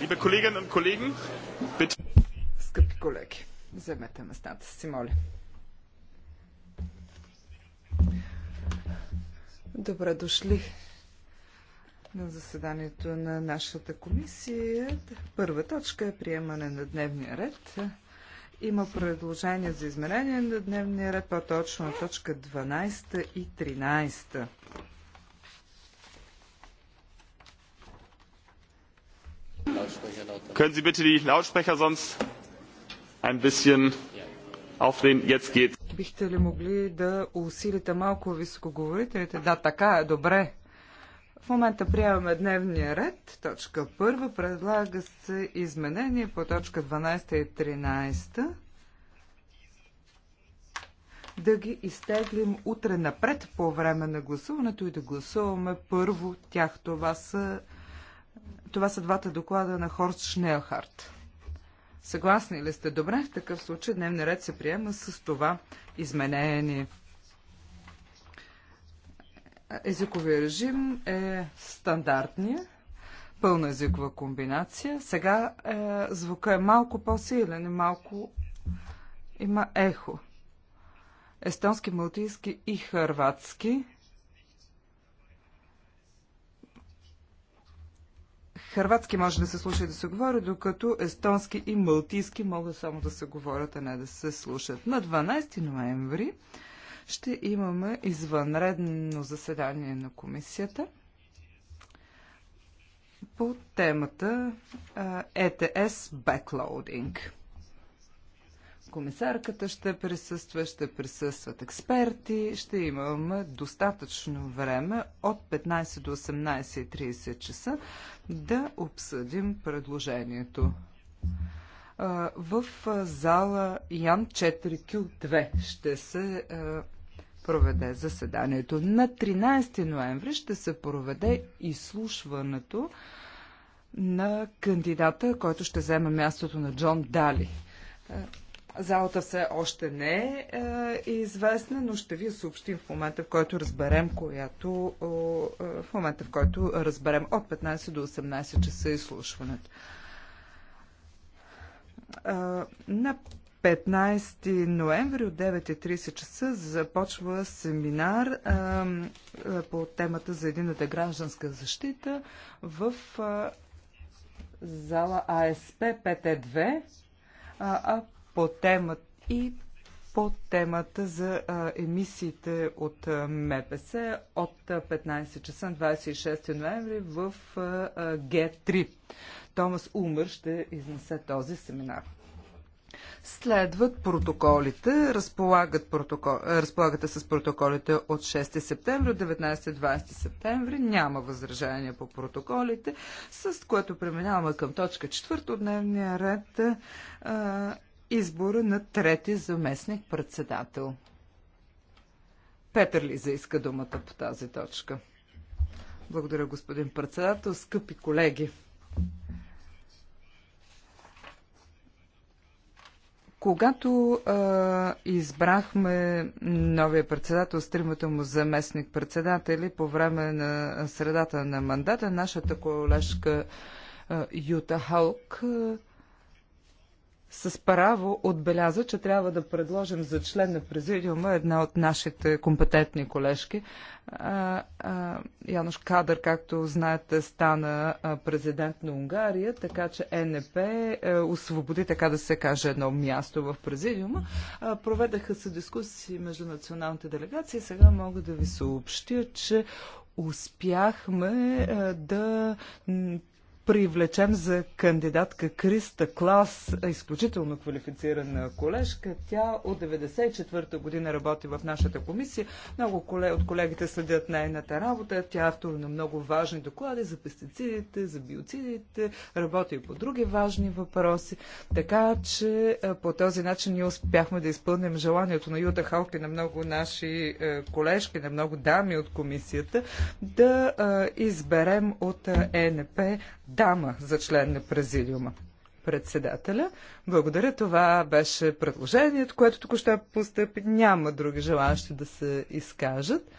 liebe Kolleginnen und Kollegen, bitte. Скъпи колеги, вземете местата си, моля. Добре дошли на заседанието на нашата комисия. Първа точка е приемане на дневния ред. Има предложение за изменение на дневния ред, по-точно точка 12 и 13. Können Sie bitte die Lautsprecher sonst ein bisschen aufdrehen? jetzt geht's. Бихте ли могли да усилите малко високоговорителите? Да, така е, добре. В момента приемаме дневния ред. Точка първа. Предлага се изменение по точка 12 и 13. Да ги изтеглим утре напред по време на гласуването и да гласуваме първо тях. Това са това са двата доклада на Хорст Шнелхарт. Съгласни ли сте? Добре, в такъв случай дневния ред се приема с това изменение. Езиковия режим е стандартния, пълна езикова комбинация. Сега е, звука е малко по-силен и малко има ехо. Естонски, малтийски и хърватски хърватски може да се слуша и да се говори, докато естонски и малтийски могат само да се говорят, а не да се слушат. На 12 ноември ще имаме извънредно заседание на комисията по темата ЕТС Backloading комисарката ще присъства, ще присъстват експерти, ще имаме достатъчно време от 15 до 18.30 часа да обсъдим предложението. В зала Ян 4Q2 ще се проведе заседанието. На 13 ноември ще се проведе изслушването на кандидата, който ще вземе мястото на Джон Дали. Залата все още не е, е известна, но ще ви съобщим в момента, в който разберем, която, е, в момента, в който разберем от 15 до 18 часа изслушването. Е, на 15 ноември от 9.30 часа започва семинар е, е, по темата за едината гражданска защита в е, зала АСП 5.2. А, а по темата и по темата за емисиите от МПС от 15 часа на 26 ноември в Г3. Томас Умър ще изнесе този семинар. Следват протоколите, разполагат протокол, разполагате с протоколите от 6 септември, от 19-20 септември, няма възражения по протоколите, с което преминаваме към точка 4 от дневния ред. А, избора на трети заместник председател. Петър ли заиска думата по тази точка? Благодаря, господин председател. Скъпи колеги, Когато а, избрахме новия председател с тримата му заместник-председатели по време на средата на мандата, нашата колежка а, Юта Халк а, с право отбеляза, че трябва да предложим за член на президиума една от нашите компетентни колежки. Янош Кадър, както знаете, стана президент на Унгария, така че НП е, освободи, така да се каже, едно място в президиума. Проведаха се дискусии между националните делегации. Сега мога да ви съобщя, че успяхме да привлечем за кандидатка Криста Клас, изключително квалифицирана колежка. Тя от 94-та година работи в нашата комисия. Много от колегите следят нейната работа. Тя е автор на много важни доклади за пестицидите, за биоцидите, работи и по други важни въпроси. Така че по този начин ние успяхме да изпълним желанието на Юта Халки, на много наши колежки, на много дами от комисията, да изберем от ЕНП дама за член на президиума. Председателя. Благодаря. Това беше предложението, което току-що постъпи. Няма други желащи да се изкажат.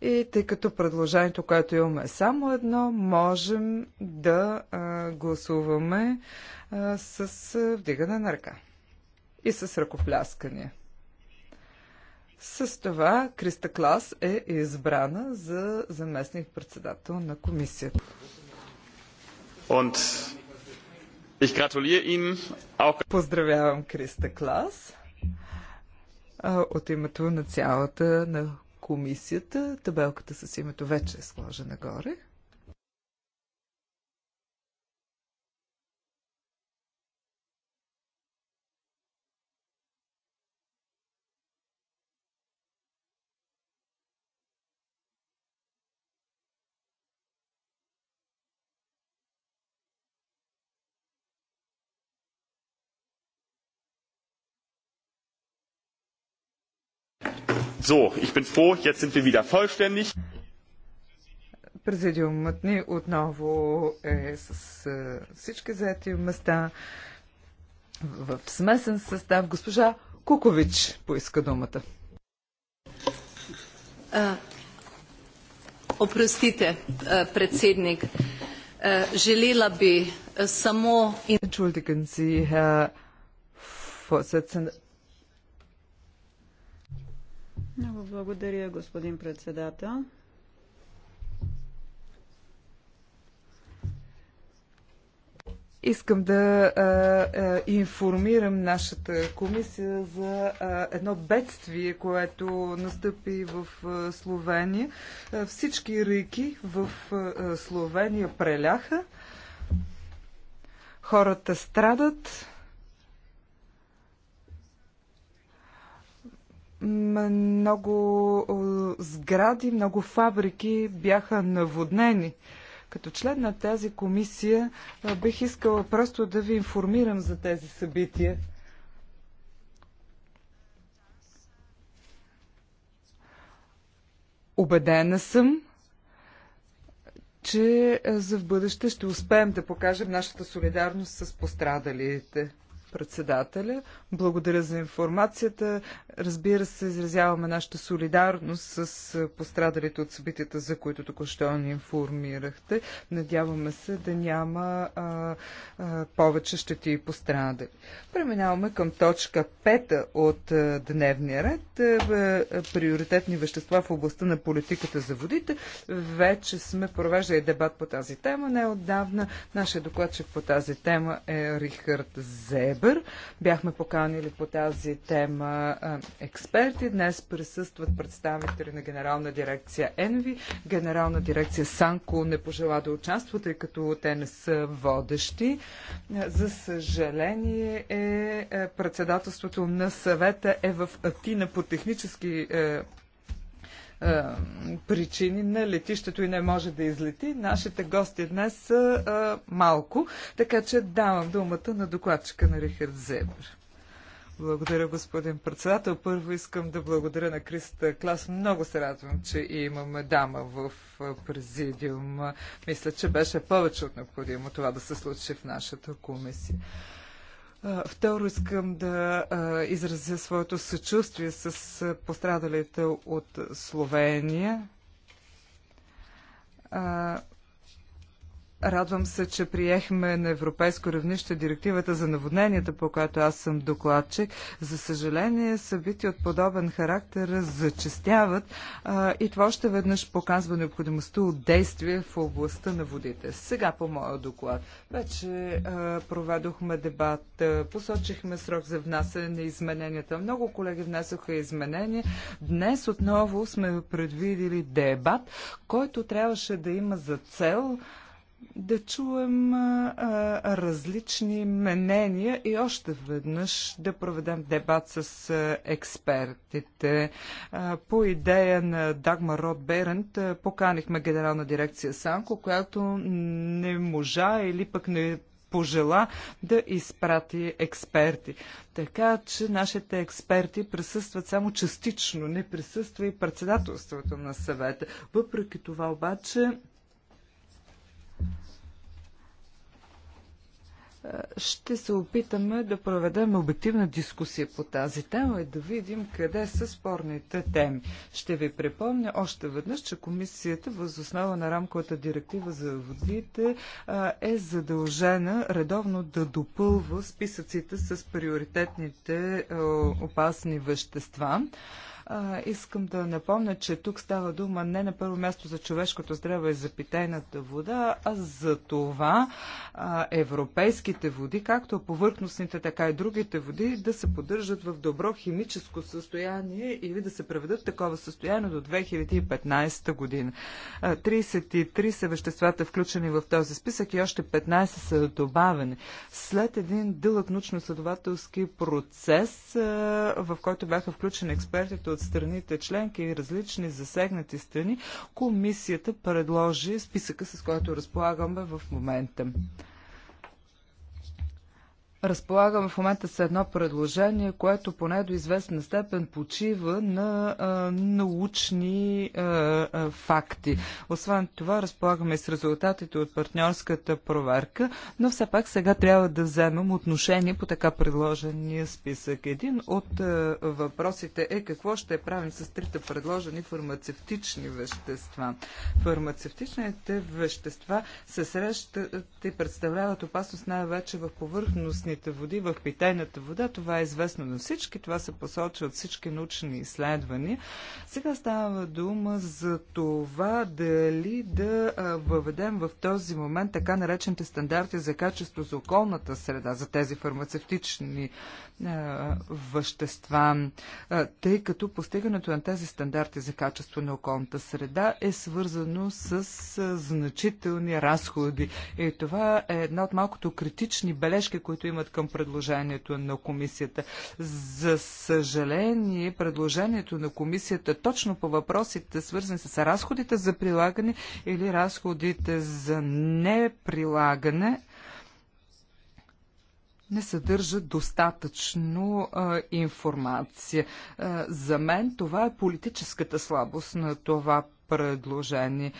И тъй като предложението, което имаме е само едно, можем да а, гласуваме а, с вдигане на ръка и с ръкопляскания. С това Криста Клас е избрана за заместник-председател на комисията. Und ich gratuliere auch... Поздравявам Криста Клас от името на цялата на комисията. Табелката с името вече е сложена горе. So, ich bin froh, jetzt sind wir wieder vollständig. Президиумът ни отново е с е, всички заети места в смесен състав. Госпожа Кукович поиска думата. А, опростите, а, председник. А, желила би само... Entschuldigen Sie, Herr Vorsitzender. Много благодаря, господин председател. Искам да а, а, информирам нашата комисия за а, едно бедствие, което настъпи в а, Словения. А, всички реки в а, Словения преляха. Хората страдат. много е, сгради, много фабрики бяха наводнени. Като член на тази комисия е, бих искала просто да ви информирам за тези събития. Обедена съм, че е, за в бъдеще ще успеем да покажем нашата солидарност с пострадалите председателя. Благодаря за информацията. Разбира се, изразяваме нашата солидарност с пострадалите от събитията, за които току-що ни информирахте. Надяваме се да няма а, а, повече щети и пострадали. Преминаваме към точка 5 от а, дневния ред. А, е, а, е, приоритетни вещества в областта на политиката за водите. Вече сме провеждали дебат по тази тема. Не отдавна нашия докладчик по тази тема е Рихард Зеб. Вебер. Бяхме поканили по тази тема експерти. Днес присъстват представители на Генерална дирекция Енви. Генерална дирекция Санко не пожела да участва, тъй като те не са водещи. За съжаление е, е председателството на съвета е в Атина по технически е, е, причини на летището и не може да излети. Нашите гости днес са е, малко, така че давам думата на докладчика на Рихард Зебер. Благодаря, господин председател. Първо искам да благодаря на Криста Клас. Много се радвам, че имаме дама в е, президиум. Мисля, че беше повече от необходимо това да се случи в нашата комисия. Второ, искам да изразя своето съчувствие с пострадалите от Словения. Радвам се, че приехме на европейско равнище директивата за наводненията, по която аз съм докладчик. За съжаление, събития от подобен характер зачестяват а, и това още веднъж показва необходимостта от действие в областта на водите. Сега по моя доклад. Вече а, проведохме дебат, а, посочихме срок за внасяне на измененията. Много колеги внесоха изменения. Днес отново сме предвидили дебат, който трябваше да има за цел да чуем а, различни мнения и още веднъж да проведем дебат с а, експертите. А, по идея на Дагма Род Берент а, поканихме генерална дирекция Санко, която не можа или пък не пожела да изпрати експерти. Така че нашите експерти присъстват само частично, не присъства и председателството на съвета. Въпреки това обаче ще се опитаме да проведем обективна дискусия по тази тема и да видим къде са спорните теми. Ще ви припомня още веднъж, че комисията възоснова на рамковата директива за водите е задължена редовно да допълва списъците с приоритетните опасни вещества. А, искам да напомня, че тук става дума не на първо място за човешкото здраве и за питейната вода, а за това а, европейските води, както повърхностните, така и другите води, да се поддържат в добро химическо състояние или да се преведат в такова състояние до 2015 година. 33 са веществата включени в този списък и още 15 са добавени. След един дълъг научно-следователски процес, в който бяха включени експертите от страните членки и различни засегнати страни, комисията предложи списъка, с който разполагаме в момента разполагам в момента с едно предложение, което поне до известна степен почива на а, научни а, а, факти. Освен това, разполагаме с резултатите от партньорската проверка, но все пак сега трябва да вземем отношение по така предложения списък. Един от а, въпросите е какво ще правим с трите предложени фармацевтични вещества. Фармацевтичните вещества се срещат и представляват опасност най-вече в повърхностни минералните води в питейната вода. Това е известно на всички, това се посочва от всички научни изследвания. Сега става дума за това дали да въведем в този момент така наречените стандарти за качество за околната среда, за тези фармацевтични вещества, тъй като постигането на тези стандарти за качество на околната среда е свързано с значителни разходи. И това е една от малкото критични бележки, които има имат към предложението на комисията. За съжаление, предложението на комисията точно по въпросите, свързани с разходите за прилагане или разходите за неприлагане, не съдържа достатъчно а, информация. А, за мен това е политическата слабост на това предложение.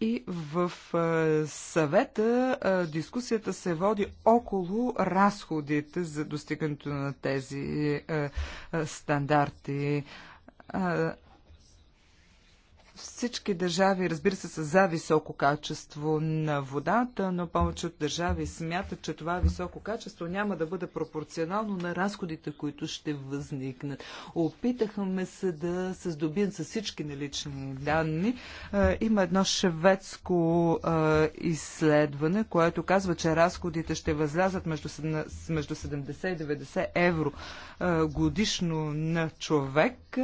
И в е, съвета е, дискусията се води около разходите за достигането на тези е, стандарти. Всички държави, разбира се, са за високо качество на водата, но повече от държави смятат, че това високо качество няма да бъде пропорционално на разходите, които ще възникнат. Опитахме се да се здобием с всички налични данни. Е, има едно шведско е, изследване, което казва, че разходите ще възлязат между 70 и 90 евро е, годишно на човек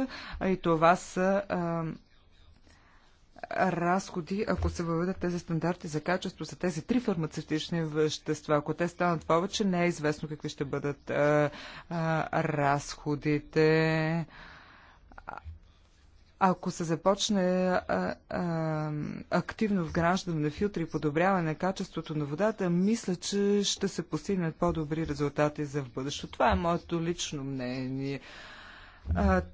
и това са разходи, ако се въведат тези стандарти за качество за тези три фармацевтични вещества. Ако те станат повече, не е известно какви ще бъдат а, а, разходите. Ако се започне а, а, активно вграждане на филтри и подобряване на качеството на водата, мисля, че ще се постигнат по-добри резултати за в бъдеще. Това е моето лично мнение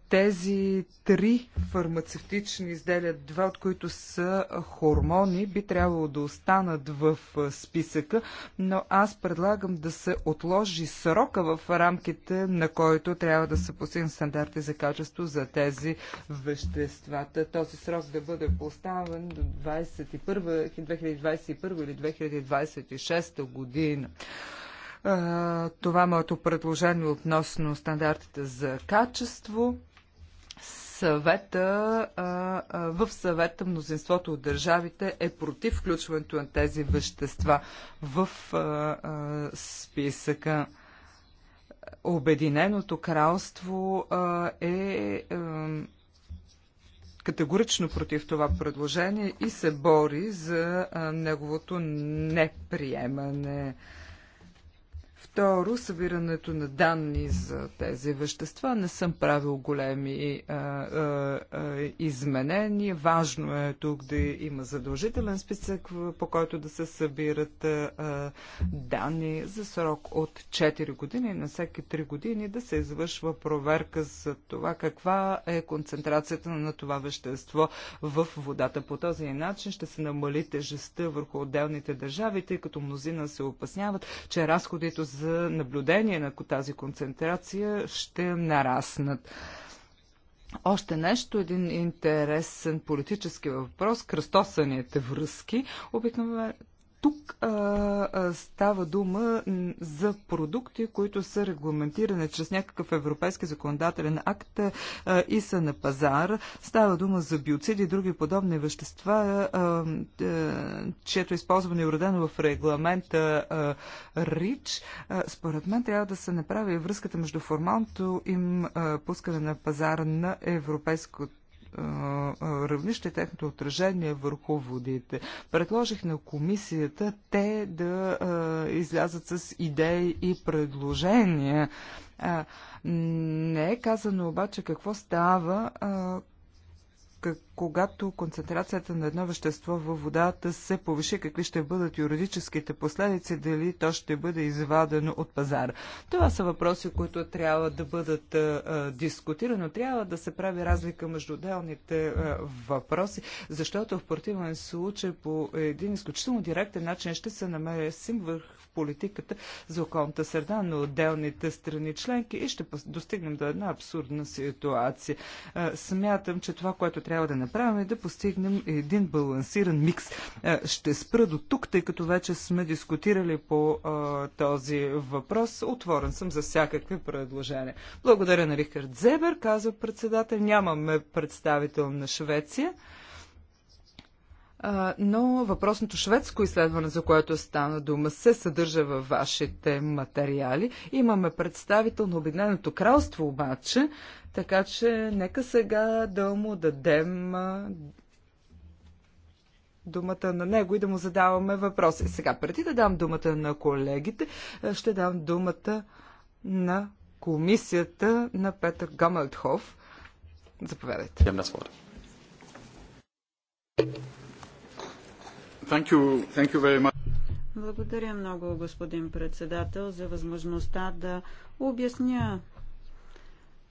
тези три фармацевтични изделия, два от които са хормони, би трябвало да останат в списъка, но аз предлагам да се отложи срока в рамките, на който трябва да се постигнат стандарти за качество за тези вещества. Този срок да бъде поставен до 2021, 2021 или 2026 година. Това моето предложение относно стандартите за качество съвета, а, а, в съвета мнозинството от държавите е против включването на тези вещества в а, списъка. Обединеното кралство е категорично против това предложение и се бори за неговото неприемане. Второ, събирането на данни за тези вещества. Не съм правил големи а, а, а, изменения. Важно е тук да има задължителен списък, по който да се събират а, данни за срок от 4 години. На всеки 3 години да се извършва проверка за това каква е концентрацията на това вещество в водата. По този начин ще се намали тежестта върху отделните държави, тъй като мнозина се опасняват, че разходите за за наблюдение на тази концентрация ще нараснат. Още нещо, един интересен политически въпрос, кръстосаните връзки. Обикновено тук а, а, става дума за продукти, които са регламентирани чрез някакъв европейски законодателен акт а, и са на пазар. Става дума за биоциди и други подобни вещества, а, а, чието използване е уредено в регламента а, РИЧ. А, според мен трябва да се направи връзката между формалното им а, пускане на пазара на европейското равнище, техното отражение върху водите. Предложих на комисията те да излязат с идеи и предложения. Не е казано обаче какво става, когато концентрацията на едно вещество във водата се повиши, какви ще бъдат юридическите последици, дали то ще бъде извадено от пазара. Това са въпроси, които трябва да бъдат а, дискутирани, но трябва да се прави разлика между отделните а, въпроси, защото в противен случай по един изключително директен начин ще се намерим върху политиката за околната среда на отделните страни членки и ще достигнем до една абсурдна ситуация. Смятам, че това, което трябва да направим е да постигнем един балансиран микс. Ще спра до тук, тъй като вече сме дискутирали по този въпрос. Отворен съм за всякакви предложения. Благодаря на Рихард Зебер, казва председател. Нямаме представител на Швеция но въпросното шведско изследване, за което стана дума, се съдържа във вашите материали. Имаме представител на Обединеното кралство обаче, така че нека сега да му дадем думата на него и да му задаваме въпроси. Сега, преди да дам думата на колегите, ще дам думата на комисията на Петър Гамалтхов. Заповядайте. Thank you. Thank you very much. Благодаря много, господин председател, за възможността да обясня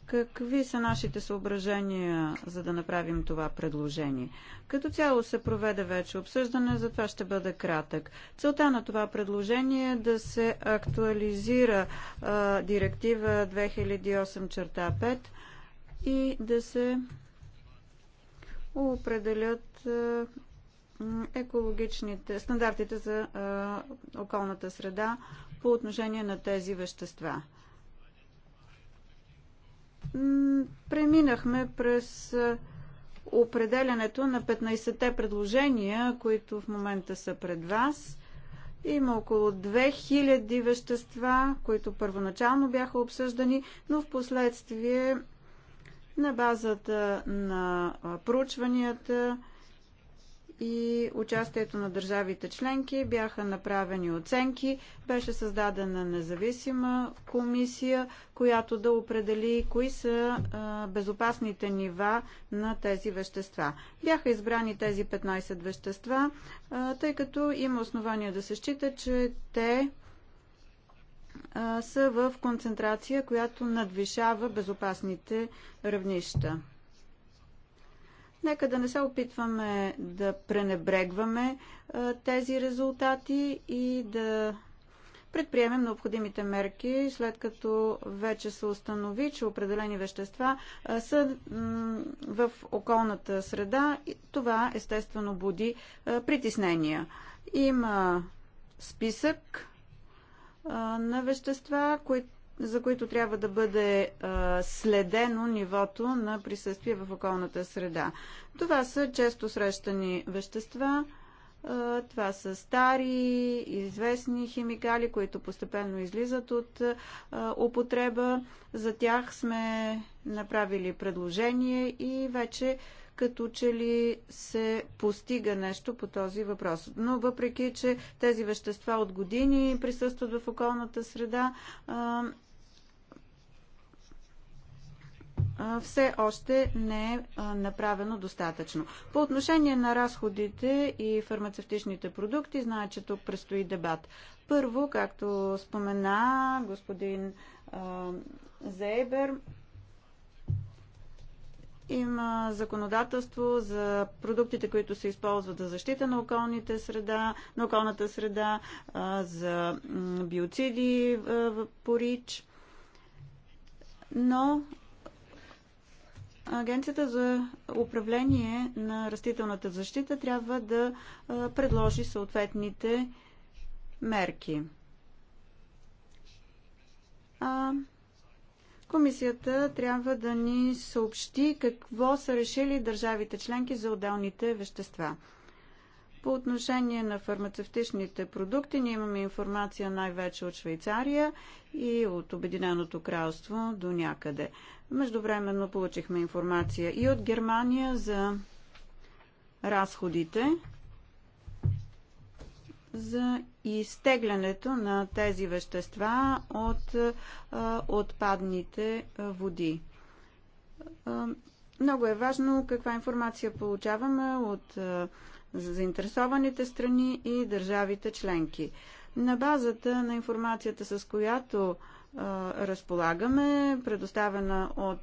Какви са нашите съображения, за да направим това предложение? Като цяло се проведе вече обсъждане, затова ще бъда кратък. Целта на това предложение е да се актуализира а, директива 2008-5 и да се определят а, екологичните стандартите за околната среда по отношение на тези вещества. Преминахме през определянето на 15-те предложения, които в момента са пред вас. Има около 2000 вещества, които първоначално бяха обсъждани, но в последствие на базата на проучванията и участието на държавите членки бяха направени оценки. Беше създадена независима комисия, която да определи кои са безопасните нива на тези вещества. Бяха избрани тези 15 вещества, тъй като има основания да се счита, че те са в концентрация, която надвишава безопасните равнища. Нека да не се опитваме да пренебрегваме тези резултати и да предприемем необходимите мерки, след като вече се установи, че определени вещества са в околната среда. И това естествено буди притеснения. Има списък на вещества, които за които трябва да бъде а, следено нивото на присъствие в околната среда. Това са често срещани вещества, а, това са стари, известни химикали, които постепенно излизат от а, употреба. За тях сме направили предложение и вече като че ли се постига нещо по този въпрос. Но въпреки, че тези вещества от години присъстват в околната среда, все още не е направено достатъчно. По отношение на разходите и фармацевтичните продукти, знае, че тук предстои дебат. Първо, както спомена господин Зейбер, има законодателство за продуктите, които се използват за защита на, околните среда, на околната среда, за биоциди по РИЧ. Но Агенцията за управление на растителната защита трябва да предложи съответните мерки. А, комисията трябва да ни съобщи какво са решили държавите членки за отделните вещества. По отношение на фармацевтичните продукти, ние имаме информация най-вече от Швейцария и от Обединеното кралство до някъде. Междувременно получихме информация и от Германия за разходите за изтеглянето на тези вещества от отпадните води. Много е важно каква информация получаваме от за заинтересованите страни и държавите членки. На базата на информацията, с която разполагаме, предоставена от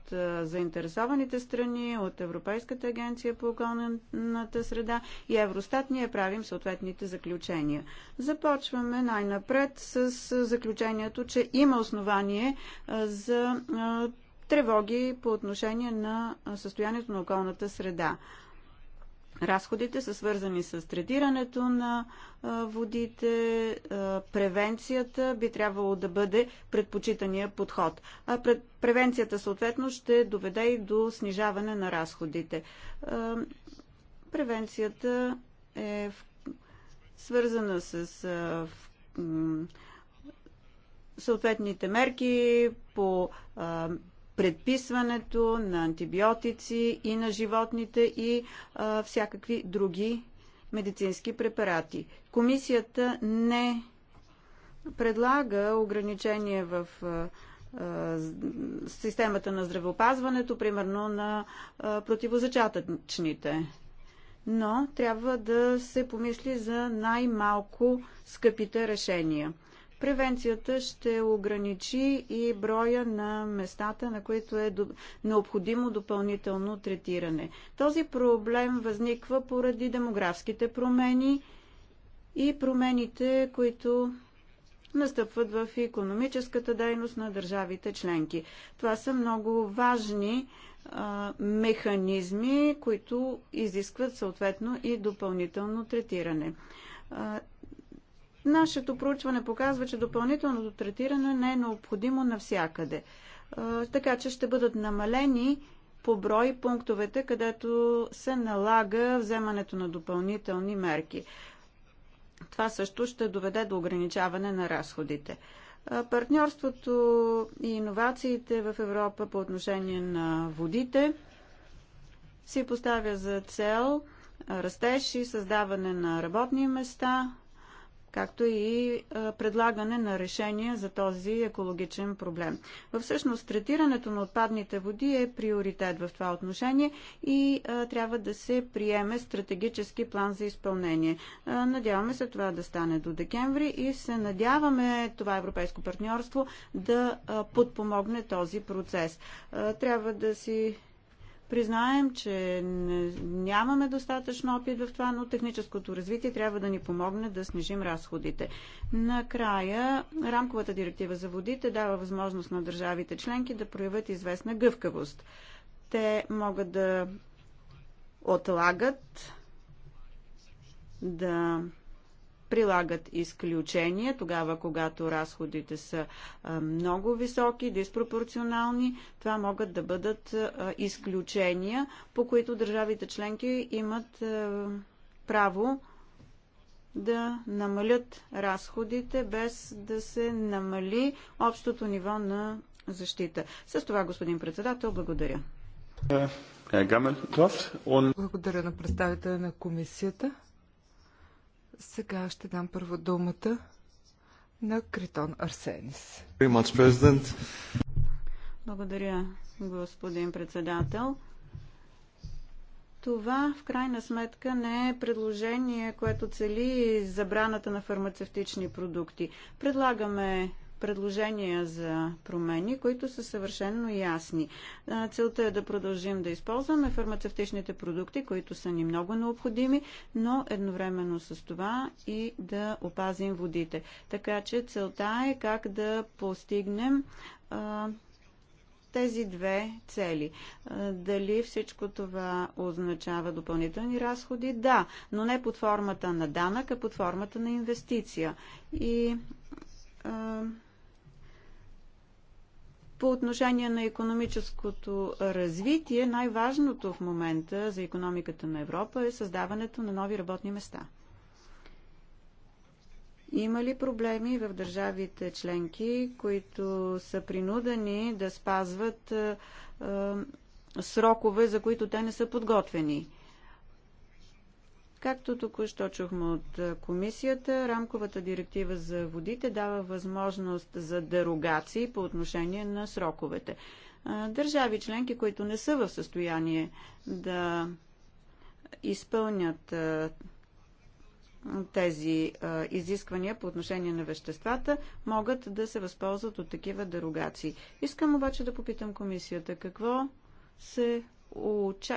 заинтересованите страни, от Европейската агенция по околната среда и Евростат, ние правим съответните заключения. Започваме най-напред с заключението, че има основание за тревоги по отношение на състоянието на околната среда. Разходите са свързани с третирането на водите, превенцията би трябвало да бъде предпочитания подход. А превенцията съответно ще доведе и до снижаване на разходите. Превенцията е свързана с съответните мерки по предписването на антибиотици и на животните и а, всякакви други медицински препарати. Комисията не предлага ограничение в а, системата на здравеопазването, примерно на а, противозачатъчните. Но трябва да се помисли за най-малко скъпите решения. Превенцията ще ограничи и броя на местата, на които е необходимо допълнително третиране. Този проблем възниква поради демографските промени и промените, които настъпват в економическата дейност на държавите членки. Това са много важни а, механизми, които изискват съответно и допълнително третиране. А, Нашето проучване показва, че допълнителното третиране не е необходимо навсякъде. Така че ще бъдат намалени по брой пунктовете, където се налага вземането на допълнителни мерки. Това също ще доведе до ограничаване на разходите. Партньорството и иновациите в Европа по отношение на водите си поставя за цел растеж и създаване на работни места, както и предлагане на решение за този екологичен проблем. Всъщност, третирането на отпадните води е приоритет в това отношение и трябва да се приеме стратегически план за изпълнение. Надяваме се това да стане до декември и се надяваме това европейско партньорство да подпомогне този процес. Трябва да си Признаем, че нямаме достатъчно опит в това, но техническото развитие трябва да ни помогне да снижим разходите. Накрая, рамковата директива за водите дава възможност на държавите членки да проявят известна гъвкавост. Те могат да отлагат да прилагат изключения тогава, когато разходите са много високи, диспропорционални. Това могат да бъдат изключения, по които държавите членки имат право да намалят разходите, без да се намали общото ниво на защита. С това, господин председател, благодаря. Е, благодаря на представителя на комисията. Сега ще дам първо думата на Критон Арсенис. Благодаря, господин председател. Това в крайна сметка не е предложение, което цели забраната на фармацевтични продукти. Предлагаме предложения за промени, които са съвършенно ясни. Целта е да продължим да използваме фармацевтичните продукти, които са ни много необходими, но едновременно с това и да опазим водите. Така че целта е как да постигнем тези две цели. Дали всичко това означава допълнителни разходи? Да, но не под формата на данък, а под формата на инвестиция. И а, по отношение на економическото развитие, най-важното в момента за економиката на Европа е създаването на нови работни места. Има ли проблеми в държавите членки, които са принудени да спазват е, срокове, за които те не са подготвени? Както току-що чухме от комисията, рамковата директива за водите дава възможност за дерогации по отношение на сроковете. Държави членки, които не са в състояние да изпълнят тези а, изисквания по отношение на веществата, могат да се възползват от такива дерогации. Искам обаче да попитам комисията какво се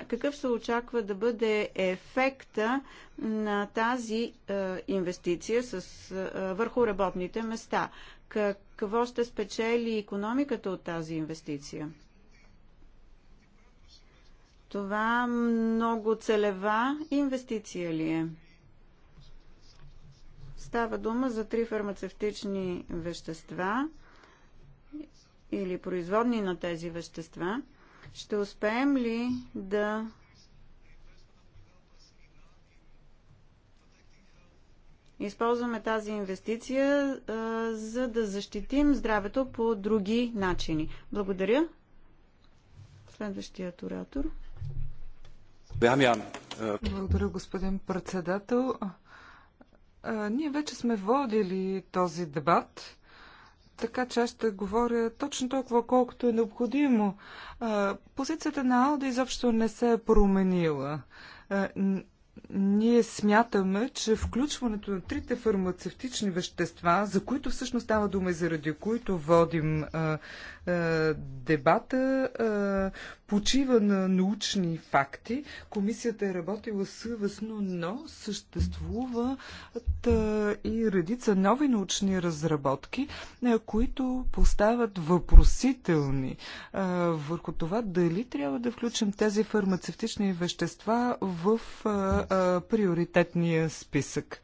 какъв се очаква да бъде ефекта на тази е, инвестиция с, е, върху работните места? Какво ще спечели економиката от тази инвестиция? Това много целева инвестиция ли е? Става дума за три фармацевтични вещества или производни на тези вещества – ще успеем ли да използваме тази инвестиция, за да защитим здравето по други начини. Благодаря. Следващият оратор. Благодаря, господин председател. ние вече сме водили този дебат така че аз ще говоря точно толкова, колкото е необходимо. Позицията на Алда изобщо не се е променила. Ние смятаме, че включването на трите фармацевтични вещества, за които всъщност става дума и заради които водим е, дебата е, почива на научни факти. Комисията е работила съвестно, но съществуват е, и редица нови научни разработки, които поставят въпросителни върху това дали трябва да включим тези фармацевтични вещества в приоритетния списък.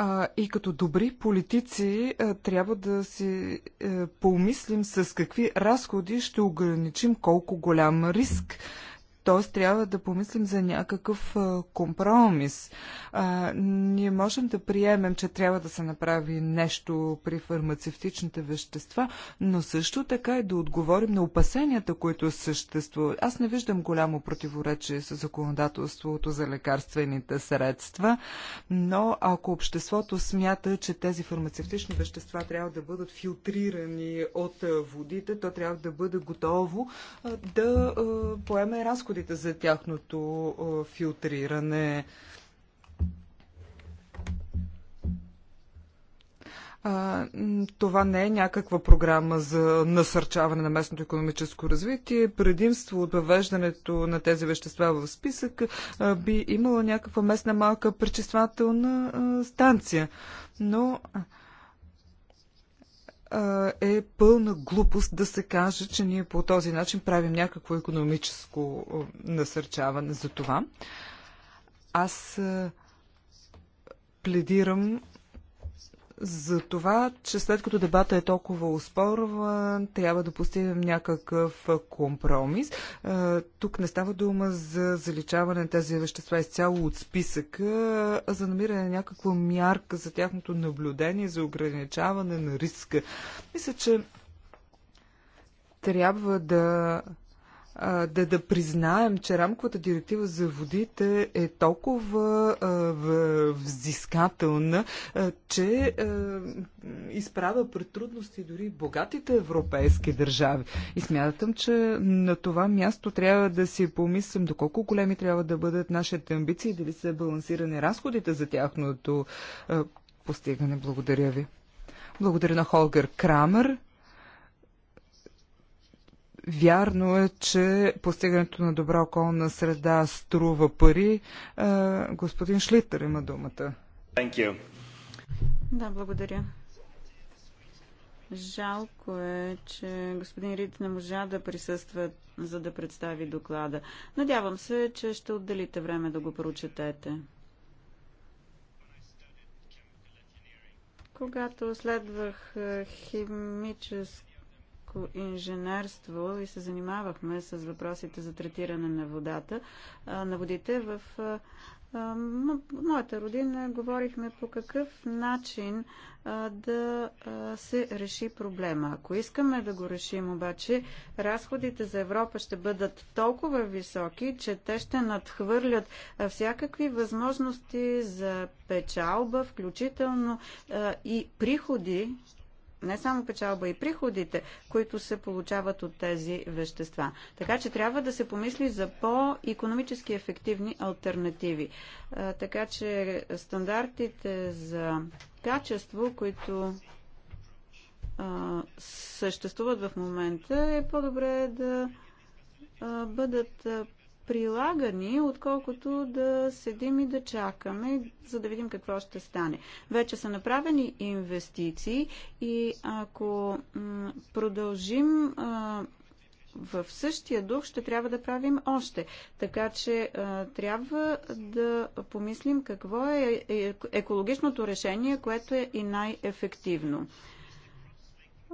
А, и като добри политици а, трябва да си а, е, помислим с какви разходи ще ограничим колко голям риск т.е. трябва да помислим за някакъв компромис. А, ние можем да приемем, че трябва да се направи нещо при фармацевтичните вещества, но също така и да отговорим на опасенията, които съществуват. Аз не виждам голямо противоречие с законодателството за лекарствените средства, но ако обществото смята, че тези фармацевтични вещества трябва да бъдат филтрирани от водите, то трябва да бъде готово да поеме разходи разходите за тяхното филтриране. А, това не е някаква програма за насърчаване на местното економическо развитие. Предимство от въвеждането на тези вещества в списък а, би имала някаква местна малка пречиствателна а, станция. Но е пълна глупост да се каже, че ние по този начин правим някакво економическо насърчаване за това. Аз пледирам за това, че след като дебата е толкова успорван, трябва да постигнем някакъв компромис. Тук не става дума за заличаване на тези вещества изцяло от списъка, а за намиране на някаква мярка за тяхното наблюдение, за ограничаване на риска. Мисля, че трябва да да, да признаем, че рамковата директива за водите е толкова взискателна, че изправя пред трудности дори богатите европейски държави. И смятам, че на това място трябва да си помислим доколко големи трябва да бъдат нашите амбиции, дали са балансирани разходите за тяхното постигане. Благодаря ви. Благодаря на Холгер Крамер. Вярно е, че постигането на добра околна среда струва пари. Е, господин Шлитър има думата. Да, благодаря. Жалко е, че господин Рид не можа да присъства, за да представи доклада. Надявам се, че ще отделите време да го прочетете. Когато следвах е, химическо морско инженерство и се занимавахме с въпросите за третиране на водата, на водите в моята родина говорихме по какъв начин да се реши проблема. Ако искаме да го решим, обаче, разходите за Европа ще бъдат толкова високи, че те ще надхвърлят всякакви възможности за печалба, включително и приходи не само печалба и приходите, които се получават от тези вещества. Така че трябва да се помисли за по-економически ефективни альтернативи. Така че стандартите за качество, които съществуват в момента, е по-добре да бъдат прилагани, отколкото да седим и да чакаме, за да видим какво ще стане. Вече са направени инвестиции и ако продължим в същия дух ще трябва да правим още. Така че трябва да помислим какво е, е, е екологичното решение, което е и най-ефективно.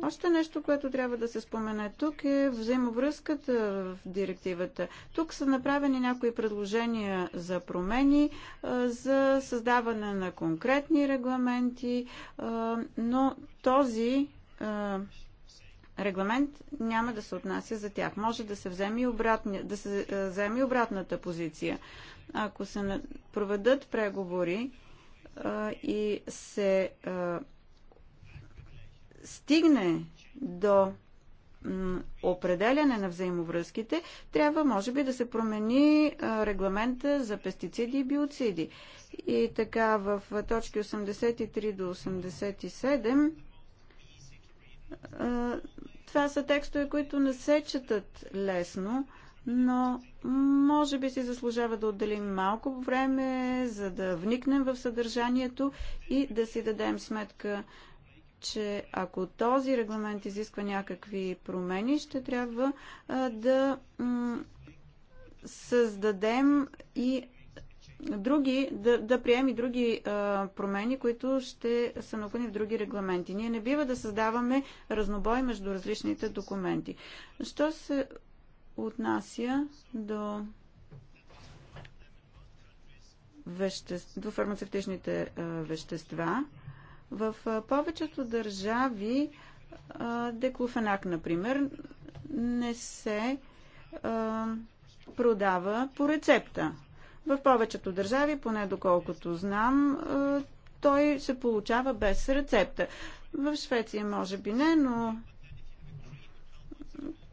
Още нещо, което трябва да се спомене тук е взаимовръзката в директивата. Тук са направени някои предложения за промени, за създаване на конкретни регламенти, но този регламент няма да се отнася за тях. Може да се вземе обратни, да се вземе обратната позиция. Ако се проведат преговори и се стигне до определяне на взаимовръзките, трябва може би да се промени регламента за пестициди и биоциди. И така в точки 83 до 87 това са текстове, които не се четат лесно, но може би си заслужава да отделим малко време, за да вникнем в съдържанието и да си дадем сметка че ако този регламент изисква някакви промени, ще трябва да създадем и други, да, да и други а, промени, които ще са необходими в други регламенти. Ние не бива да създаваме разнобой между различните документи. Що се отнася до веще... до фармацевтичните а, вещества, в повечето държави деклофенак, например, не се продава по рецепта. В повечето държави, поне доколкото знам, той се получава без рецепта. В Швеция може би не, но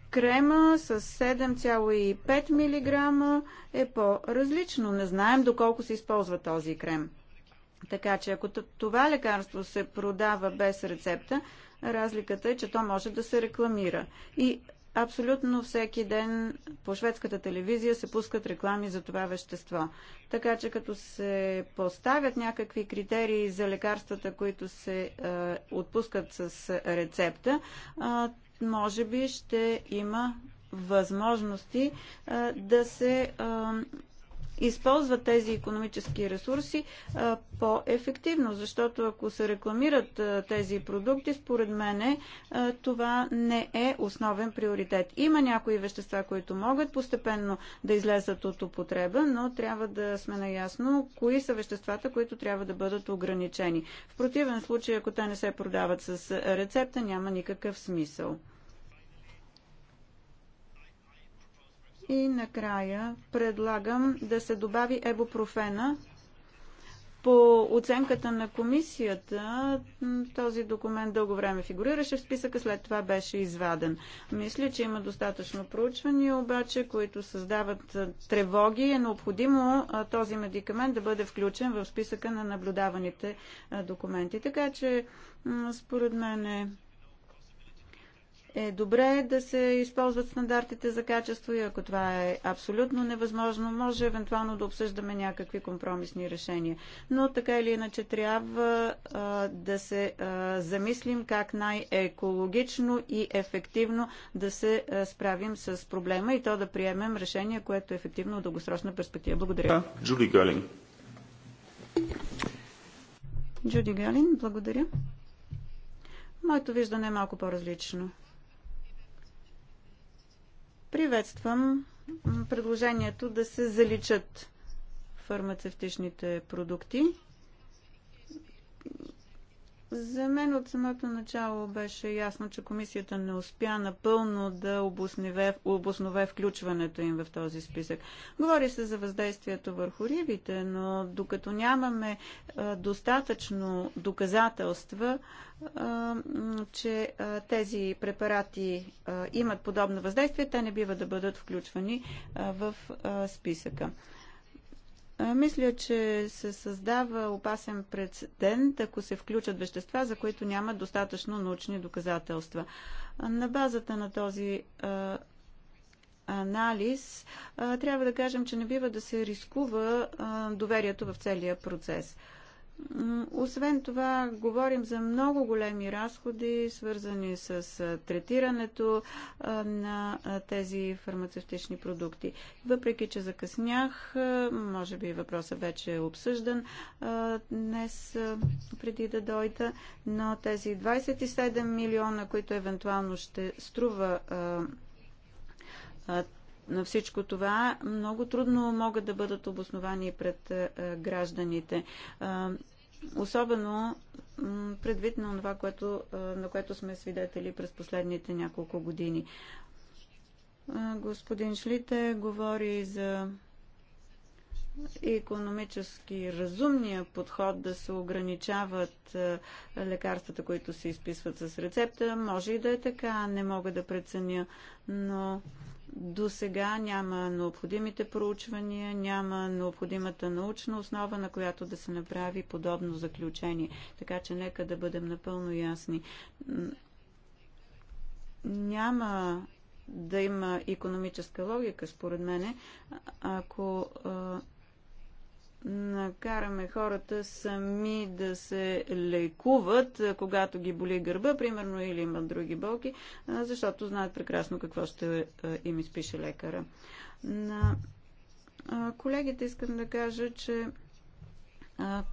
крема с 7,5 мг е по-различно. Не знаем доколко се използва този крем. Така че ако това лекарство се продава без рецепта, разликата е, че то може да се рекламира. И абсолютно всеки ден по шведската телевизия се пускат реклами за това вещество. Така че като се поставят някакви критерии за лекарствата, които се е, отпускат с рецепта, е, може би ще има възможности е, да се използват тези економически ресурси по-ефективно, защото ако се рекламират тези продукти, според мене това не е основен приоритет. Има някои вещества, които могат постепенно да излезат от употреба, но трябва да сме наясно кои са веществата, които трябва да бъдат ограничени. В противен случай, ако те не се продават с рецепта, няма никакъв смисъл. И накрая предлагам да се добави ебопрофена. По оценката на комисията, този документ дълго време фигурираше в списъка, след това беше изваден. Мисля, че има достатъчно проучвания, обаче, които създават тревоги. Е необходимо този медикамент да бъде включен в списъка на наблюдаваните документи. Така че, според мен е е добре да се използват стандартите за качество и ако това е абсолютно невъзможно, може евентуално да обсъждаме някакви компромисни решения. Но така или иначе трябва а, да се а, замислим как най-екологично и ефективно да се а, справим с проблема и то да приемем решение, което е ефективно в дългосрочна перспектива. Благодаря. Джуди Галин. Джуди Галин, благодаря. Моето виждане е малко по-различно. Приветствам предложението да се заличат фармацевтичните продукти. За мен от самото начало беше ясно, че комисията не успя напълно да обоснове, обоснове включването им в този списък. Говори се за въздействието върху рибите, но докато нямаме достатъчно доказателства, че тези препарати имат подобно въздействие, те не бива да бъдат включвани в списъка. Е, мисля, че се създава опасен прецедент, ако се включат вещества, за които няма достатъчно научни доказателства. Е, на базата на този е, анализ трябва да кажем, че не бива да се рискува доверието в целия процес. Освен това, говорим за много големи разходи, свързани с третирането на тези фармацевтични продукти. Въпреки, че закъснях, може би въпросът вече е обсъждан днес преди да дойда, но тези 27 милиона, които евентуално ще струва на всичко това много трудно могат да бъдат обосновани пред гражданите. Особено предвид на това, което, на което сме свидетели през последните няколко години. Господин Шлите говори за економически разумния подход да се ограничават лекарствата, които се изписват с рецепта. Може и да е така, не мога да преценя, но до сега няма необходимите проучвания, няма необходимата научна основа, на която да се направи подобно заключение. Така че нека да бъдем напълно ясни. Няма да има економическа логика, според мене, ако накараме хората сами да се лекуват, когато ги боли гърба, примерно, или имат други болки, защото знаят прекрасно какво ще им изпише лекара. На колегите искам да кажа, че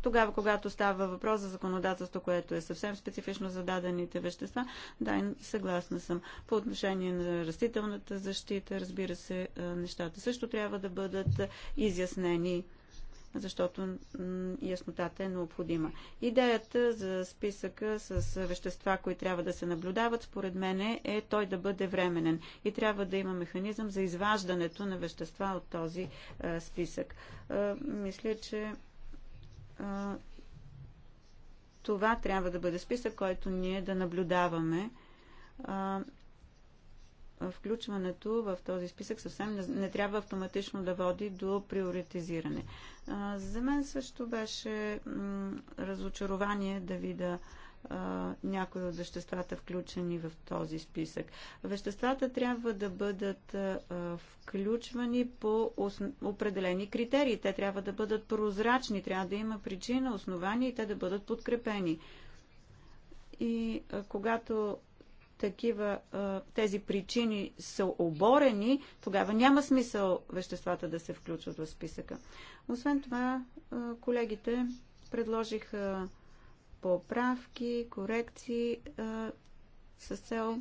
тогава, когато става въпрос за законодателство, което е съвсем специфично за дадените вещества, да, съгласна съм. По отношение на растителната защита, разбира се, нещата също трябва да бъдат изяснени защото яснотата е необходима. Идеята за списъка с вещества, които трябва да се наблюдават, според мен е той да бъде временен и трябва да има механизъм за изваждането на вещества от този е, списък. Е, мисля, че е, това трябва да бъде списък, който ние да наблюдаваме включването в този списък съвсем не, не трябва автоматично да води до приоритизиране. За мен също беше разочарование да видя някои от веществата, включени в този списък. Веществата трябва да бъдат включвани по определени критерии. Те трябва да бъдат прозрачни, трябва да има причина, основания и те да бъдат подкрепени. И когато такива, тези причини са оборени, тогава няма смисъл веществата да се включват в списъка. Освен това, колегите предложиха поправки, корекции с цел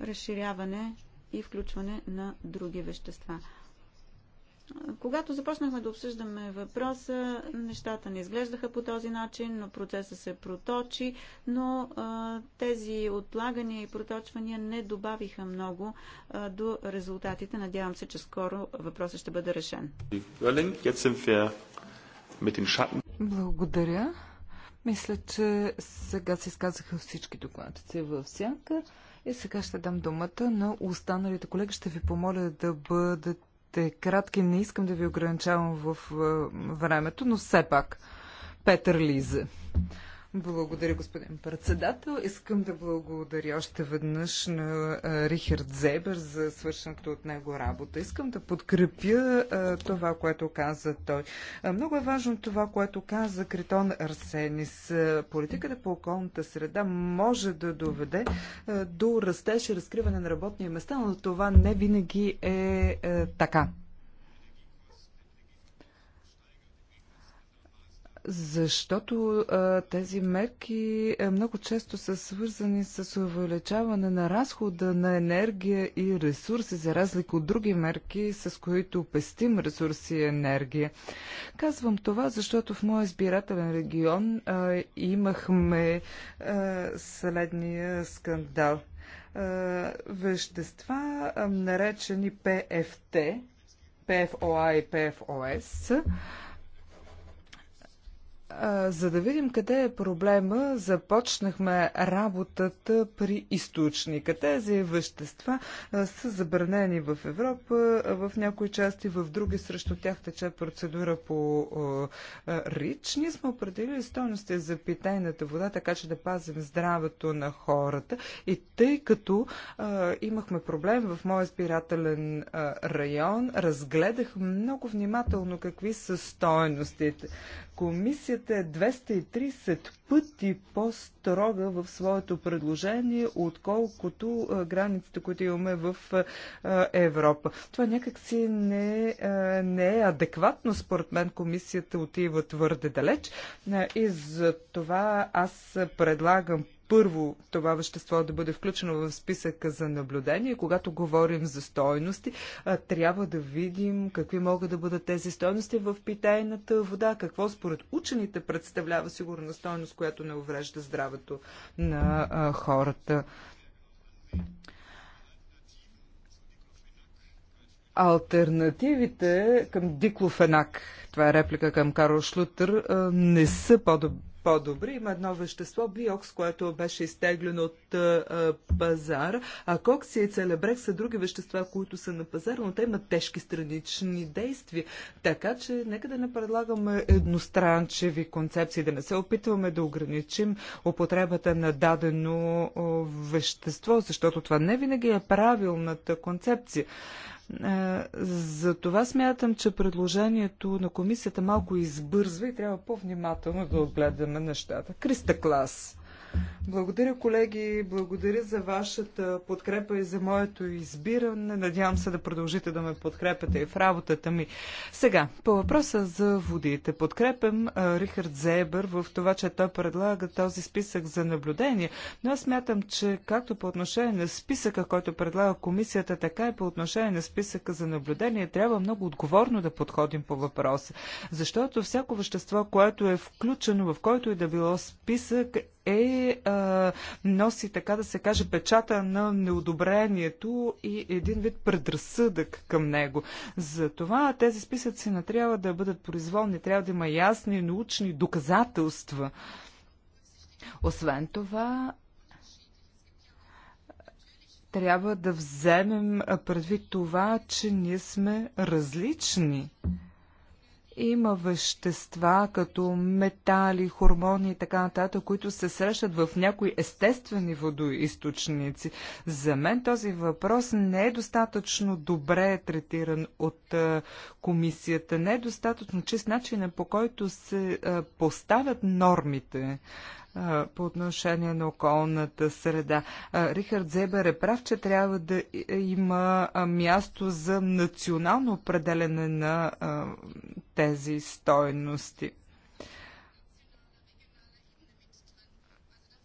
разширяване и включване на други вещества. Когато започнахме да обсъждаме въпроса, нещата не изглеждаха по този начин, но процеса се проточи, но а, тези отлагания и проточвания не добавиха много а, до резултатите. Надявам се, че скоро въпросът ще бъде решен. Благодаря. Мисля, че сега се изказаха всички докладчици в сянка. И сега ще дам думата на останалите колеги. Ще ви помоля да бъдете сте е кратки, не искам да ви ограничавам в е, времето, но все пак. Петър Лизе. Благодаря, господин председател. Искам да благодаря още веднъж на Рихард Зебер за свършената от него работа. Искам да подкрепя това, което каза той. Много е важно това, което каза Критон Арсенис. Политиката по околната среда може да доведе до растеж и разкриване на работни места, но това не винаги е, е така. защото а, тези мерки а, много често са свързани с увеличаване на разхода на енергия и ресурси, за разлика от други мерки, с които пестим ресурси и енергия. Казвам това, защото в моя избирателен регион а, имахме а, следния скандал. А, вещества, а, наречени ПФТ, ПФОА и ПФОС, а, за да видим къде е проблема, започнахме работата при източника. Тези вещества са забранени в Европа, в някои части, в други срещу тях тече процедура по РИЧ. Ние сме определили стойности за питейната вода, така че да пазим здравето на хората. И тъй като имахме проблем в моя избирателен район, разгледах много внимателно какви са стойностите. Комисията е 230 пъти по-строга в своето предложение, отколкото границите, които имаме в Европа. Това някакси не, не е адекватно. Според мен комисията отива твърде далеч и за това аз предлагам първо това вещество да бъде включено в списъка за наблюдение. Когато говорим за стойности, трябва да видим какви могат да бъдат тези стойности в питейната вода, какво според учените представлява сигурна стойност, която не уврежда здравето на хората. Алтернативите към диклофенак, това е реплика към Карл Шлютер, не са по-добри по-добри. Има едно вещество, биокс, което беше изтеглено от а, пазар. А Кокси и целебрек са други вещества, които са на пазар, но те имат тежки странични действия. Така че нека да не предлагаме едностранчеви концепции, да не се опитваме да ограничим употребата на дадено вещество, защото това не винаги е правилната концепция. За това смятам, че предложението на комисията малко избързва и трябва по-внимателно да огледаме нещата. Криста Клас. Благодаря, колеги. Благодаря за вашата подкрепа и за моето избиране. Надявам се да продължите да ме подкрепяте и в работата ми. Сега, по въпроса за водите. Подкрепям Рихард Зебър в това, че той предлага този списък за наблюдение. Но аз смятам, че както по отношение на списъка, който предлага комисията, така и по отношение на списъка за наблюдение, трябва много отговорно да подходим по въпроса. Защото всяко вещество, което е включено в който и да било списък, е, а, носи, така да се каже, печата на неодобрението и един вид предразсъдък към него. Затова тези списъци не трябва да бъдат произволни, трябва да има ясни научни доказателства. Освен това, трябва да вземем предвид това, че ние сме различни. Има вещества, като метали, хормони и така нататък, които се срещат в някои естествени водоисточници. За мен този въпрос не е достатъчно добре третиран от е, комисията. Не е достатъчно чист начинът по който се е, поставят нормите по отношение на околната среда. Рихард Зебер е прав, че трябва да е, има място за национално определене на тези стойности.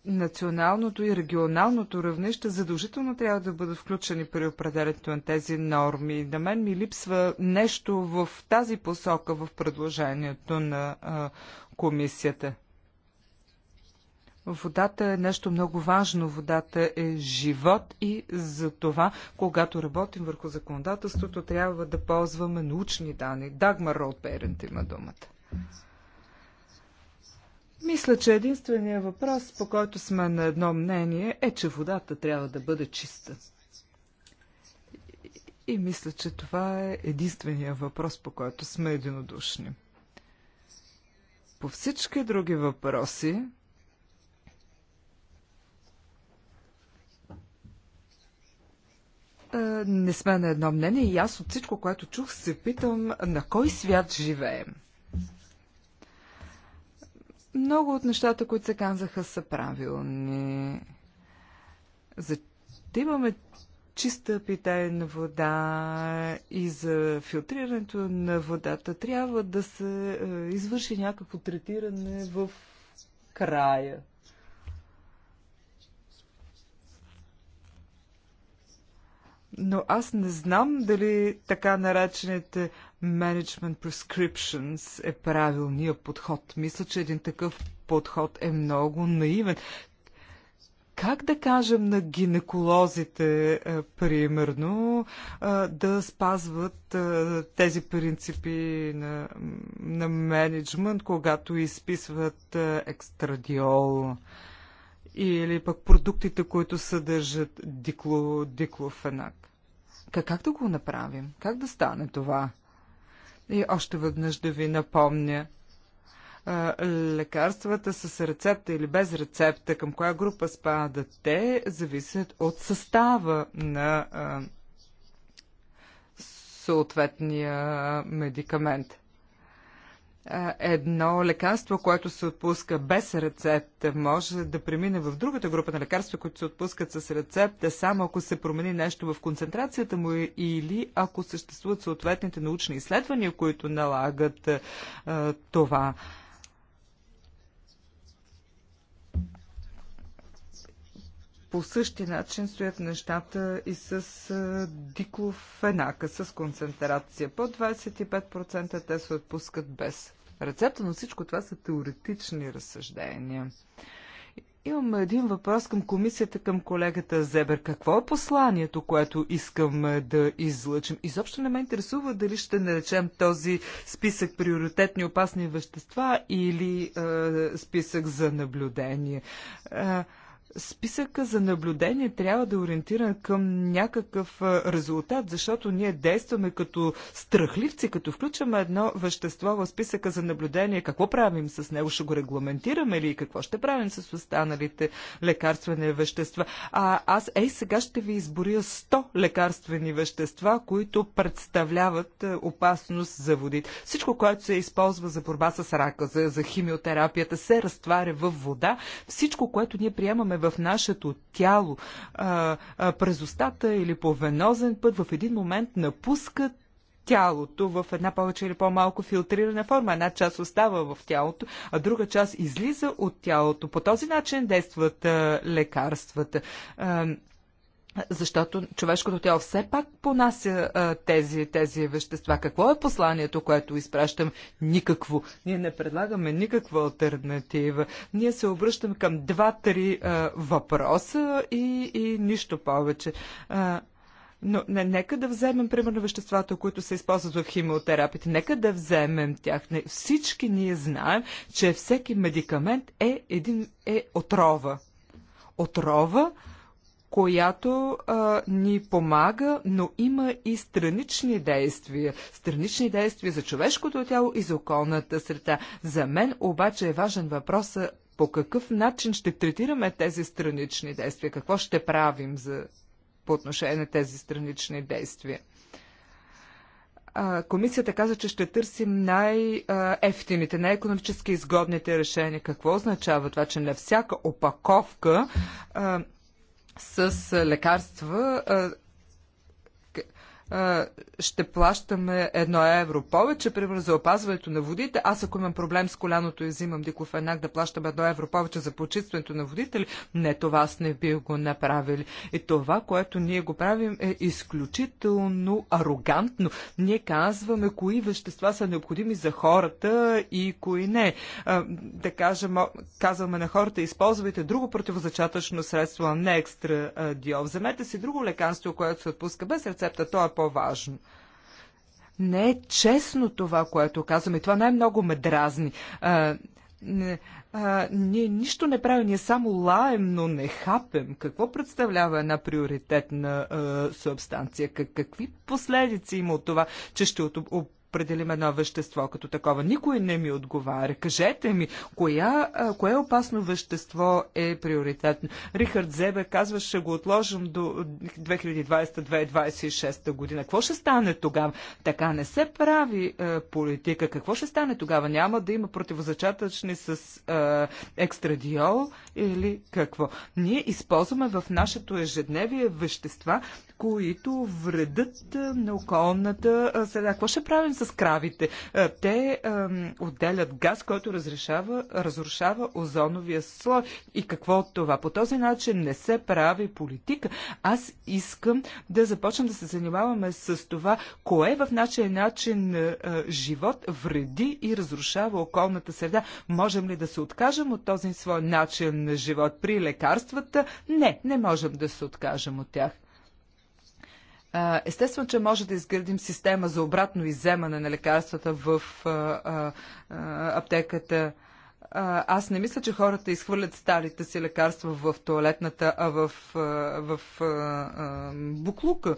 националното и регионалното равнище задължително трябва да бъдат включени при определенето на тези норми. На мен ми липсва нещо в тази посока в предложението на а, комисията. Водата е нещо много важно. Водата е живот и за това, когато работим върху законодателството, трябва да ползваме научни данни. Дагмар Ролперент има думата. Мисля, че единственият въпрос, по който сме на едно мнение, е, че водата трябва да бъде чиста. И мисля, че това е единствения въпрос, по който сме единодушни. По всички други въпроси, Е, не сме на едно мнение и аз от всичко, което чух, се питам на кой свят живеем. Много от нещата, които се казаха, са правилни. За да имаме чиста питейна вода и за филтрирането на водата трябва да се е, извърши някакво третиране в края Но аз не знам дали така наречените management prescriptions е правилния подход. Мисля, че един такъв подход е много наивен. Как да кажем на гинеколозите, е, примерно, е, да спазват е, тези принципи на, на менеджмент, когато изписват екстрадиол? или пък продуктите, които съдържат дикло, диклофенак. Как, как да го направим? Как да стане това? И още веднъж да ви напомня, лекарствата с рецепта или без рецепта, към коя група спадат те, зависят от състава на съответния медикамент едно лекарство, което се отпуска без рецепта, може да премине в другата група на лекарства, които се отпускат с рецепта, само ако се промени нещо в концентрацията му или ако съществуват съответните научни изследвания, които налагат а, това. по същия начин стоят нещата и с енака, с концентрация. По 25% те се отпускат без рецепта, но всичко това са теоретични разсъждения. Имам един въпрос към комисията, към колегата Зебер. Какво е посланието, което искам да излъчим? Изобщо не ме интересува дали ще наречем този списък приоритетни опасни вещества или е, списък за наблюдение. Е, Списъка за наблюдение трябва да е ориентиран към някакъв резултат, защото ние действаме като страхливци, като включваме едно вещество в списъка за наблюдение. Какво правим с него? Ще го регламентираме ли? Какво ще правим с останалите лекарствени вещества? А аз, ей, сега ще ви изборя 100 лекарствени вещества, които представляват опасност за водите. Всичко, което се използва за борба с рака, за, за химиотерапията, се разтваря в вода. Всичко, което ние приемаме в нашето тяло а, а, през устата или по венозен път в един момент напускат тялото в една повече или по-малко филтрирана форма. Една част остава в тялото, а друга част излиза от тялото. По този начин действат а, лекарствата. А, защото човешкото тяло все пак понася а, тези, тези вещества. Какво е посланието, което изпращам? Никакво. Ние не предлагаме никаква альтернатива. Ние се обръщаме към два-три въпроса и, и нищо повече. А, но не, нека да вземем, примерно, веществата, които се използват в химиотерапията. Нека да вземем тях. Не, всички ние знаем, че всеки медикамент е, един, е отрова. Отрова, която а, ни помага, но има и странични действия. Странични действия за човешкото тяло и за околната среда. За мен обаче е важен въпрос по какъв начин ще третираме тези странични действия, какво ще правим за, по отношение на тези странични действия. Комисията каза, че ще търсим най-ефтините, най-економически изгодните решения. Какво означава това, че на всяка опаковка с лекарства ще плащаме едно евро повече, примерно за опазването на водите. Аз ако имам проблем с коляното и взимам диклофенак да плащам едно евро повече за почистването на водите, ли? не, това аз не бих го направили. И това, което ние го правим е изключително арогантно. Ние казваме кои вещества са необходими за хората и кои не. А, да кажем, казваме на хората, използвайте друго противозачатъчно средство, а не екстрадиол. Вземете си друго лекарство, което се отпуска без рецепта, то е по по-важно. Не е честно това, което казваме. Това най-много ме дразни. А, не, а, ние нищо не правим, ние само лаем, но не хапем. Какво представлява една приоритетна а, субстанция? Как, какви последици има от това, че ще определим едно вещество като такова. Никой не ми отговаря. Кажете ми, коя, кое опасно вещество е приоритетно? Рихард Зебе казва, ще го отложим до 2020-2026 година. Какво ще стане тогава? Така не се прави е, политика. Какво ще стане тогава? Няма да има противозачатъчни с е, екстрадиол или какво? Ние използваме в нашето ежедневие вещества, които вредят на околната среда. Какво ще правим за с кравите. Е, те отделят газ, който разрешава, разрушава озоновия слой. И какво от това? По този начин не се прави политика. Аз искам да започнем да се занимаваме с това, кое в нашия начин е, е, живот вреди и разрушава околната среда. Можем ли да се откажем от този свой начин на живот при лекарствата? Не, не можем да се откажем от тях. Естествено, че може да изградим система за обратно иземане на лекарствата в аптеката. Аз не мисля, че хората изхвърлят старите си лекарства в туалетната, а в, в, в буклука.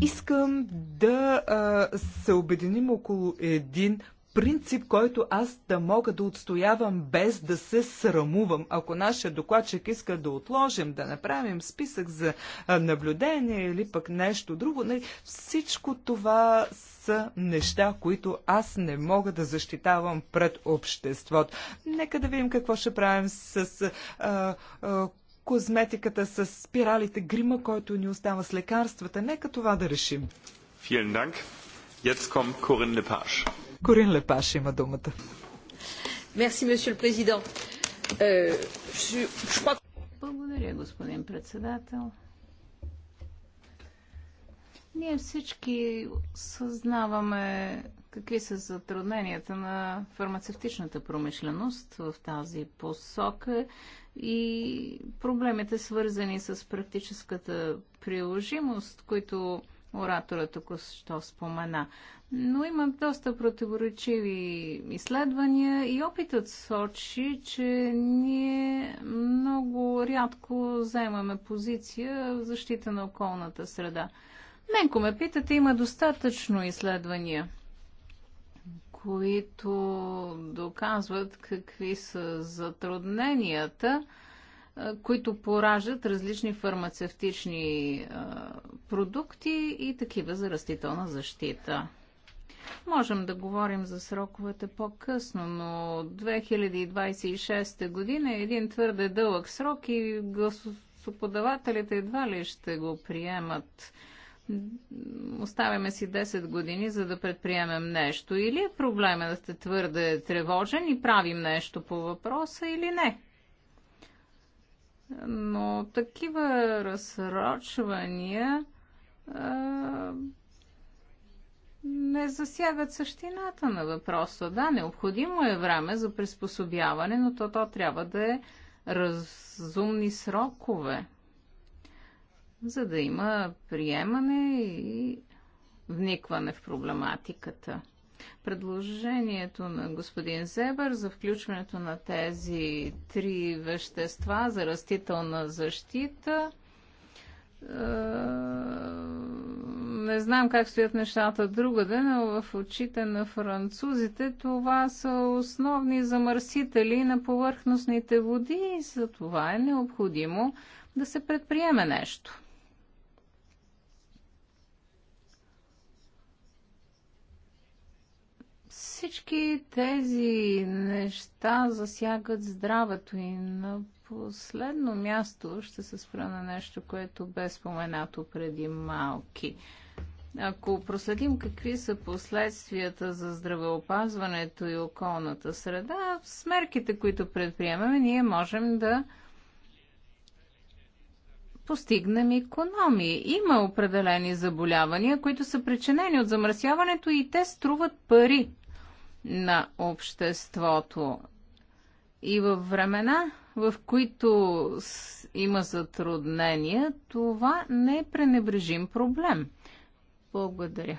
Искам да а, се обединим около един принцип, който аз да мога да отстоявам без да се срамувам. Ако нашия докладчик иска да отложим, да направим списък за наблюдение или пък нещо друго, нали, всичко това са неща, които аз не мога да защитавам пред обществото. Нека да видим какво ще правим с а, а, козметиката, с спиралите, грима, който ни остава с лекарствата. Нека това да решим. Vielen Dank. Jetzt kommt Corinne Lepage. Корин Лепаш има думата. Мерси, месье президент. Е, Благодаря, господин председател. Ние всички съзнаваме какви са затрудненията на фармацевтичната промишленост в тази посока и проблемите свързани с практическата приложимост, които ораторът тук що спомена. Но има доста противоречиви изследвания и опитът сочи, че ние много рядко вземаме позиция в защита на околната среда. Менко ме питате, има достатъчно изследвания, които доказват какви са затрудненията – които поражат различни фармацевтични продукти и такива за растителна защита. Можем да говорим за сроковете по-късно, но 2026 година е един твърде дълъг срок и гласоподавателите едва ли ще го приемат. Оставяме си 10 години, за да предприемем нещо. Или проблемът да сте твърде тревожен и правим нещо по въпроса, или не но такива разсрочвания а, не засягат същината на въпроса. Да, необходимо е време за приспособяване, но то, то трябва да е разумни срокове, за да има приемане и вникване в проблематиката. Предложението на господин Зебър за включването на тези три вещества за растителна защита е, не знам как стоят нещата другаде, но в очите на французите това са основни замърсители на повърхностните води и за това е необходимо да се предприеме нещо. Всички тези неща засягат здравето и на последно място ще се спра на нещо, което бе споменато преди малки. Ако проследим какви са последствията за здравеопазването и околната среда, с мерките, които предприемаме, ние можем да постигнем економии. Има определени заболявания, които са причинени от замърсяването и те струват пари на обществото. И във времена, в които има затруднения, това не е пренебрежим проблем. Благодаря.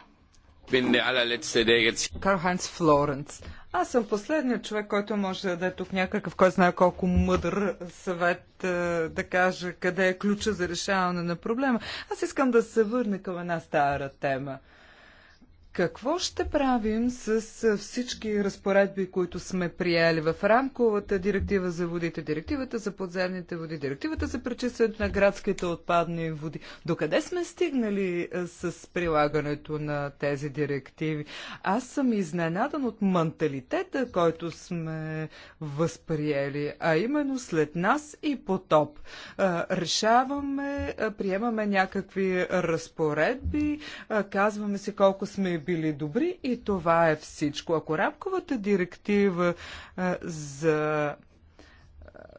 Карханс Флоренц. Аз съм последният човек, който може да даде тук някакъв, който знае колко мъдър съвет е, да каже къде е ключа за решаване на проблема. Аз искам да се върна към една стара тема – какво ще правим с всички разпоредби, които сме приели в рамковата директива за водите, директивата за подземните води, директивата за пречистването на градските отпадни води? Докъде сме стигнали с прилагането на тези директиви? Аз съм изненадан от менталитета, който сме възприели, а именно след нас и потоп. Решаваме, приемаме някакви разпоредби, казваме си колко сме били добри и това е всичко. Ако рамковата директива а, е, за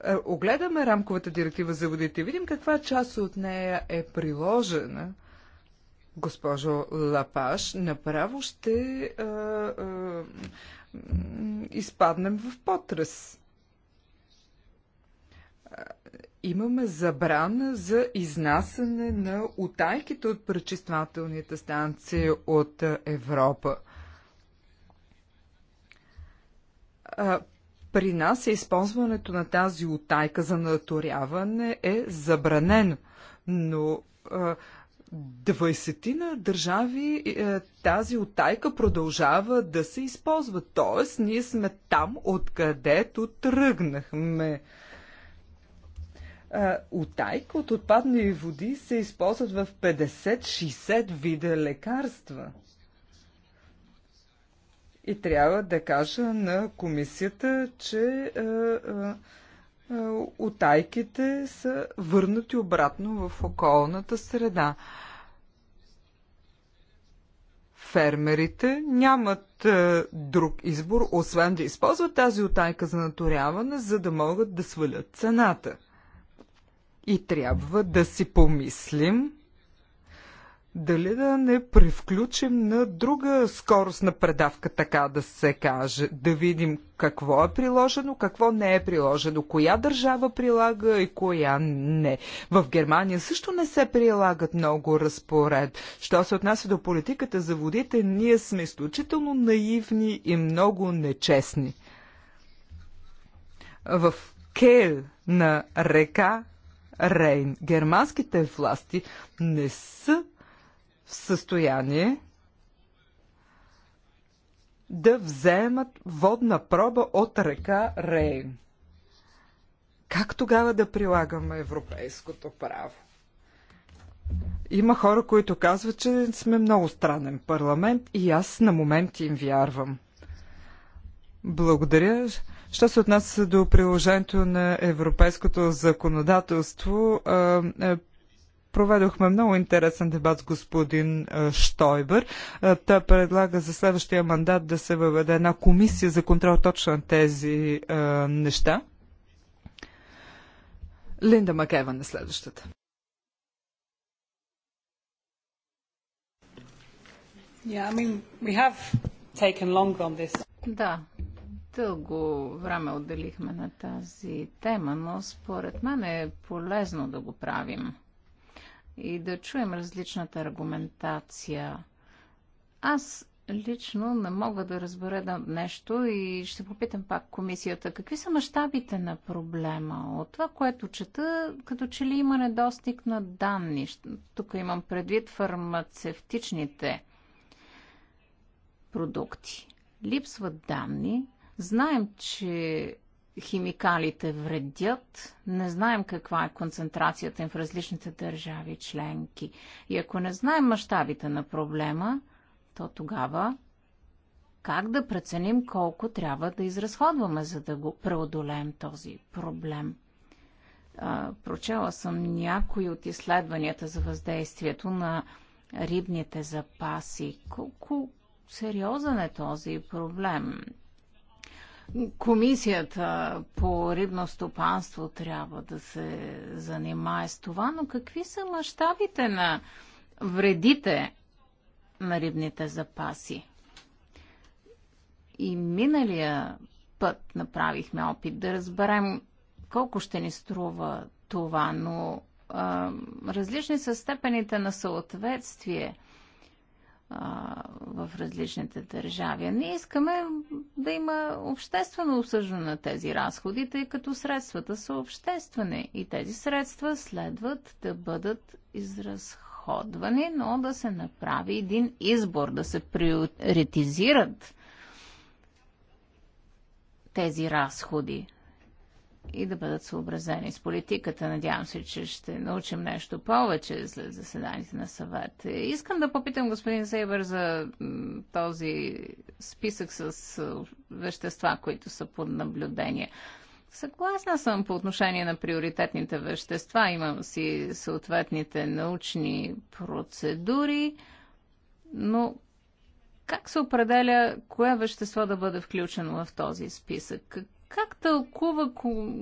е, огледаме рамковата директива за водите, и видим каква част от нея е приложена, госпожо Лапаш, направо ще а, е, а, изпаднем в потрес имаме забрана за изнасяне на отайките от пречиствателните станции от Европа. При нас е използването на тази отайка за наторяване е забранено, но 20 на държави е, тази отайка продължава да се използва. Тоест, ние сме там, откъдето тръгнахме. Утайк от отпадни води се използват в 50-60 вида лекарства. И трябва да кажа на комисията, че е, отайките са върнати обратно в околната среда. Фермерите нямат е, друг избор, освен да използват тази отайка за наторяване, за да могат да свалят цената. И трябва да си помислим дали да не превключим на друга скорост на предавка, така да се каже. Да видим какво е приложено, какво не е приложено, коя държава прилага и коя не. В Германия също не се прилагат много разпоред. Що се отнася до политиката за водите, ние сме изключително наивни и много нечестни. В Кел на река Рейн. Германските власти не са в състояние да вземат водна проба от река Рейн. Как тогава да прилагаме европейското право? Има хора, които казват, че сме много странен парламент и аз на момент им вярвам. Благодаря. Що се отнася до приложението на европейското законодателство, проведохме много интересен дебат с господин Штойбер. Той предлага за следващия мандат да се въведе една комисия за контрол точно на тези неща. Линда Макева на е следващата. Yeah, I mean, we have taken on this. Да, дълго време отделихме на тази тема, но според мен е полезно да го правим и да чуем различната аргументация. Аз лично не мога да разбера нещо и ще попитам пак комисията. Какви са мащабите на проблема? От това, което чета, като че ли има недостиг на данни. Тук имам предвид фармацевтичните продукти. Липсват данни Знаем, че химикалите вредят, не знаем каква е концентрацията им в различните държави членки. И ако не знаем мащабите на проблема, то тогава как да преценим колко трябва да изразходваме, за да го преодолеем този проблем? А, прочела съм някои от изследванията за въздействието на рибните запаси. Колко сериозен е този проблем? Комисията по рибно стопанство трябва да се занимае с това, но какви са мащабите на вредите на рибните запаси? И миналия път направихме опит да разберем колко ще ни струва това, но а, различни са степените на съответствие – в различните държави. Ние искаме да има обществено обсъждане на тези разходи, тъй като средствата са обществени и тези средства следват да бъдат изразходвани, но да се направи един избор, да се приоритизират тези разходи и да бъдат съобразени с политиката. Надявам се, че ще научим нещо повече след заседанието на съвет. Искам да попитам господин Сейбър за този списък с вещества, които са под наблюдение. Съгласна съм по отношение на приоритетните вещества. Имам си съответните научни процедури, но как се определя кое вещество да бъде включено в този списък? Как тълкува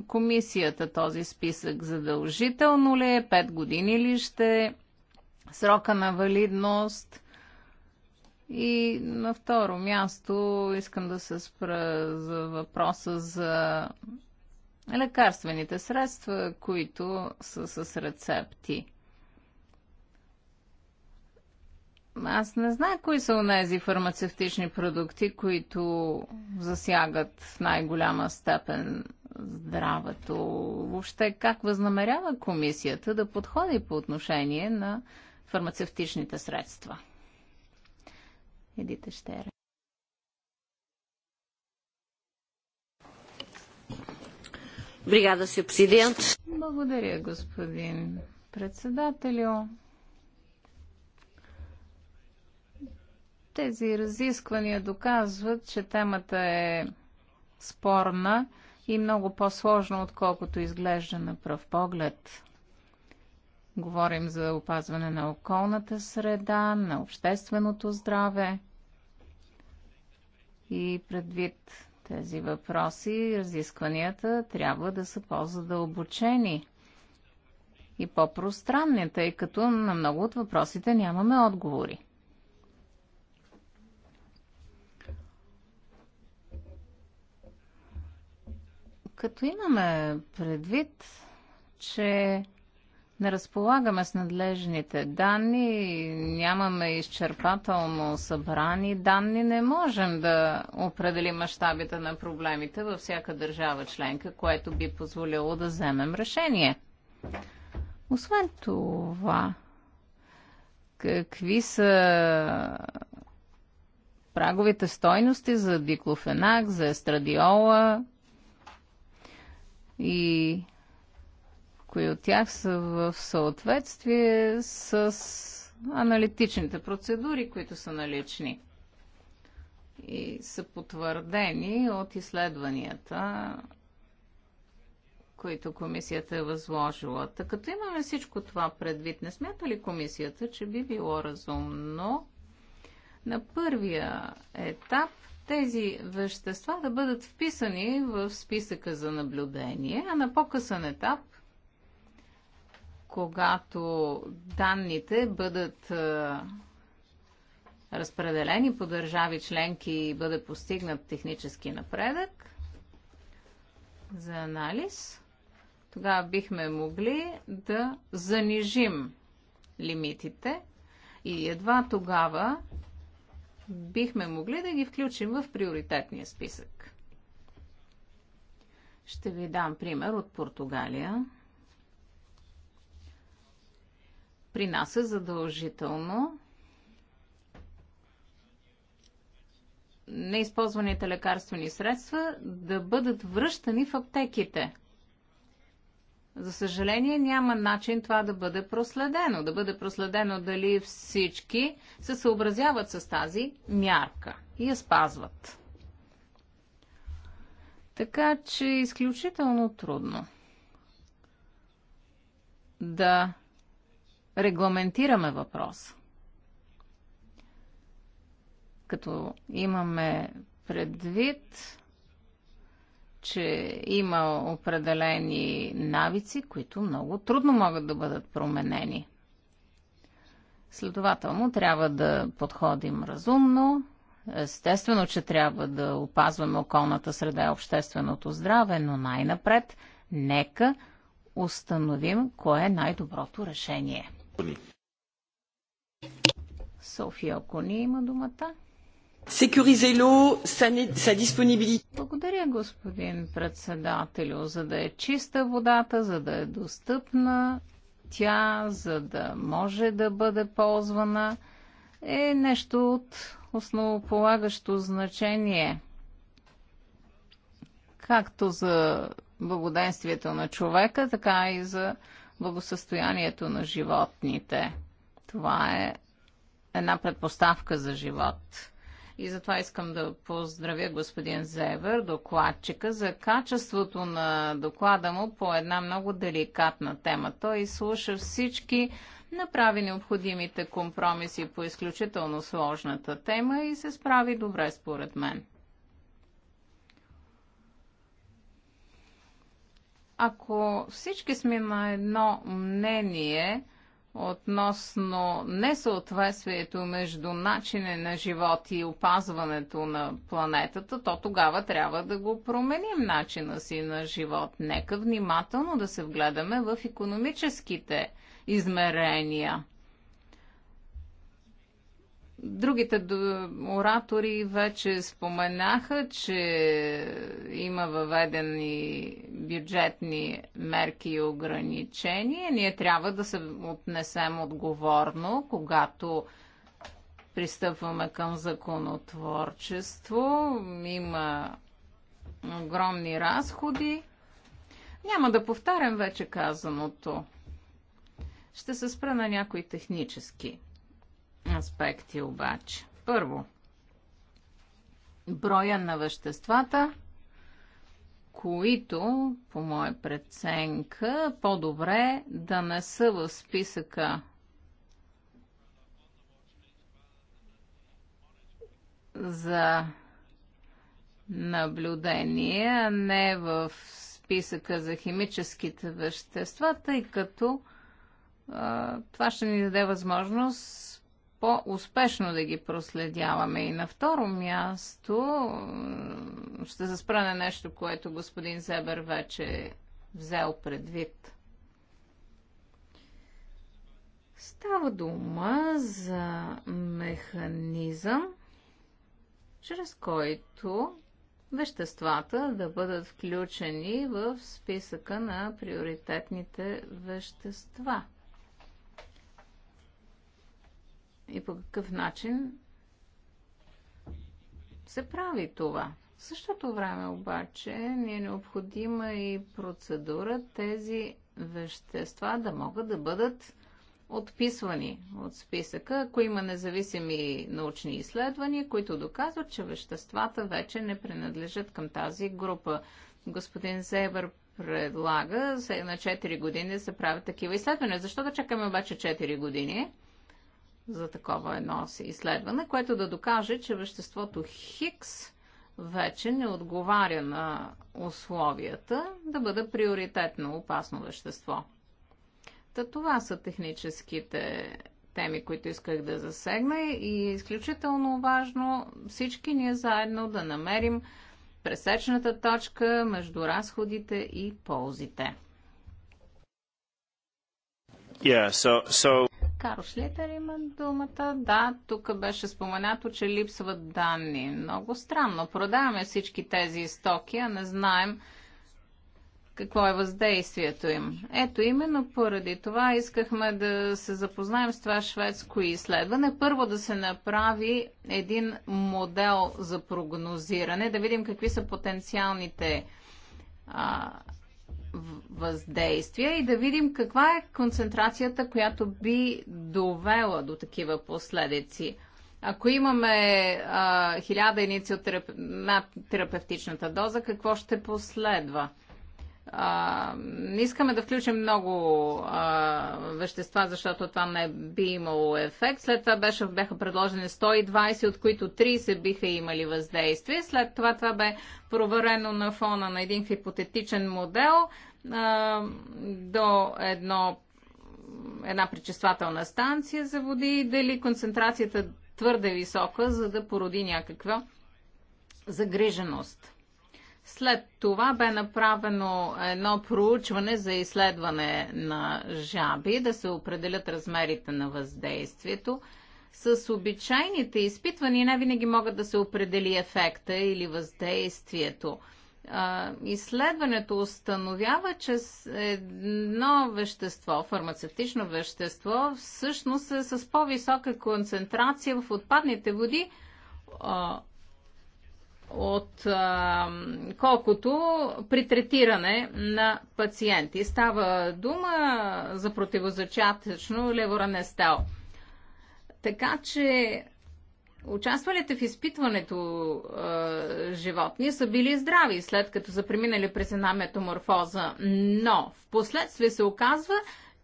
комисията този списък? Задължително ли е? Пет години ли ще? Срока на валидност? И на второ място искам да се спра за въпроса за лекарствените средства, които са с рецепти. Аз не знам кои са тези фармацевтични продукти, които засягат в най-голяма степен здравето. Въобще как възнамерява комисията да подходи по отношение на фармацевтичните средства? Едите ще Бригада си Благодаря, господин председателю. Тези разисквания доказват, че темата е спорна и много по-сложна, отколкото изглежда на пръв поглед. Говорим за опазване на околната среда, на общественото здраве и предвид тези въпроси, разискванията трябва да са по-задълбочени и по-пространни, тъй като на много от въпросите нямаме отговори. Като имаме предвид, че не разполагаме с надлежните данни, нямаме изчерпателно събрани данни, не можем да определим мащабите на проблемите във всяка държава членка, което би позволило да вземем решение. Освен това, какви са праговите стойности за диклофенак, за естрадиола, и кои от тях са в съответствие с аналитичните процедури, които са налични и са потвърдени от изследванията, които комисията е възложила. Та като имаме всичко това предвид, не смята ли комисията, че би било разумно на първия етап тези вещества да бъдат вписани в списъка за наблюдение, а на по-късен етап, когато данните бъдат разпределени по държави членки и бъде постигнат технически напредък за анализ, тогава бихме могли да занижим лимитите и едва тогава бихме могли да ги включим в приоритетния списък. Ще ви дам пример от Португалия. При нас е задължително неизползваните лекарствени средства да бъдат връщани в аптеките – за съжаление няма начин това да бъде проследено, да бъде проследено дали всички се съобразяват с тази мярка и я спазват. Така че е изключително трудно да регламентираме въпрос. Като имаме предвид че има определени навици, които много трудно могат да бъдат променени. Следователно, трябва да подходим разумно. Естествено, че трябва да опазваме околната среда и общественото здраве, но най-напред нека установим кое е най-доброто решение. София Кони има думата. Sécuriser l'eau, sa disponibilité. Благодаря, господин председателю, за да е чиста водата, за да е достъпна тя, за да може да бъде ползвана, е нещо от основополагащо значение. Както за благоденствието на човека, така и за благосъстоянието на животните. Това е една предпоставка за живот. И затова искам да поздравя господин Зевер, докладчика, за качеството на доклада му по една много деликатна тема. Той изслуша всички направи необходимите компромиси по изключително сложната тема и се справи добре според мен. Ако всички сме на едно мнение, относно несъответствието между начина на живот и опазването на планетата, то тогава трябва да го променим начина си на живот. Нека внимателно да се вгледаме в економическите измерения Другите оратори вече споменаха, че има въведени бюджетни мерки и ограничения. Ние трябва да се отнесем отговорно, когато пристъпваме към законотворчество. Има огромни разходи. Няма да повтарям вече казаното. Ще се спра на някои технически аспекти обаче. Първо, броя на веществата, които, по моя преценка, по-добре да не са в списъка за наблюдение, а не в списъка за химическите вещества, тъй като а, това ще ни даде възможност по-успешно да ги проследяваме. И на второ място ще се на нещо, което господин Зебер вече взел предвид. Става дума за механизъм, чрез който веществата да бъдат включени в списъка на приоритетните вещества – и по какъв начин се прави това. В същото време обаче ни е необходима и процедура тези вещества да могат да бъдат отписвани от списъка, ако има независими научни изследвания, които доказват, че веществата вече не принадлежат към тази група. Господин Зебър предлага на 4 години да се правят такива изследвания. Защо да чакаме обаче 4 години? за такова едно си изследване, което да докаже, че веществото Хикс вече не отговаря на условията да бъде приоритетно опасно вещество. Та това са техническите теми, които исках да засегна и е изключително важно всички ние заедно да намерим пресечната точка между разходите и ползите. Yeah, so, so... Каро Шлетер има думата. Да, тук беше споменато, че липсват данни. Много странно. Продаваме всички тези стоки, а не знаем какво е въздействието им. Ето, именно поради това искахме да се запознаем с това шведско изследване. Първо да се направи един модел за прогнозиране, да видим какви са потенциалните а, въздействия и да видим каква е концентрацията, която би довела до такива последици. Ако имаме а, 1000 единици от над терапевтичната доза, какво ще последва? не искаме да включим много а, вещества, защото това не би имало ефект. След това беше, бяха предложени 120, от които 30 биха имали въздействие. След това това бе проверено на фона на един хипотетичен модел а, до едно, една пречиствателна станция за води, дали концентрацията е твърде висока, за да породи някаква загриженост. След това бе направено едно проучване за изследване на жаби, да се определят размерите на въздействието. С обичайните изпитвания не винаги могат да се определи ефекта или въздействието. Изследването установява, че едно вещество, фармацевтично вещество, всъщност е с по-висока концентрация в отпадните води, от а, колкото при третиране на пациенти. Става дума за противозачатъчно леворанестел. Така че участвалите в изпитването а, животни са били здрави, след като са преминали през една метаморфоза, но в последствие се оказва,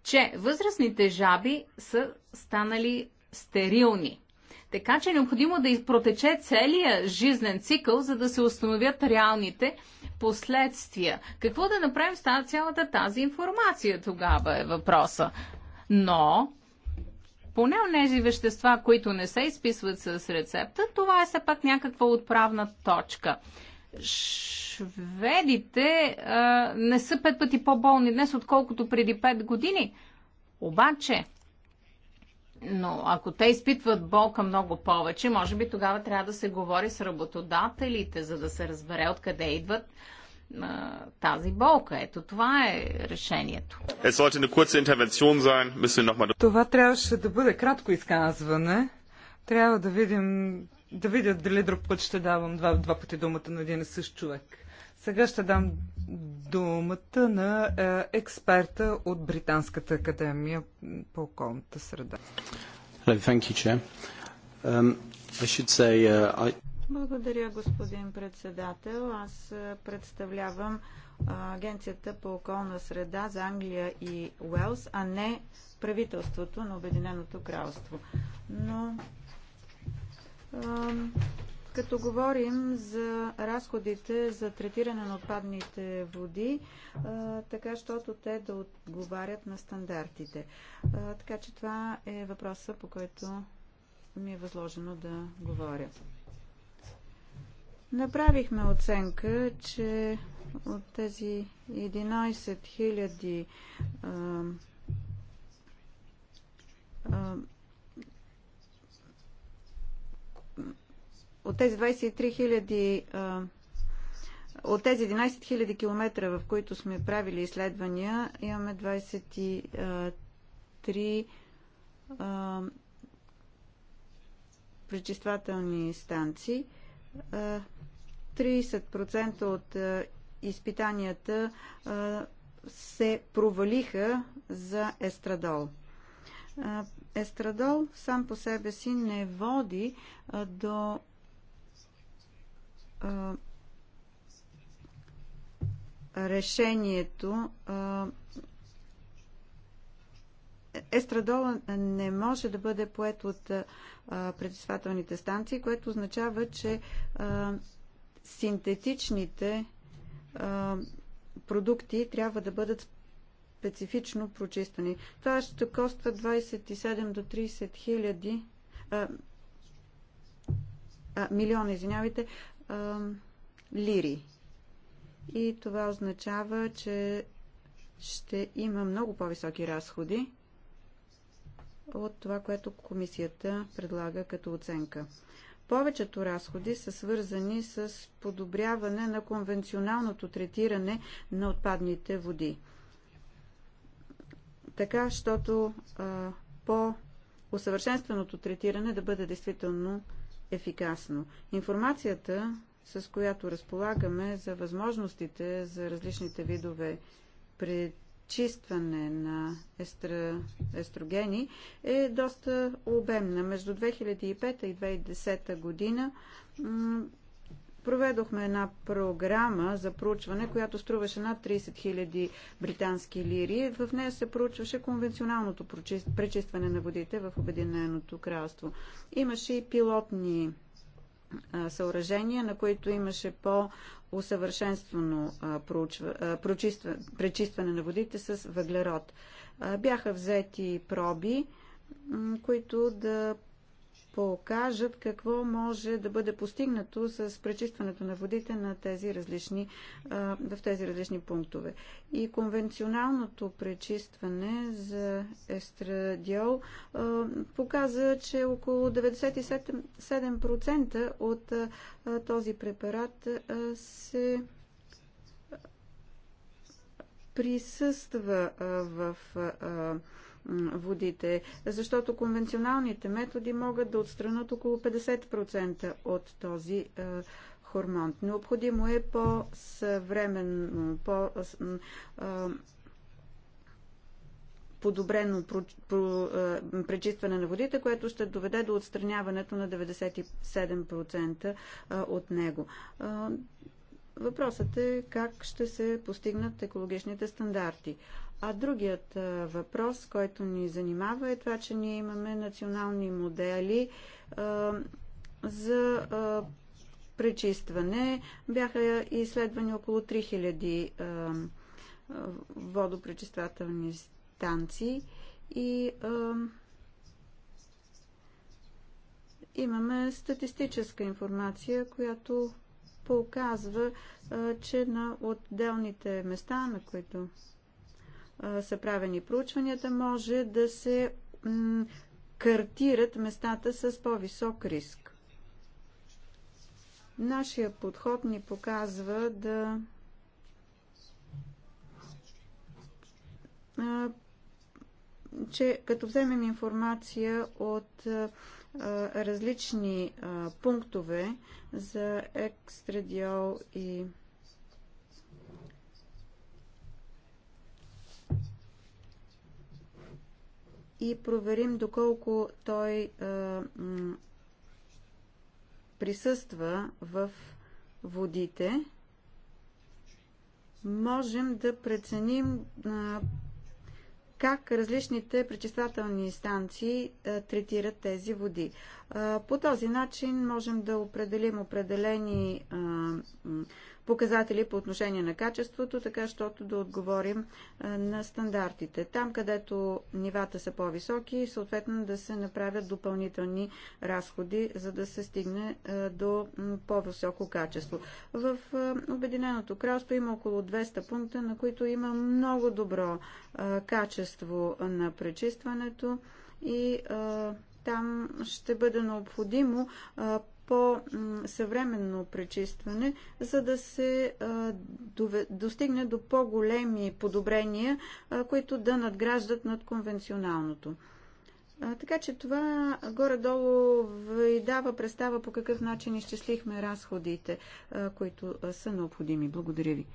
че възрастните жаби са станали стерилни – така че е необходимо да протече целия жизнен цикъл, за да се установят реалните последствия. Какво да направим с цялата тази информация тогава е въпроса. Но поне от тези вещества, които не се изписват с рецепта, това е все пак някаква отправна точка. Шведите а, не са пет пъти по-болни днес, отколкото преди пет години. Обаче, но ако те изпитват болка много повече, може би тогава трябва да се говори с работодателите, за да се разбере откъде идват а, тази болка. Ето това е решението. Това трябваше да бъде кратко изказване. Трябва да видим, да видят дали друг път ще давам два, два пъти думата на един и същ човек. Сега ще дам думата на е, експерта от Британската академия по околната среда. Um, uh, Благодаря, господин председател. Аз е, представлявам е, Агенцията по околна среда за Англия и Уелс, а не правителството на Обединеното кралство. Но като говорим за разходите за третиране на отпадните води, така щото те да отговарят на стандартите. Така че това е въпроса, по който ми е възложено да говоря. Направихме оценка, че от тези 11 000 а, а, От тези 23 хиляди от тези 11 000 километра, в които сме правили изследвания, имаме 23 пречиствателни станции. 30% от изпитанията се провалиха за естрадол. Естрадол сам по себе си не води до решението естрадола не може да бъде поет от предисвателните станции, което означава, че синтетичните продукти трябва да бъдат специфично прочистани. Това ще коства 27 до 30 хиляди милиона, извинявайте, а, лири. И това означава, че ще има много по-високи разходи от това, което комисията предлага като оценка. Повечето разходи са свързани с подобряване на конвенционалното третиране на отпадните води. Така, щото по усъвършенственото третиране да бъде действително ефикасно. Информацията, с която разполагаме за възможностите за различните видове пречистване на естра, естрогени, е доста обемна. Между 2005 и 2010 година проведохме една програма за проучване, която струваше над 30 000 британски лири. В нея се проучваше конвенционалното пречистване на водите в Обединеното кралство. Имаше и пилотни съоръжения, на които имаше по-усъвършенствено пречистване на водите с въглерод. Бяха взети проби, които да покажат какво може да бъде постигнато с пречистването на водите на тези различни, в тези различни пунктове. И конвенционалното пречистване за естрадиол показа, че около 97% от този препарат се присъства в водите, защото конвенционалните методи могат да отстранат около 50% от този е, хормон. Необходимо е по-съвременно, по-, -съвременно, по подобрено е, пречистване на водите, което ще доведе до отстраняването на 97% е, от него. Въпросът е как ще се постигнат екологичните стандарти. А другият въпрос, който ни занимава е това, че ние имаме национални модели а, за а, пречистване. Бяха изследвани около 3000 а, водопречиствателни станции и а, имаме статистическа информация, която показва, че на отделните места, на които са правени проучванията, може да се картират местата с по-висок риск. Нашия подход ни показва да че като вземем информация от различни пунктове за екстрадиол и и проверим доколко той присъства в водите, можем да преценим как различните пречиствателни станции е, третират тези води. Е, по този начин можем да определим определени е, показатели по отношение на качеството, така щото да отговорим на стандартите. Там, където нивата са по-високи, съответно да се направят допълнителни разходи, за да се стигне до по-високо качество. В Обединеното кралство има около 200 пункта, на които има много добро качество на пречистването и там ще бъде необходимо по-съвременно пречистване, за да се достигне до по-големи подобрения, които да надграждат над конвенционалното. Така че това горе-долу ви дава представа по какъв начин изчислихме разходите, които са необходими. Благодаря ви.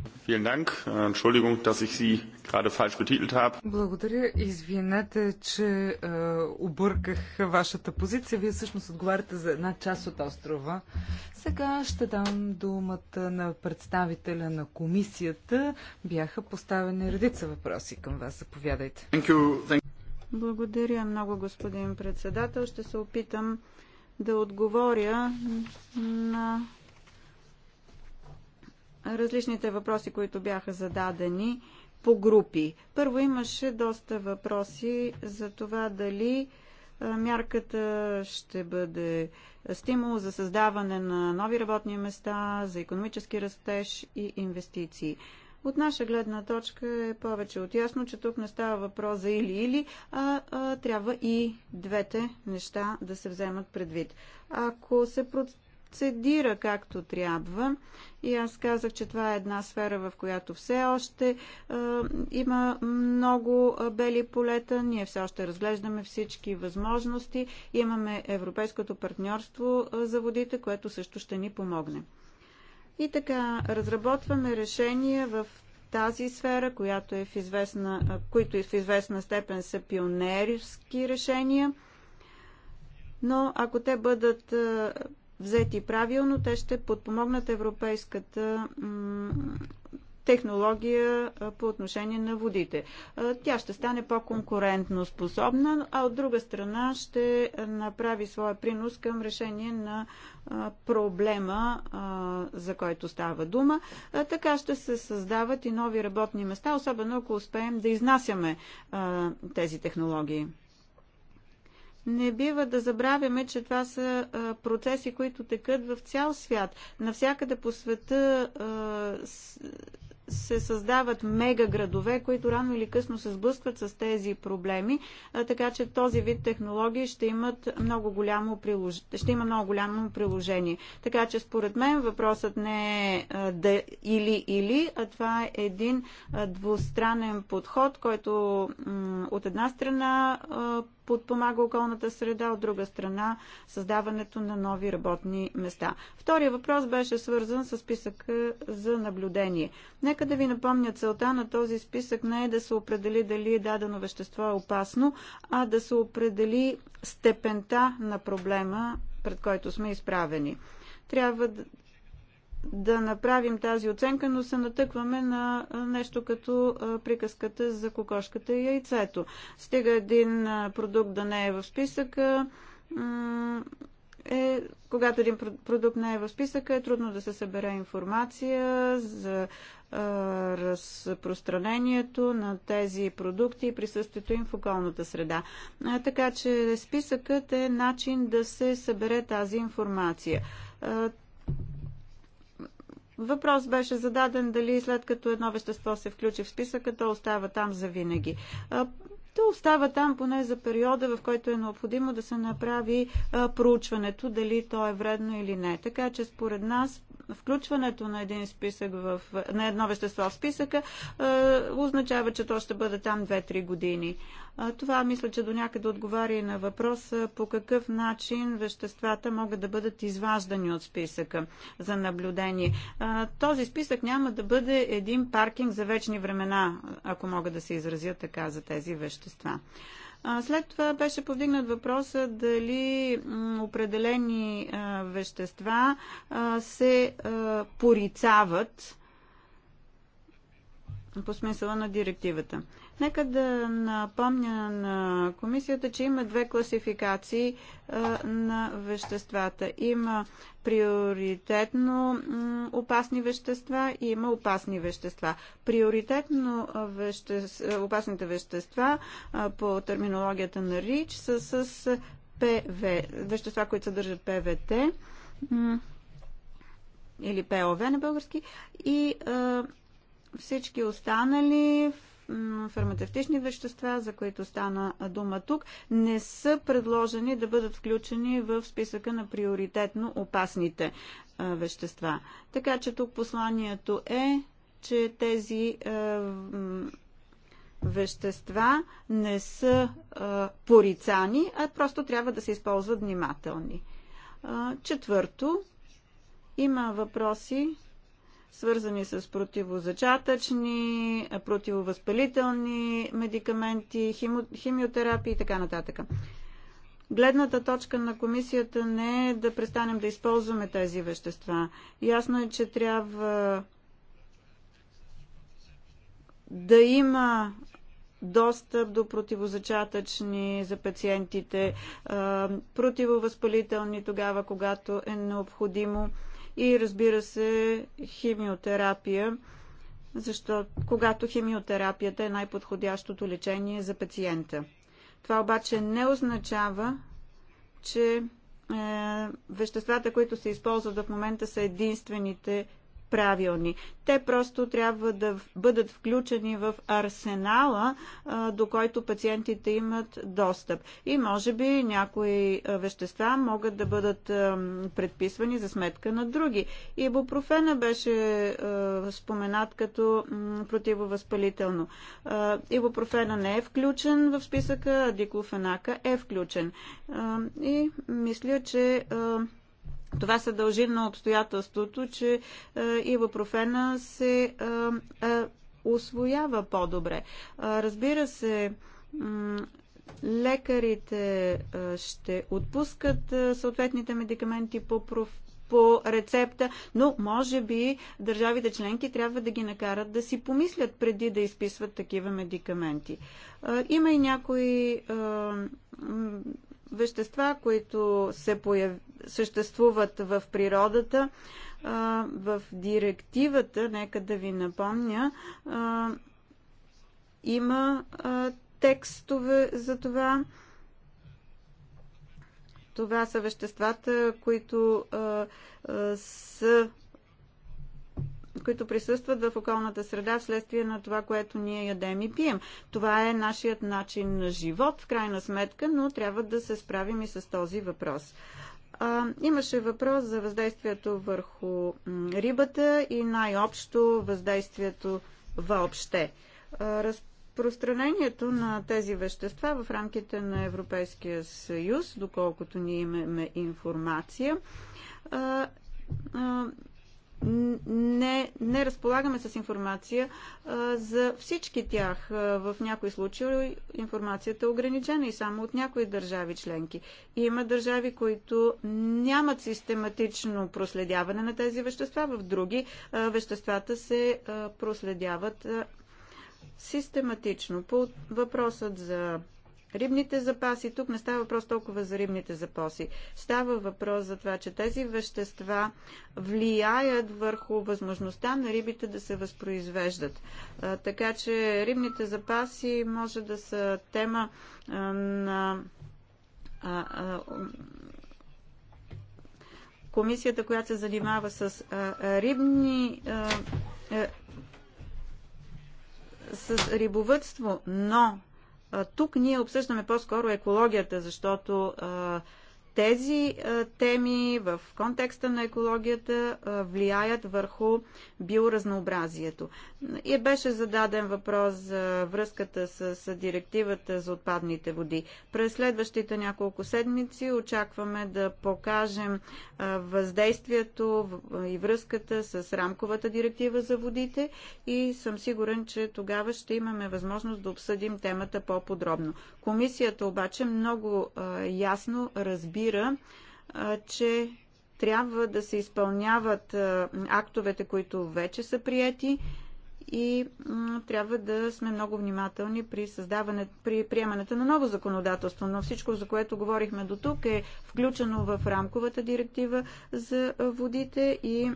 Благодаря. Извинете, че обърках вашата позиция. Вие всъщност отговаряте за една част от острова. Сега ще дам думата на представителя на комисията. Бяха поставени редица въпроси към вас. Заповядайте. Thank you. Thank you. Благодаря много, господин председател. Ще се опитам да отговоря на различните въпроси, които бяха зададени по групи. Първо имаше доста въпроси за това дали мярката ще бъде стимул за създаване на нови работни места, за економически растеж и инвестиции. От наша гледна точка е повече от ясно, че тук не става въпрос за или-или, а, а трябва и двете неща да се вземат предвид. Ако се процедира както трябва, и аз казах, че това е една сфера, в която все още а, има много бели полета. Ние все още разглеждаме всички възможности. Имаме европейското партньорство за водите, което също ще ни помогне. И така, разработваме решения в тази сфера, която е в известна, които е в известна степен са пионерски решения, но ако те бъдат взети правилно, те ще подпомогнат европейската технология по отношение на водите. Тя ще стане по-конкурентно способна, а от друга страна ще направи своя принос към решение на проблема, за който става дума. Така ще се създават и нови работни места, особено ако успеем да изнасяме тези технологии. Не бива да забравяме, че това са процеси, които текат в цял свят. Навсякъде по света се създават мегаградове, които рано или късно се сблъскват с тези проблеми, така че този вид технологии ще, имат много голямо прилож... ще има много голямо приложение. Така че според мен въпросът не е да или-или, а това е един двустранен подход, който от една страна подпомага околната среда, от друга страна създаването на нови работни места. Втория въпрос беше свързан с списъка за наблюдение. Нека да ви напомня целта на този списък не е да се определи дали дадено вещество е опасно, а да се определи степента на проблема, пред който сме изправени. Трябва да да направим тази оценка, но се натъкваме на нещо като приказката за кокошката и яйцето. Стига един продукт да не е в списъка, е, когато един продукт не е в списъка, е трудно да се събере информация за разпространението на тези продукти и присъствието им в околната среда. така че списъкът е начин да се събере тази информация. Въпрос беше зададен дали след като едно вещество се включи в списъка, то остава там за винаги. То остава там поне за периода, в който е необходимо да се направи проучването, дали то е вредно или не. Така че според нас Включването на един списък в, на едно вещество в списъка е, означава, че то ще бъде там 2-3 години. Това мисля, че до някъде отговаря и на въпроса по какъв начин веществата могат да бъдат изваждани от списъка за наблюдение. Този списък няма да бъде един паркинг за вечни времена, ако мога да се изразя така за тези вещества. След това беше повдигнат въпроса дали определени вещества се порицават по смисъла на директивата. Нека да напомня на комисията, че има две класификации на веществата. Има приоритетно опасни вещества и има опасни вещества. Приоритетно веще... опасните вещества по терминологията на РИЧ са с ПВ, вещества, които съдържат ПВТ или ПОВ на български и всички останали в фармацевтични вещества, за които стана дума тук, не са предложени да бъдат включени в списъка на приоритетно опасните вещества. Така че тук посланието е, че тези вещества не са порицани, а просто трябва да се използват внимателни. четвърто, има въпроси, свързани с противозачатъчни, противовъзпалителни медикаменти, химо, химиотерапии и така нататък. Гледната точка на комисията не е да престанем да използваме тези вещества. Ясно е, че трябва да има достъп до противозачатъчни за пациентите, противовъзпалителни тогава, когато е необходимо и разбира се химиотерапия, защото когато химиотерапията е най-подходящото лечение за пациента. Това обаче не означава, че е, веществата, които се използват в момента са единствените правилни. Те просто трябва да бъдат включени в арсенала, до който пациентите имат достъп. И може би някои вещества могат да бъдат предписвани за сметка на други. И Ибупрофена беше споменат като противовъзпалително. Ибупрофена не е включен в списъка, а диклофенака е включен. И мисля, че това се дължи на обстоятелството, че е, ибупрофена се освоява е, е, по-добре. Разбира се, лекарите ще отпускат съответните медикаменти по проф по рецепта, но може би държавите членки трябва да ги накарат да си помислят преди да изписват такива медикаменти. Има и някои вещества, които се появ... съществуват в природата. В директивата, нека да ви напомня, има текстове за това. Това са веществата, които а, а, са които присъстват в околната среда вследствие на това, което ние ядем и пием. Това е нашият начин на живот, в крайна сметка, но трябва да се справим и с този въпрос. А, имаше въпрос за въздействието върху рибата и най-общо въздействието въобще. А, разпространението на тези вещества в рамките на Европейския съюз, доколкото ние имаме информация, а, не, не разполагаме с информация а, за всички тях. А, в някои случаи информацията е ограничена и само от някои държави членки. има държави, които нямат систематично проследяване на тези вещества, в други а, веществата се а, проследяват а, систематично. По въпросът за Рибните запаси, тук не става въпрос толкова за рибните запаси. Става въпрос за това, че тези вещества влияят върху възможността на рибите да се възпроизвеждат. Така че рибните запаси може да са тема на комисията, която се занимава с рибни с рибовътство, но тук ние обсъждаме по-скоро екологията, защото тези теми в контекста на екологията влияят върху биоразнообразието. И беше зададен въпрос за връзката с директивата за отпадните води. През следващите няколко седмици очакваме да покажем въздействието и връзката с рамковата директива за водите и съм сигурен, че тогава ще имаме възможност да обсъдим темата по-подробно. Комисията обаче много ясно разбира разбира, че трябва да се изпълняват актовете, които вече са прияти и трябва да сме много внимателни при, създаване, при приемането на ново законодателство. Но всичко, за което говорихме до тук, е включено в рамковата директива за водите и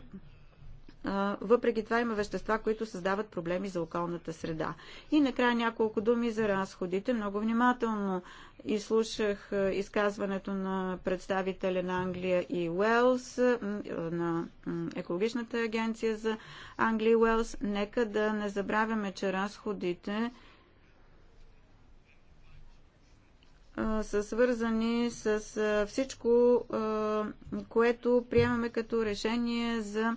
въпреки това има вещества, които създават проблеми за околната среда. И накрая няколко думи за разходите. Много внимателно изслушах изказването на представителя на Англия и Уелс, на екологичната агенция за Англия и Уелс. Нека да не забравяме, че разходите са свързани с всичко, което приемаме като решение за,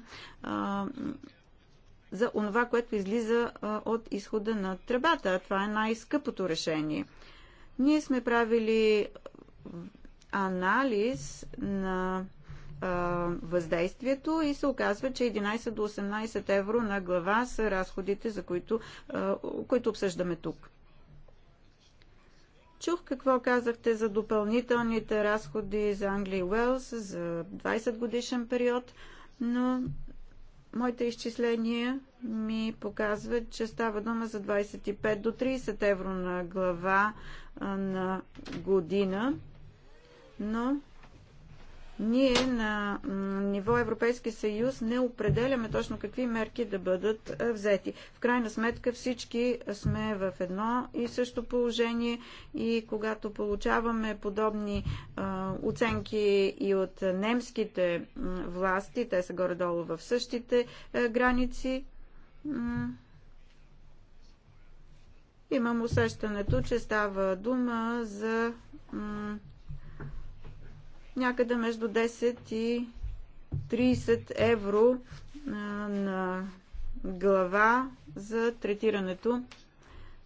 за онова, което излиза от изхода на тръбата. Това е най-скъпото решение. Ние сме правили анализ на въздействието и се оказва, че 11 до 18 евро на глава са разходите, за които, които обсъждаме тук. Чух какво казахте за допълнителните разходи за Англия и Уелс за 20 годишен период, но моите изчисления ми показват, че става дума за 25 до 30 евро на глава на година, но ние на ниво Европейски съюз не определяме точно какви мерки да бъдат е, взети. В крайна сметка всички сме в едно и също положение и когато получаваме подобни е, оценки и от немските власти, те са горе-долу в същите е, граници, имам усещането, че става дума за някъде между 10 и 30 евро на глава за третирането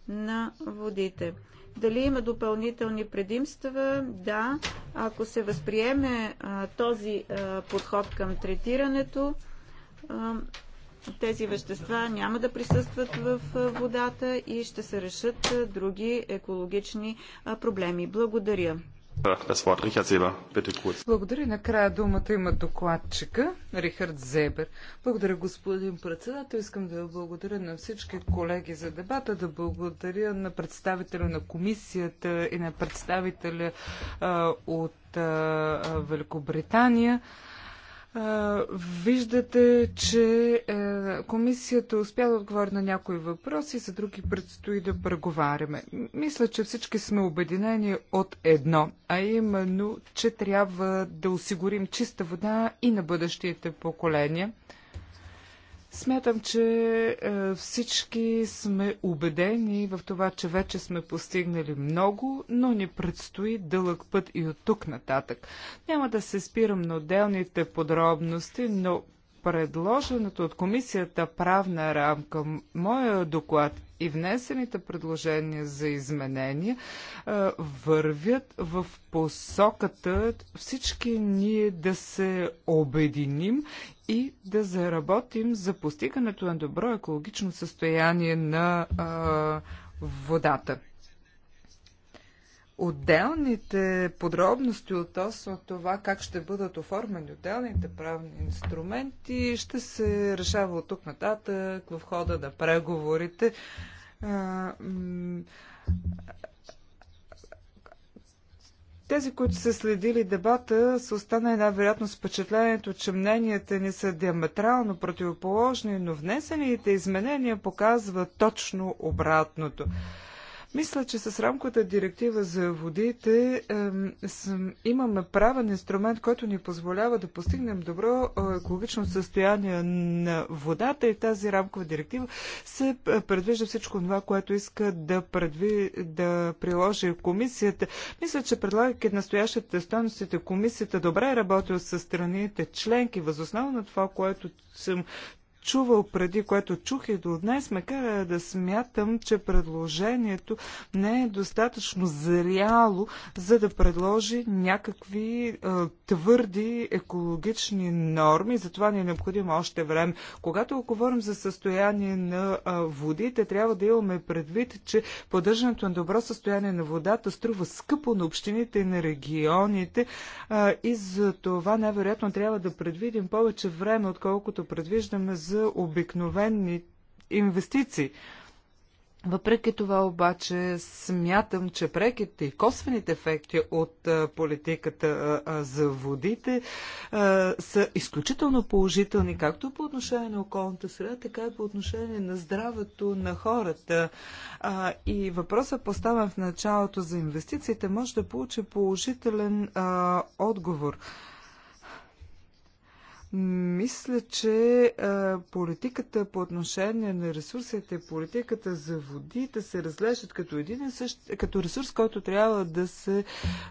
на водите. Дали има допълнителни предимства? Да, ако се възприеме а, този а, подход към третирането, а, тези вещества няма да присъстват в водата и ще се решат други екологични проблеми. Благодаря. Благодаря. Накрая думата има докладчика Рихард Зебер. Благодаря, господин председател. Искам да благодаря на всички колеги за дебата, да благодаря на представителя на комисията и на представителя а, от а, Великобритания. Виждате, че е, комисията успя да отговори на някои въпроси, за други предстои да преговаряме. Мисля, че всички сме обединени от едно, а именно, че трябва да осигурим чиста вода и на бъдещите поколения. Смятам, че е, всички сме убедени в това, че вече сме постигнали много, но ни предстои дълъг път и от тук нататък. Няма да се спирам на отделните подробности, но предложената от комисията правна рамка, моя доклад и внесените предложения за изменения е, вървят в посоката всички ние да се обединим и да заработим за постигането на добро екологично състояние на е, водата. Отделните подробности относно това как ще бъдат оформени отделните правни инструменти ще се решава от тук нататък в хода на преговорите. Тези, които са следили дебата, са останали най-вероятно с впечатлението, че мненията ни са диаметрално противоположни, но внесените изменения показват точно обратното. Мисля, че с рамката директива за водите е, съм, имаме правен инструмент, който ни позволява да постигнем добро е, екологично състояние на водата и тази рамкова директива се е, предвижда всичко това, което иска да, предви, да приложи комисията. Мисля, че предлагайки настоящите стойностите, комисията добре е работила с страните членки, възоснова на това, което съм чувал преди, което чух и до днес, ме кара да смятам, че предложението не е достатъчно зряло, за да предложи някакви е, твърди екологични норми. Затова ни е необходимо още време. Когато говорим за състояние на е, водите, трябва да имаме предвид, че поддържането на добро състояние на водата струва скъпо на общините и на регионите е, и за това най-вероятно трябва да предвидим повече време, отколкото предвиждаме за за обикновени инвестиции. Въпреки това обаче смятам, че преките и косвените ефекти от политиката за водите са изключително положителни, както по отношение на околната среда, така и по отношение на здравето на хората. И въпросът поставен в началото за инвестициите може да получи положителен отговор. Мисля, че а, политиката по отношение на ресурсите, политиката за водите се разглеждат като един и същ, като ресурс, който трябва да се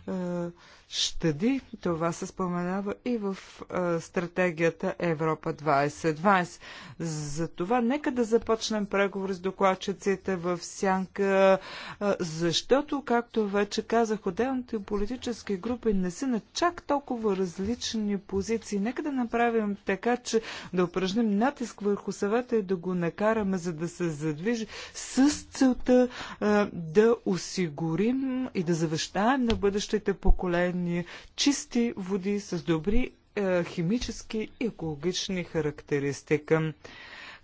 а, щади. Това се споменава и в а, стратегията Европа 2020. Затова нека да започнем преговори с докладчиците в сянка, а, защото, както вече казах, отделните политически групи не са на чак толкова различни позиции. Нека да направим така, че да упражним натиск върху съвета и да го накараме, за да се задвижи с целта а, да осигурим и да завещаем на бъдещите поколения ние чисти води с добри е, химически и екологични характеристика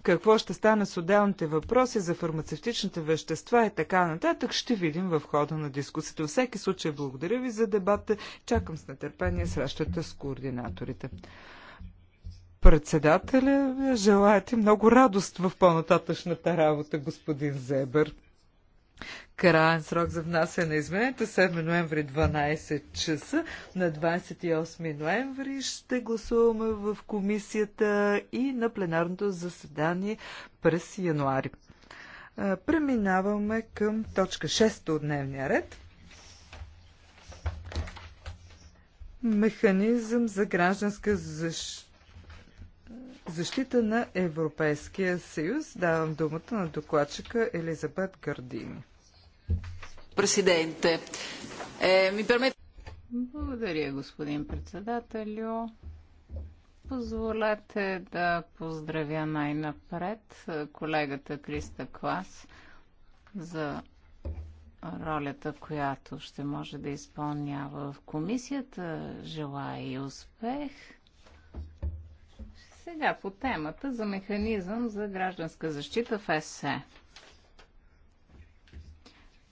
какво ще стане с отделните въпроси за фармацевтичните вещества и така нататък, ще видим в хода на дискусията. Във всеки случай, благодаря ви за дебата. Чакам с нетърпение срещата с координаторите. Председателя, желаете много радост в по-нататъчната работа, господин Зебър. Краен срок за внасяне на измененията 7 е ноември 12 часа. На 28 ноември ще гласуваме в комисията и на пленарното заседание през януари. Преминаваме към точка 6 от дневния ред. Механизъм за гражданска защита защита на Европейския съюз. Давам думата на докладчика Елизабет Гардини. Президенте, е, ми пермет... Благодаря, господин председателю. Позволете да поздравя най-напред колегата Криста Клас за ролята, която ще може да изпълнява в комисията. Желая и успех! Сега по темата за механизъм за гражданска защита в ЕСЕ.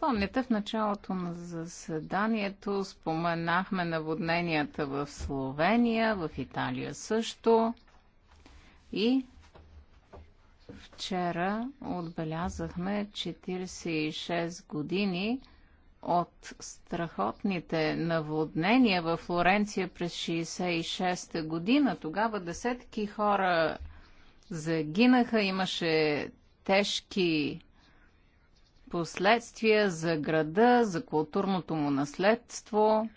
Помните, в началото на заседанието споменахме наводненията в Словения, в Италия също. И вчера отбелязахме 46 години от страхотните наводнения във Флоренция през 66-та година. Тогава десетки хора загинаха, имаше тежки последствия за града, за културното му наследство.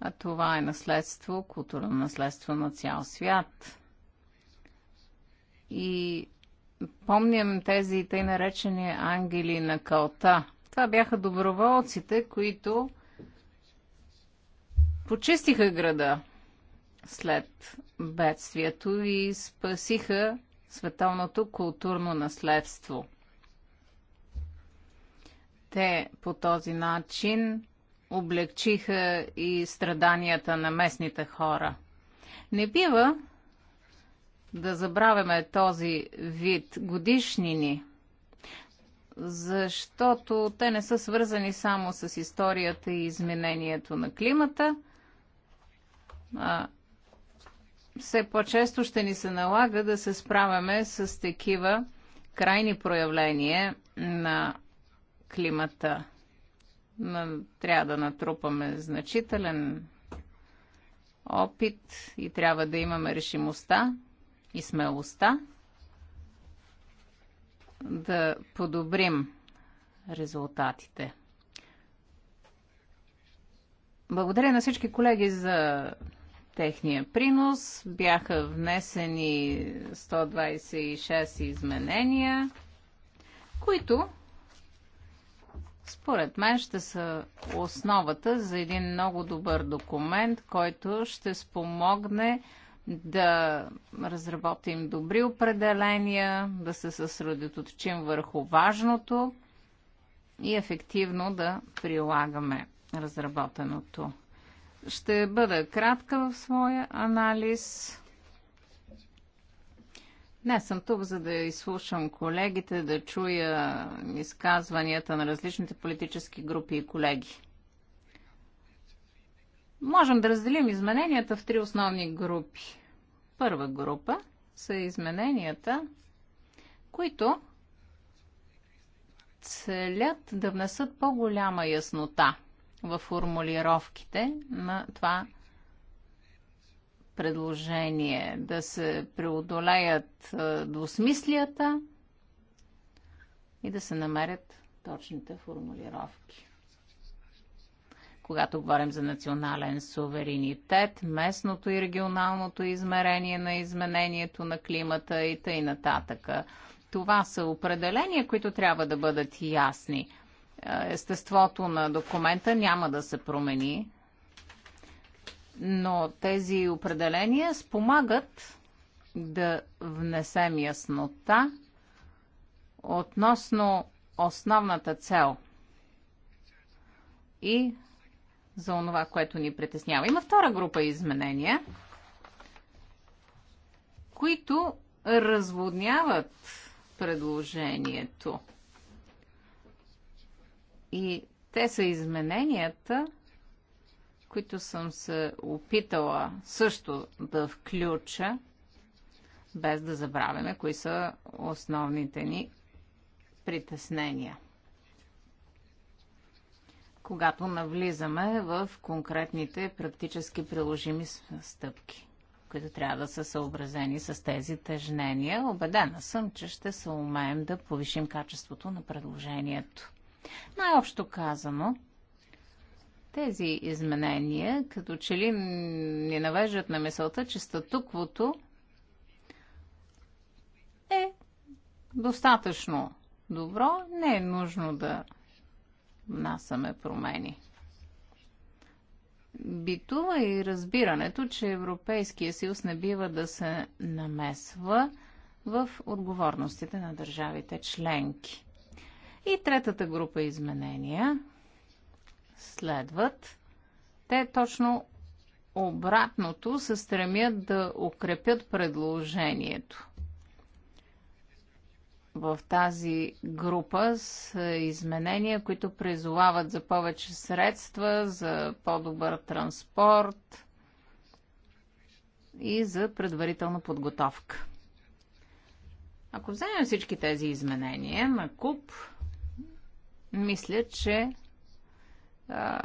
А това е наследство, културно наследство на цял свят. И помням тези тъй наречени ангели на Калта. Това бяха доброволците, които почистиха града след бедствието и спасиха световното културно наследство. Те по този начин облегчиха и страданията на местните хора. Не бива да забравяме този вид годишнини – защото те не са свързани само с историята и изменението на климата, а все по-често ще ни се налага да се справяме с такива крайни проявления на климата. Трябва да натрупаме значителен опит и трябва да имаме решимостта и смелостта да подобрим резултатите. Благодаря на всички колеги за техния принос. Бяха внесени 126 изменения, които според мен ще са основата за един много добър документ, който ще спомогне да разработим добри определения, да се съсредоточим върху важното и ефективно да прилагаме разработеното. Ще бъда кратка в своя анализ. Не съм тук, за да изслушам колегите, да чуя изказванията на различните политически групи и колеги. Можем да разделим измененията в три основни групи. Първа група са измененията, които целят да внесат по-голяма яснота в формулировките на това предложение, да се преодолеят двусмислията и да се намерят точните формулировки когато говорим за национален суверенитет, местното и регионалното измерение на изменението на климата и тъй нататък. Това са определения, които трябва да бъдат ясни. Естеството на документа няма да се промени, но тези определения спомагат да внесем яснота относно основната цел и за онова, което ни притеснява. Има втора група изменения, които разводняват предложението. И те са измененията, които съм се опитала също да включа, без да забравяме кои са основните ни притеснения когато навлизаме в конкретните практически приложими стъпки, които трябва да са съобразени с тези тежнения. Обедена съм, че ще се умеем да повишим качеството на предложението. Най-общо казано, тези изменения като че ли ни навеждат на мисълта, че статуквото е достатъчно добро, не е нужно да внасяме промени. Битува и разбирането, че Европейския съюз не бива да се намесва в отговорностите на държавите членки. И третата група изменения следват. Те точно обратното се стремят да укрепят предложението в тази група с изменения, които призовават за повече средства, за по-добър транспорт и за предварителна подготовка. Ако вземем всички тези изменения на куп, мисля, че а,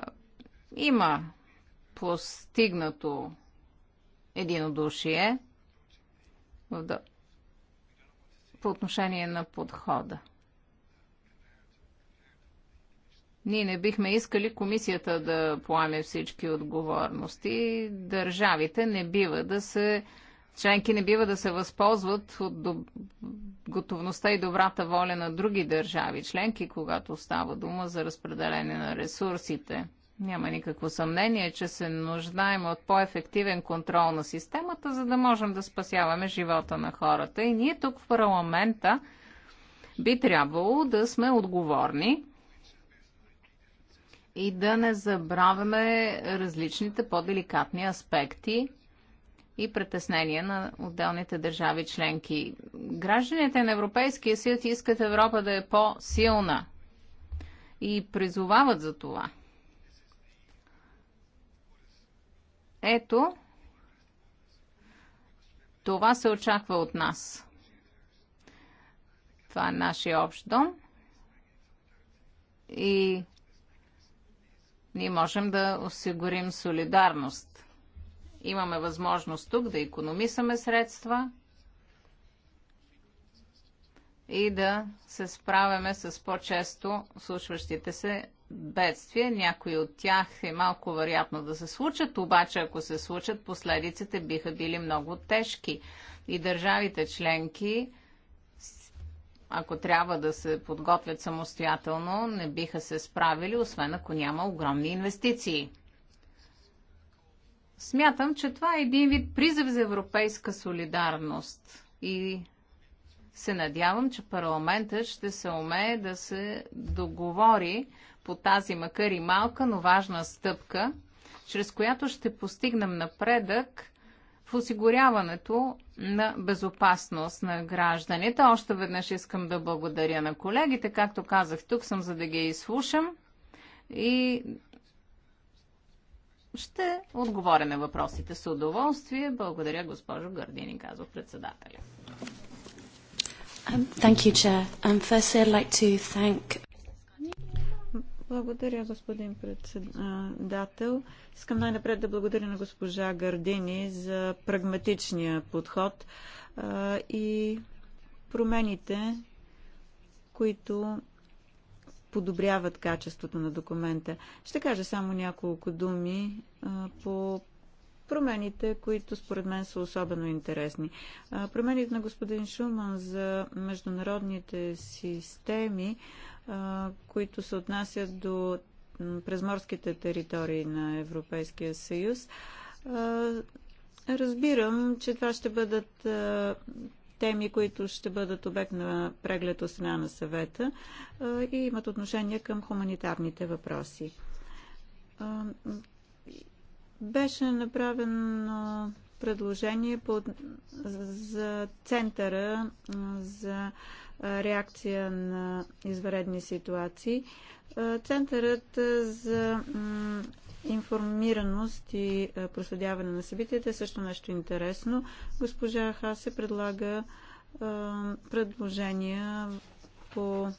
има постигнато единодушие в по отношение на подхода. Ние не бихме искали комисията да поеме всички отговорности. Държавите не бива да се членки не бива да се възползват от доб... готовността и добрата воля на други държави членки, когато става дума за разпределение на ресурсите. Няма никакво съмнение, че се нуждаем от по-ефективен контрол на системата, за да можем да спасяваме живота на хората. И ние тук в парламента би трябвало да сме отговорни и да не забравяме различните по-деликатни аспекти и притеснения на отделните държави членки. Гражданите на Европейския съюз искат Европа да е по-силна и призовават за това – Ето, това се очаква от нас. Това е нашия общ дом. И ние можем да осигурим солидарност. Имаме възможност тук да економисаме средства и да се справяме с по-често случващите се бедствия. Някои от тях е малко вероятно да се случат, обаче ако се случат, последиците биха били много тежки. И държавите членки, ако трябва да се подготвят самостоятелно, не биха се справили, освен ако няма огромни инвестиции. Смятам, че това е един вид призив за европейска солидарност и се надявам, че парламентът ще се умее да се договори по тази макар и малка, но важна стъпка, чрез която ще постигнем напредък в осигуряването на безопасност на гражданите. Още веднъж искам да благодаря на колегите. Както казах, тук съм за да ги изслушам и ще отговоря на въпросите с удоволствие. Благодаря, госпожо Гърдини, казва председателя. Um, thank you, Chair. Um, firstly, I'd like to thank благодаря, господин председател. Искам най-напред да благодаря на госпожа Гардини за прагматичния подход и промените, които подобряват качеството на документа. Ще кажа само няколко думи по промените, които според мен са особено интересни. промените на господин Шуман за международните системи които се отнасят до презморските територии на Европейския съюз. Разбирам, че това ще бъдат теми, които ще бъдат обект на преглед от страна на съвета и имат отношение към хуманитарните въпроси. Беше направено предложение за центъра за реакция на изваредни ситуации. Центърът за информираност и проследяване на събитията е също нещо интересно. Госпожа Хасе предлага предложения по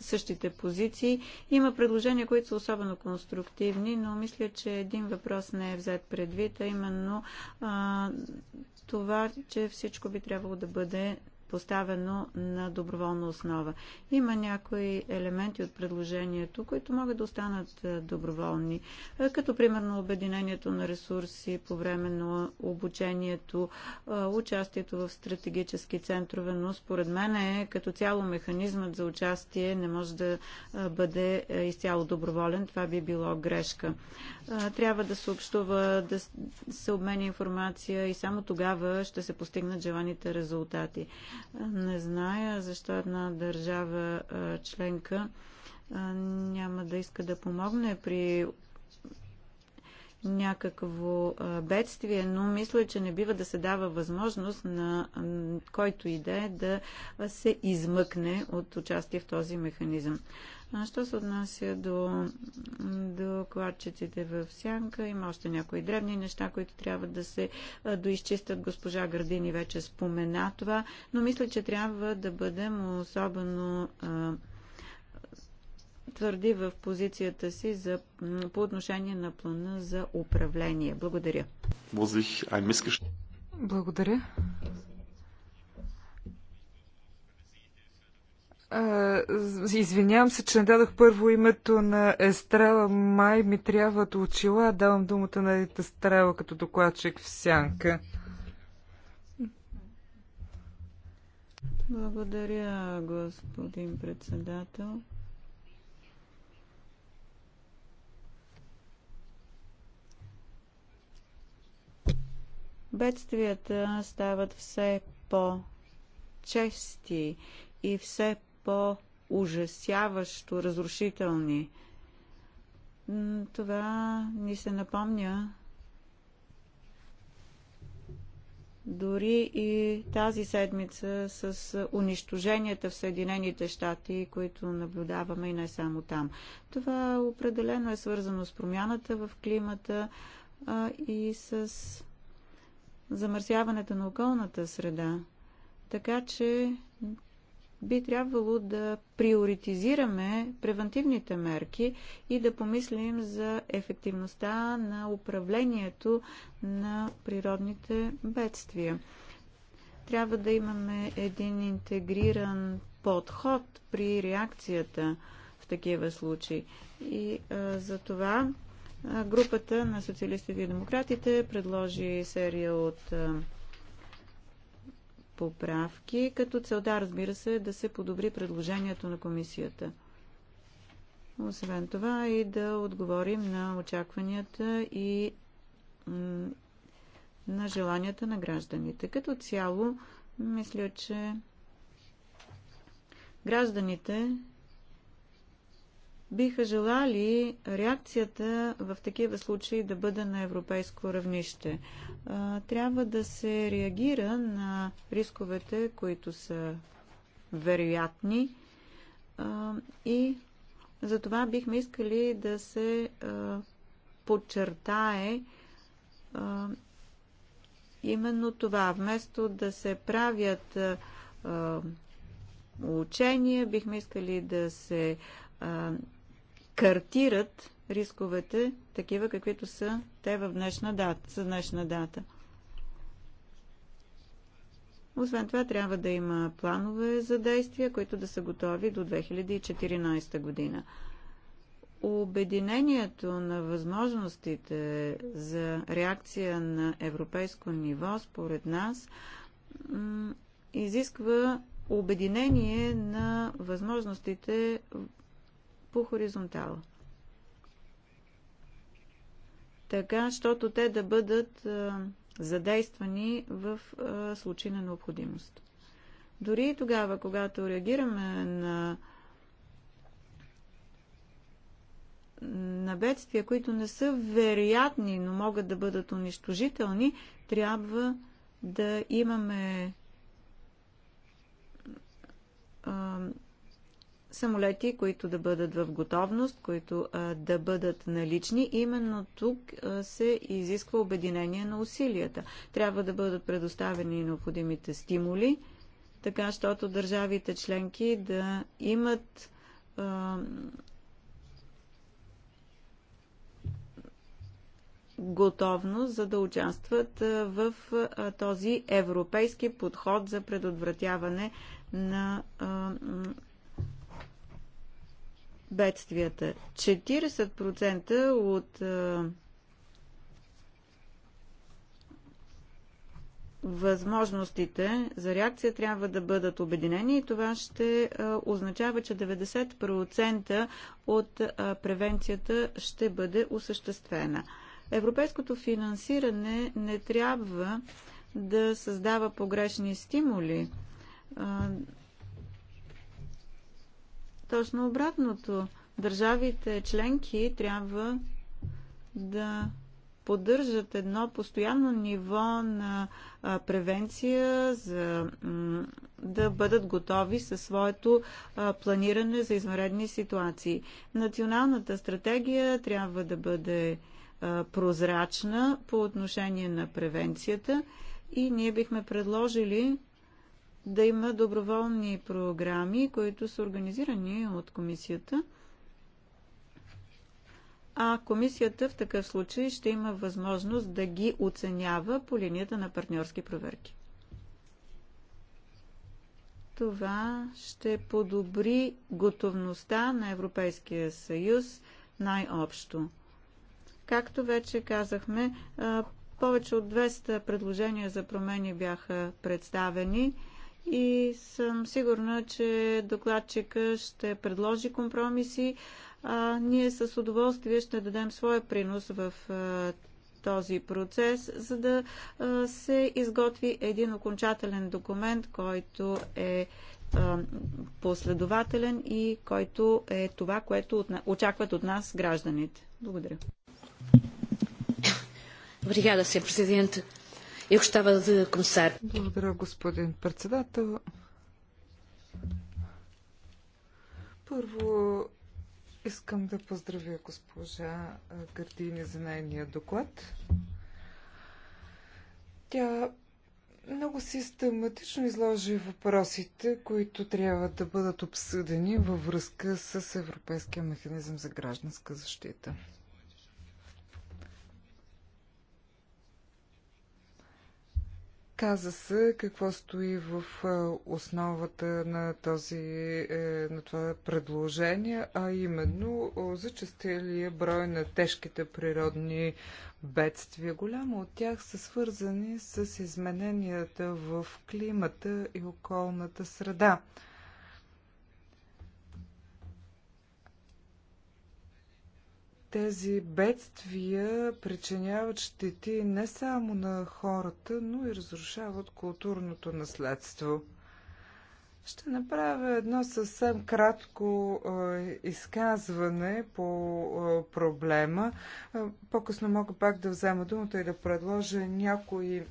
същите позиции. Има предложения, които са особено конструктивни, но мисля, че един въпрос не е взет предвид, а именно а, това, че всичко би трябвало да бъде поставено на доброволна основа. Има някои елементи от предложението, които могат да останат е, доброволни, е, като примерно обединението на ресурси по време на обучението, е, участието в стратегически центрове, но според мен е като цяло механизмът за участие не може да бъде изцяло доброволен. Това би било грешка. Трябва да се общува, да се обменя информация и само тогава ще се постигнат желаните резултати. Не зная защо една държава членка няма да иска да помогне при някакво бедствие, но мисля, че не бива да се дава възможност на който иде да се измъкне от участие в този механизъм. Що се отнася до докладчиците в Сянка, има още някои древни неща, които трябва да се доизчистят. Госпожа Градини вече спомена това, но мисля, че трябва да бъдем особено твърди в позицията си за, по отношение на плана за управление. Благодаря. Благодаря. Извинявам се, че не дадох първо името на Естрела. Май ми трябва да очила. Давам думата на Естрела като докладчик в сянка. Благодаря, господин председател. Бедствията стават все по-чести и все по-другому по-ужасяващо разрушителни. Това ни се напомня дори и тази седмица с унищоженията в Съединените щати, които наблюдаваме и не само там. Това определено е свързано с промяната в климата а, и с замърсяването на околната среда. Така че би трябвало да приоритизираме превентивните мерки и да помислим за ефективността на управлението на природните бедствия. Трябва да имаме един интегриран подход при реакцията в такива случаи. И а, за това а, групата на социалистите и демократите предложи серия от а, поправки, като целта, разбира се, е да се подобри предложението на комисията. Освен това и да отговорим на очакванията и на желанията на гражданите. Като цяло, мисля, че гражданите биха желали реакцията в такива случаи да бъде на европейско равнище. Трябва да се реагира на рисковете, които са вероятни и за това бихме искали да се подчертае именно това. Вместо да се правят учения, бихме искали да се картират рисковете, такива каквито са те в днешна дата, за днешна дата. Освен това, трябва да има планове за действия, които да са готови до 2014 година. Обединението на възможностите за реакция на европейско ниво, според нас, изисква обединение на възможностите по хоризонтала. Така, щото те да бъдат задействани в случай на необходимост. Дори и тогава, когато реагираме на на бедствия, които не са вероятни, но могат да бъдат унищожителни, трябва да имаме самолети, които да бъдат в готовност, които а, да бъдат налични. Именно тук а, се изисква обединение на усилията. Трябва да бъдат предоставени необходимите стимули, така щото държавите членки да имат а, готовност за да участват в този европейски подход за предотвратяване на бедствията. 40% от а, възможностите за реакция трябва да бъдат обединени и това ще а, означава, че 90% от а, превенцията ще бъде осъществена. Европейското финансиране не трябва да създава погрешни стимули точно обратното. Държавите членки трябва да поддържат едно постоянно ниво на а, превенция, за да бъдат готови със своето а, планиране за извънредни ситуации. Националната стратегия трябва да бъде а, прозрачна по отношение на превенцията и ние бихме предложили да има доброволни програми, които са организирани от комисията. А комисията в такъв случай ще има възможност да ги оценява по линията на партньорски проверки. Това ще подобри готовността на Европейския съюз най-общо. Както вече казахме, повече от 200 предложения за промени бяха представени и съм сигурна, че докладчика ще предложи компромиси. А, ние с удоволствие ще дадем своя принос в а, този процес, за да а, се изготви един окончателен документ, който е а, последователен и който е това, което от, очакват от нас гражданите. Благодаря. Obrigada, Sr. Presidente. Eu gostava de começar. Благодаря, господин председател. Първо искам да поздравя госпожа Гардини за нейния доклад. Тя много систематично изложи въпросите, които трябва да бъдат обсъдени във връзка с Европейския механизъм за гражданска защита. Каза се какво стои в основата на, този, е, на това предложение, а именно за зачастилия брой на тежките природни бедствия. Голямо от тях са свързани с измененията в климата и околната среда. Тези бедствия причиняват щети не само на хората, но и разрушават културното наследство. Ще направя едно съвсем кратко изказване по проблема. По-късно мога пак да взема думата и да предложа някои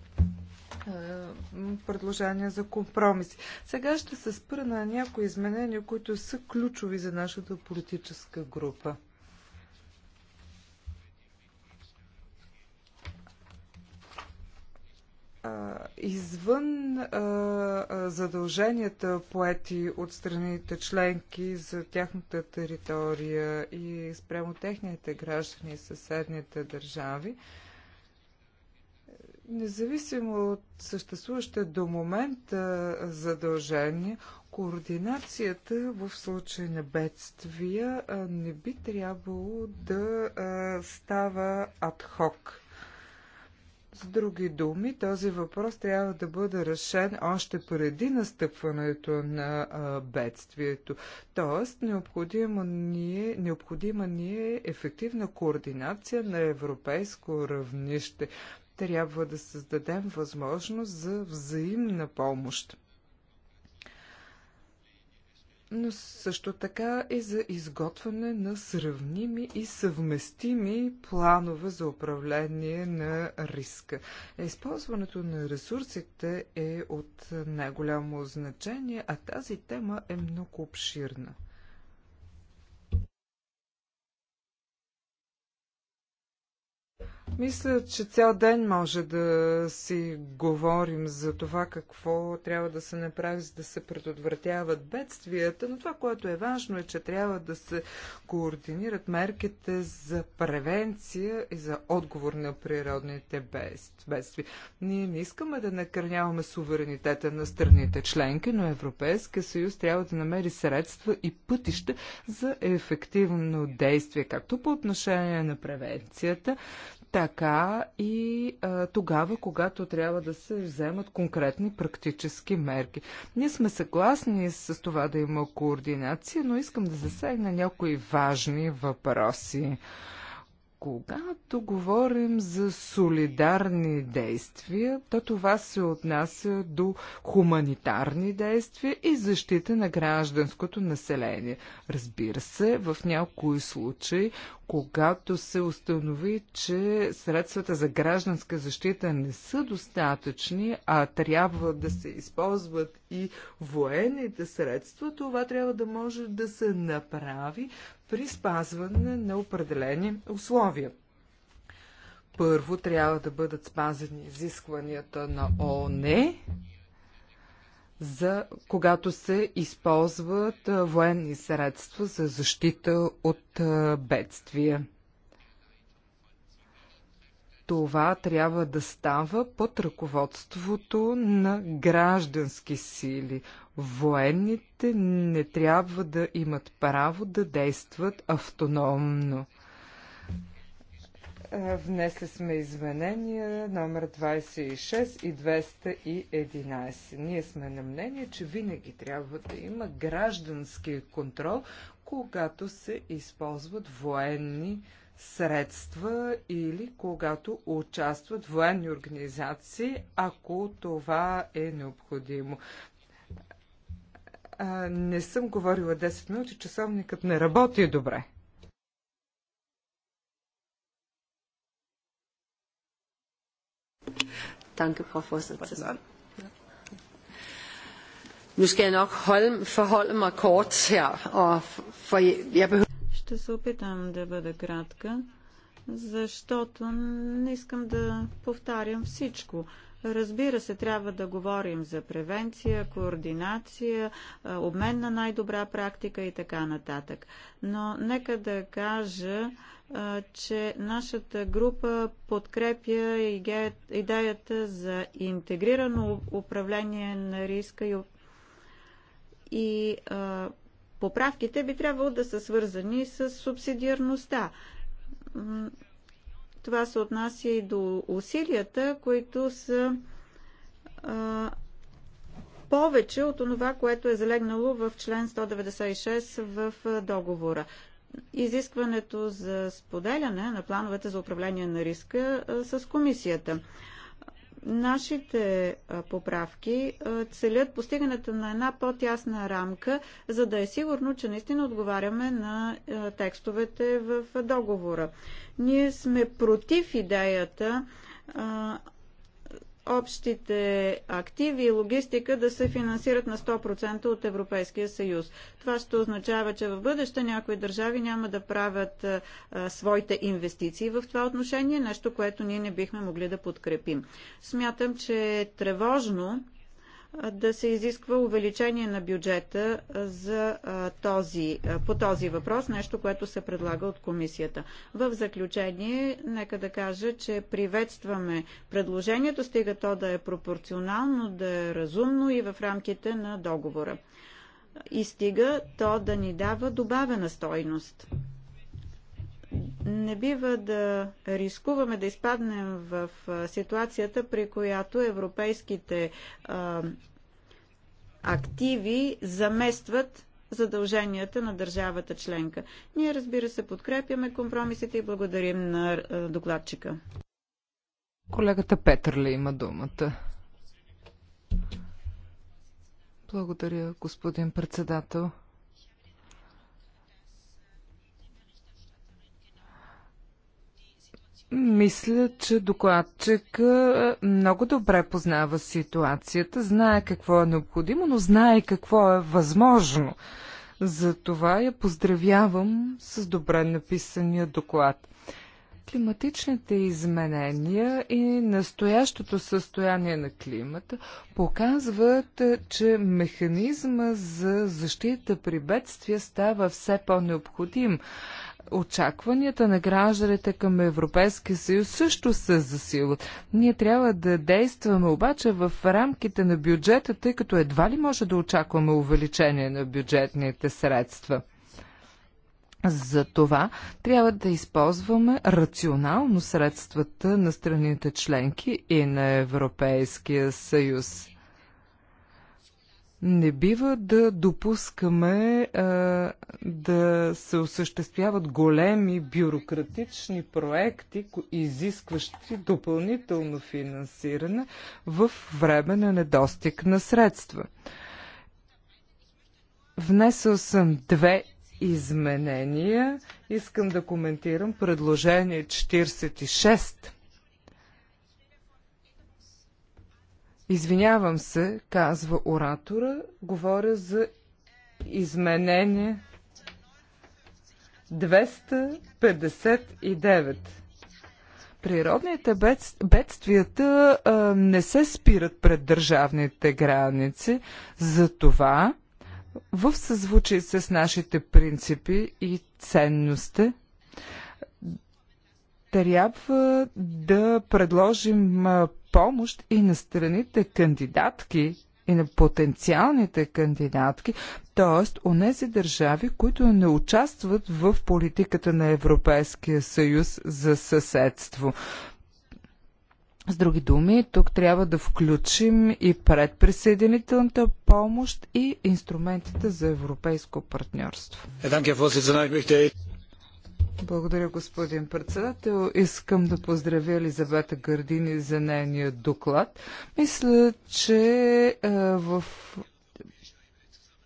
предложения за компромиси. Сега ще се спра на някои изменения, които са ключови за нашата политическа група. извън задълженията поети от страните членки за тяхната територия и спрямо техните граждани и съседните държави, независимо от съществуващите до момента задължения, координацията в случай на бедствия не би трябвало да става адхок. С други думи, този въпрос трябва да бъде решен още преди настъпването на бедствието. Тоест, необходима ни, е, необходима ни е ефективна координация на европейско равнище. Трябва да създадем възможност за взаимна помощ но също така и за изготвяне на сравними и съвместими планове за управление на риска. Използването на ресурсите е от най-голямо значение, а тази тема е много обширна. Мисля, че цял ден може да си говорим за това какво трябва да се направи, за да се предотвратяват бедствията, но това, което е важно е, че трябва да се координират мерките за превенция и за отговор на природните бедствия. Ние не искаме да накърняваме суверенитета на страните членки, но Европейския съюз трябва да намери средства и пътища за ефективно действие, както по отношение на превенцията, така и а, тогава, когато трябва да се вземат конкретни практически мерки. Ние сме съгласни с това да има координация, но искам да засегна някои важни въпроси. Когато говорим за солидарни действия, то това се отнася до хуманитарни действия и защита на гражданското население. Разбира се, в някои случаи когато се установи, че средствата за гражданска защита не са достатъчни, а трябва да се използват и военните средства, това трябва да може да се направи при спазване на определени условия. Първо трябва да бъдат спазени изискванията на ООН, за когато се използват военни средства за защита от бедствия. Това трябва да става под ръководството на граждански сили. Военните не трябва да имат право да действат автономно. Е, Внесли сме изменения номер 26 и 211. Ние сме на мнение, че винаги трябва да има граждански контрол, когато се използват военни средства или когато участват военни организации, ако това е необходимо. Е, не съм говорила 10 минути, часовникът не работи добре. Danke, Frau Vorsitzende. Nu skal jeg nok holde, forholde mig kort her, og for jeg behøver... Ще се опитам да бъда кратка, защото не искам да повтарям всичко. Разбира се, трябва да говорим за превенция, координация, обмен на най-добра практика и така нататък. Но нека да кажа, че нашата група подкрепя идеята за интегрирано управление на риска и, и а, поправките би трябвало да са свързани с субсидиарността. Това се отнася и до усилията, които са а, повече от това, което е залегнало в член 196 в договора изискването за споделяне на плановете за управление на риска с комисията. Нашите поправки целят постигането на една по-тясна рамка, за да е сигурно, че наистина отговаряме на текстовете в договора. Ние сме против идеята общите активи и логистика да се финансират на 100% от Европейския съюз. Това ще означава, че в бъдеще някои държави няма да правят а, своите инвестиции в това отношение, нещо, което ние не бихме могли да подкрепим. Смятам, че е тревожно, да се изисква увеличение на бюджета за този, по този въпрос, нещо, което се предлага от комисията. В заключение, нека да кажа, че приветстваме предложението, стига то да е пропорционално, да е разумно и в рамките на договора. И стига то да ни дава добавена стойност не бива да рискуваме да изпаднем в ситуацията, при която европейските а, активи заместват задълженията на държавата членка. Ние, разбира се, подкрепяме компромисите и благодарим на докладчика. Колегата Петър ли има думата? Благодаря, господин председател. Мисля, че докладчик е, много добре познава ситуацията, знае какво е необходимо, но знае какво е възможно. За това я поздравявам с добре написания доклад. Климатичните изменения и настоящото състояние на климата показват, е, че механизма за защита при бедствия става все по-необходим очакванията на гражданите към Европейския съюз също се засилват. Ние трябва да действаме обаче в рамките на бюджета, тъй като едва ли може да очакваме увеличение на бюджетните средства. За това трябва да използваме рационално средствата на страните членки и на Европейския съюз. Не бива да допускаме а, да се осъществяват големи бюрократични проекти, изискващи допълнително финансиране в време на недостиг на средства. Внесъл съм две изменения. Искам да коментирам предложение 46 Извинявам се, казва оратора, говоря за изменение 259. Природните бедствията а, не се спират пред държавните граници, затова в съзвучие с нашите принципи и ценности, трябва е, да предложим е, помощ и на страните кандидатки и на потенциалните кандидатки, т.е. онези държави, които не участват в политиката на Европейския съюз за съседство. С други думи, тук трябва да включим и предприсъединителната помощ и инструментите за европейско партньорство. Е, благодаря, господин председател. Искам да поздравя Елизавета Гърдини за нейния доклад. Мисля, че е, в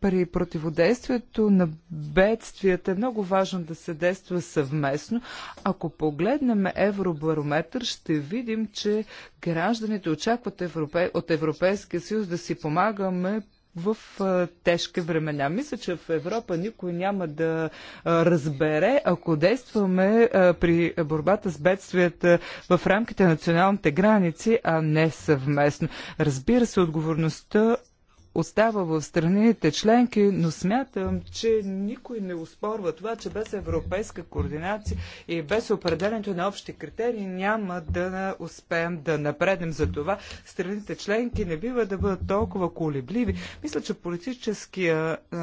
при противодействието на бедствията е много важно да се действа съвместно. Ако погледнем Евробарометър, ще видим, че гражданите очакват Европе... от Европейския съюз да си помагаме в тежки времена. Мисля, че в Европа никой няма да разбере, ако действаме при борбата с бедствията в рамките на националните граници, а не съвместно. Разбира се, отговорността остава в страните членки, но смятам, че никой не успорва това, че без европейска координация и без определенето на общи критерии няма да успеем да напреднем за това. Страните членки не бива да бъдат толкова колебливи. Мисля, че политическия а,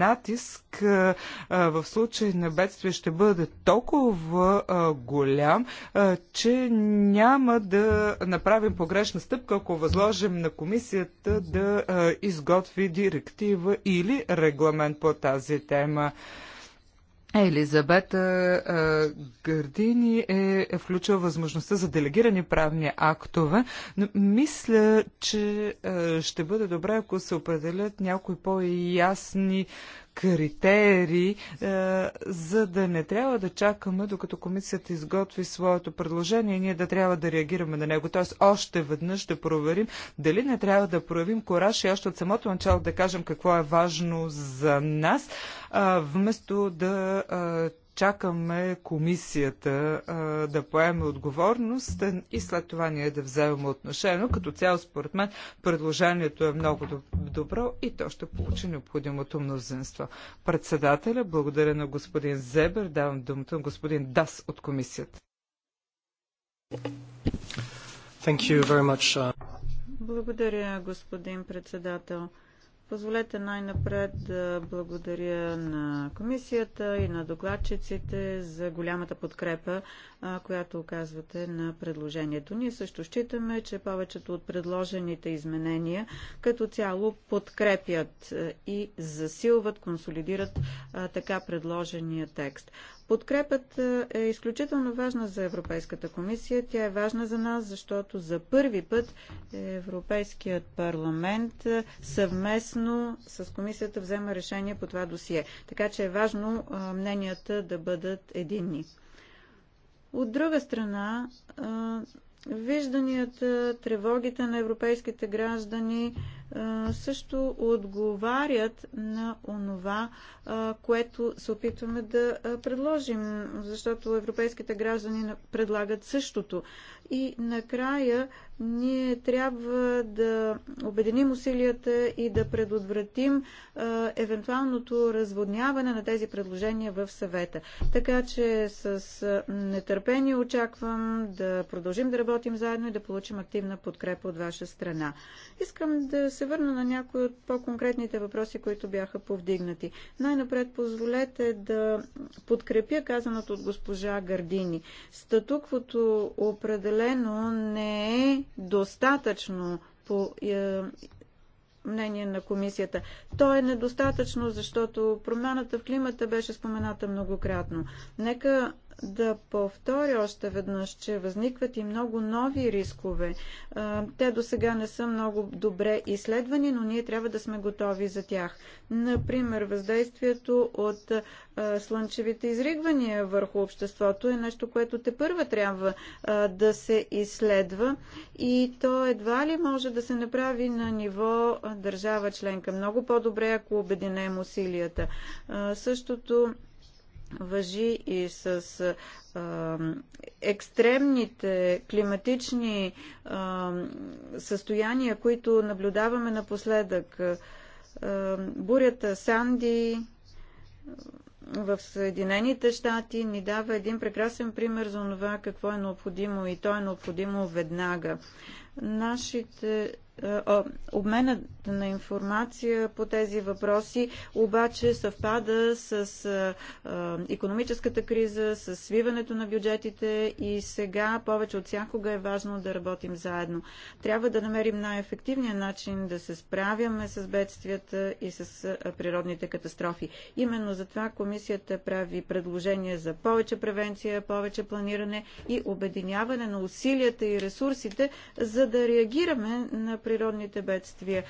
натиск а, в случай на бедствие ще бъде толкова а, голям, а, че няма да направим погрешна стъпка, ако възложим на комисията да а, изготви директива или регламент по тази тема. Елизабета Гърдини е, е включила възможността за делегирани правни актове, но мисля, че ще бъде добре, ако се определят някои по-ясни критерии, е, за да не трябва да чакаме, докато комисията изготви своето предложение, ние да трябва да реагираме на него. Тоест, още веднъж ще проверим дали не трябва да проявим кораж и още от самото начало да кажем какво е важно за нас, вместо да чакаме комисията а, да поеме отговорност е, и след това ние да вземем отношение. Но като цяло, според мен, предложението е много добро и то ще получи необходимото мнозинство. Председателя, благодаря на господин Зебер, давам думата на господин Дас от комисията. Uh, благодаря, господин председател. Позволете най-напред да благодаря на комисията и на докладчиците за голямата подкрепа, която оказвате на предложението. Ние също считаме, че повечето от предложените изменения като цяло подкрепят и засилват, консолидират така предложения текст. Подкрепата е, е изключително важна за Европейската комисия. Тя е важна за нас, защото за първи път Европейският парламент е, съвместно с комисията взема решение по това досие. Така че е важно е, мненията да бъдат единни. От друга страна, вижданията, тревогите на европейските граждани също отговарят на онова, което се опитваме да предложим, защото европейските граждани предлагат същото. И накрая ние трябва да обединим усилията и да предотвратим а, евентуалното разводняване на тези предложения в съвета. Така че с нетърпение очаквам да продължим да работим заедно и да получим активна подкрепа от ваша страна. Искам да се върна на някои от по-конкретните въпроси, които бяха повдигнати. Най-напред позволете да подкрепя казаното от госпожа Гардини. Статуквото определено не е достатъчно по е, мнение на комисията. То е недостатъчно, защото промяната в климата беше спомената многократно. Нека да повторя още веднъж, че възникват и много нови рискове. Те до сега не са много добре изследвани, но ние трябва да сме готови за тях. Например, въздействието от слънчевите изригвания върху обществото е нещо, което те първа трябва да се изследва и то едва ли може да се направи на ниво държава членка. Много по-добре, ако обединем усилията. Същото въжи и с а, екстремните климатични а, състояния, които наблюдаваме напоследък. А, бурята Санди в Съединените щати ни дава един прекрасен пример за това какво е необходимо и то е необходимо веднага. Нашите е, обменът на информация по тези въпроси обаче съвпада с економическата е, криза, с свиването на бюджетите и сега повече от всякога е важно да работим заедно. Трябва да намерим най-ефективния начин да се справяме с бедствията и с е, природните катастрофи. Именно затова комисията прави предложение за повече превенция, повече планиране и обединяване на усилията и ресурсите, за да реагираме на природните бедствия.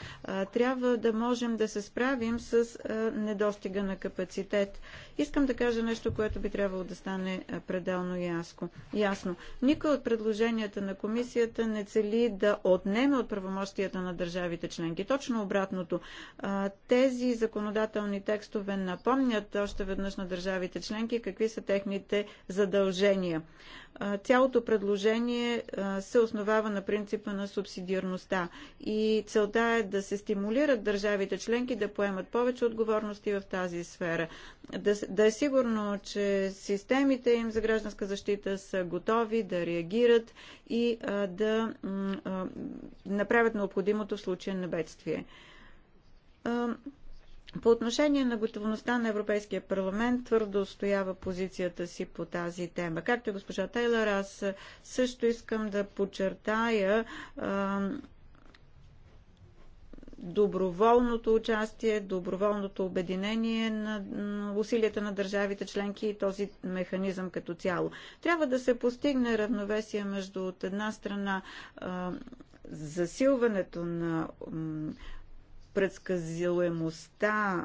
Трябва да можем да се справим с недостига на капацитет. Искам да кажа нещо, което би трябвало да стане пределно ясно. Никой от предложенията на комисията не цели да отнеме от правомощията на държавите членки. Точно обратното. Тези законодателни текстове напомнят още веднъж на държавите членки какви са техните задължения. Цялото предложение се основава на принципа на субсидиарността и целта е да се стимулират държавите членки да поемат повече отговорности в тази сфера, да да е сигурно, че системите им за гражданска защита са готови да реагират и да направят необходимото в случая на бедствие. По отношение на готовността на Европейския парламент твърдо устоява позицията си по тази тема. Както и госпожа Тейлър, аз също искам да подчертая доброволното участие, доброволното обединение на усилията на държавите членки и този механизъм като цяло. Трябва да се постигне равновесие между от една страна засилването на предсказуемостта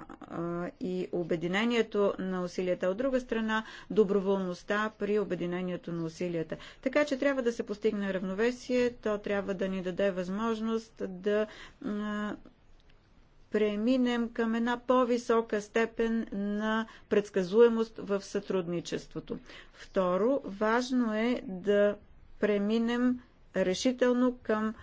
и обединението на усилията, от друга страна доброволността при обединението на усилията. Така че трябва да се постигне равновесие, то трябва да ни даде възможност да преминем към една по-висока степен на предсказуемост в сътрудничеството. Второ, важно е да преминем решително към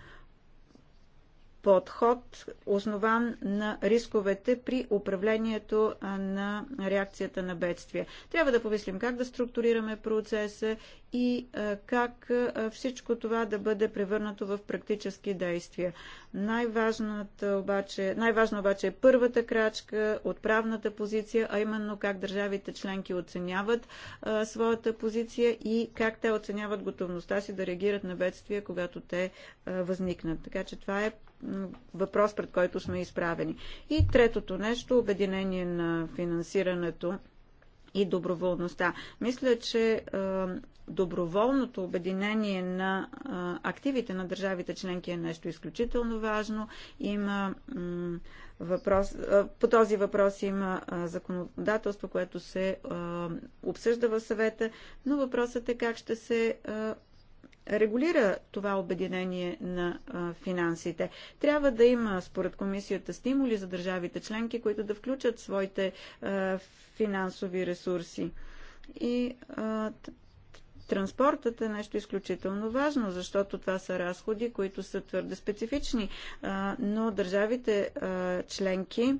подход, основан на рисковете при управлението на реакцията на бедствия. Трябва да помислим как да структурираме процеса и как всичко това да бъде превърнато в практически действия. най важно обаче, най обаче е първата крачка, отправната позиция, а именно как държавите членки оценяват а, своята позиция и как те оценяват готовността си да реагират на бедствия, когато те а, възникнат. Така че това е въпрос, пред който сме изправени. И третото нещо, обединение на финансирането и доброволността. Мисля, че е, доброволното обединение на е, активите на държавите членки е нещо изключително важно. Има въпрос, е, по този въпрос има законодателство, което се обсъжда в съвета, но въпросът е как ще се регулира това обединение на финансите. Трябва да има, според комисията, стимули за държавите членки, които да включат своите финансови ресурси. И Транспортът е нещо изключително важно, защото това са разходи, които са твърде специфични, но държавите членки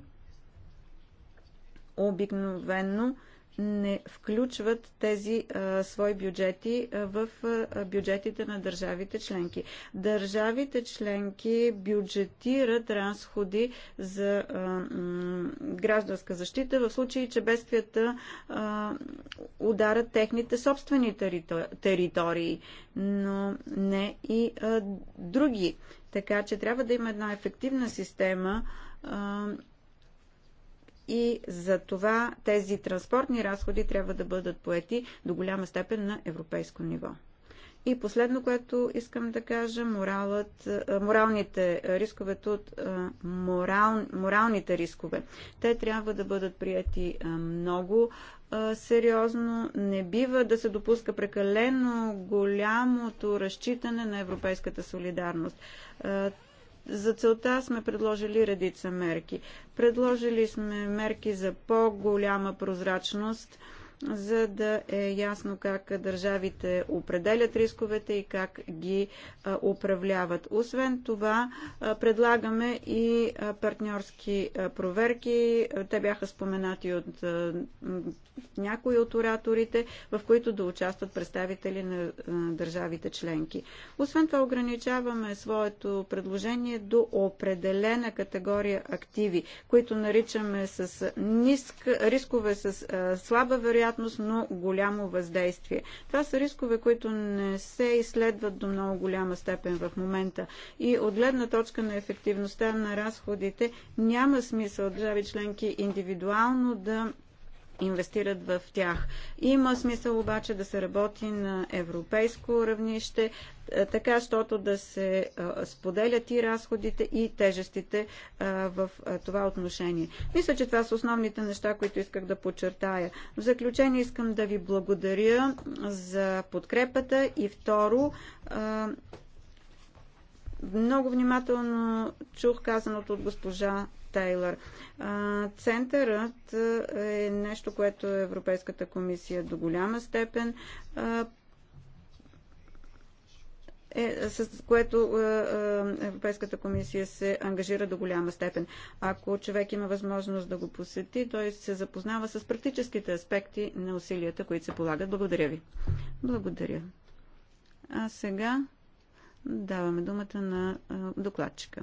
обикновенно не включват тези а, свои бюджети а, в а, бюджетите на държавите членки. Държавите членки бюджетират разходи за а, гражданска защита в случай, че бедствията а, ударат техните собствени територи, територии, но не и а, други. Така че трябва да има една ефективна система а, и за това тези транспортни разходи трябва да бъдат поети до голяма степен на европейско ниво. И последно, което искам да кажа, моралът, моралните рискове от морал, моралните рискове. Те трябва да бъдат прияти много сериозно. Не бива да се допуска прекалено голямото разчитане на европейската солидарност. За целта сме предложили редица мерки. Предложили сме мерки за по-голяма прозрачност – за да е ясно как държавите определят рисковете и как ги управляват. Освен това, предлагаме и партньорски проверки. Те бяха споменати от някои от ораторите, в които да участват представители на държавите членки. Освен това, ограничаваме своето предложение до определена категория активи, които наричаме с ниск, рискове с слаба вероятност вероятност, но голямо въздействие. Това са рискове, които не се изследват до много голяма степен в момента. И от гледна точка на ефективността на разходите няма смисъл държави членки индивидуално да инвестират в тях. Има смисъл обаче да се работи на европейско равнище, е, така, щото да се е, споделят и разходите, и тежестите е, в това отношение. Мисля, че това са основните неща, които исках да подчертая. В заключение искам да ви благодаря за подкрепата и второ, много внимателно чух казаното от госпожа Тейлър. Центърът е нещо, което Европейската комисия до голяма степен е, с което е, е, Европейската комисия се ангажира до голяма степен. Ако човек има възможност да го посети, той се запознава с практическите аспекти на усилията, които се полагат. Благодаря ви. Благодаря. А сега даваме думата на докладчика.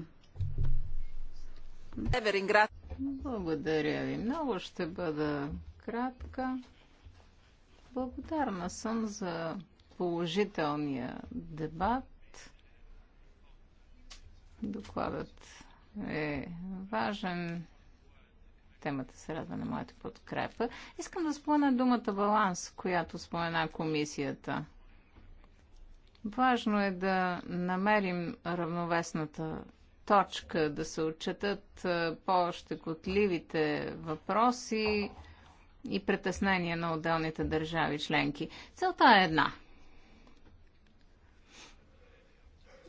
Благодаря ви много. Ще бъда кратка. Благодарна съм за положителния дебат. Докладът е важен. Темата се радва на моята подкрепа. Искам да спомена думата баланс, която спомена комисията. Важно е да намерим равновесната точка, да се отчетат по-щекотливите въпроси и притеснения на отделните държави членки. Целта е една.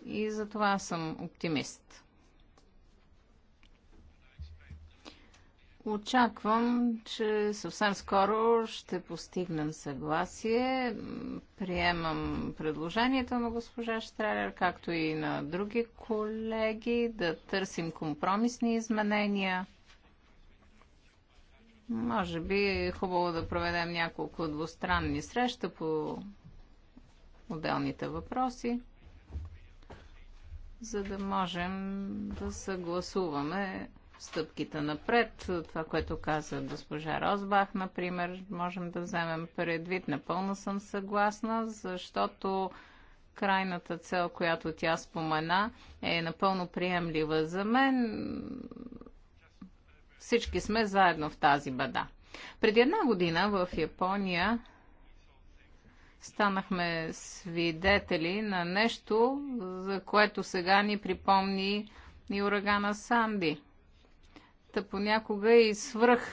И за това съм оптимист. Очаквам, че съвсем скоро ще постигнем съгласие. Приемам предложението на госпожа Штрелер, както и на други колеги, да търсим компромисни изменения. Може би е хубаво да проведем няколко двустранни среща по отделните въпроси, за да можем да съгласуваме стъпките напред. Това, което каза госпожа Розбах, например, можем да вземем предвид. Напълно съм съгласна, защото крайната цел, която тя спомена, е напълно приемлива за мен. Всички сме заедно в тази бада. Преди една година в Япония станахме свидетели на нещо, за което сега ни припомни и урагана Санди. Хората понякога и свръх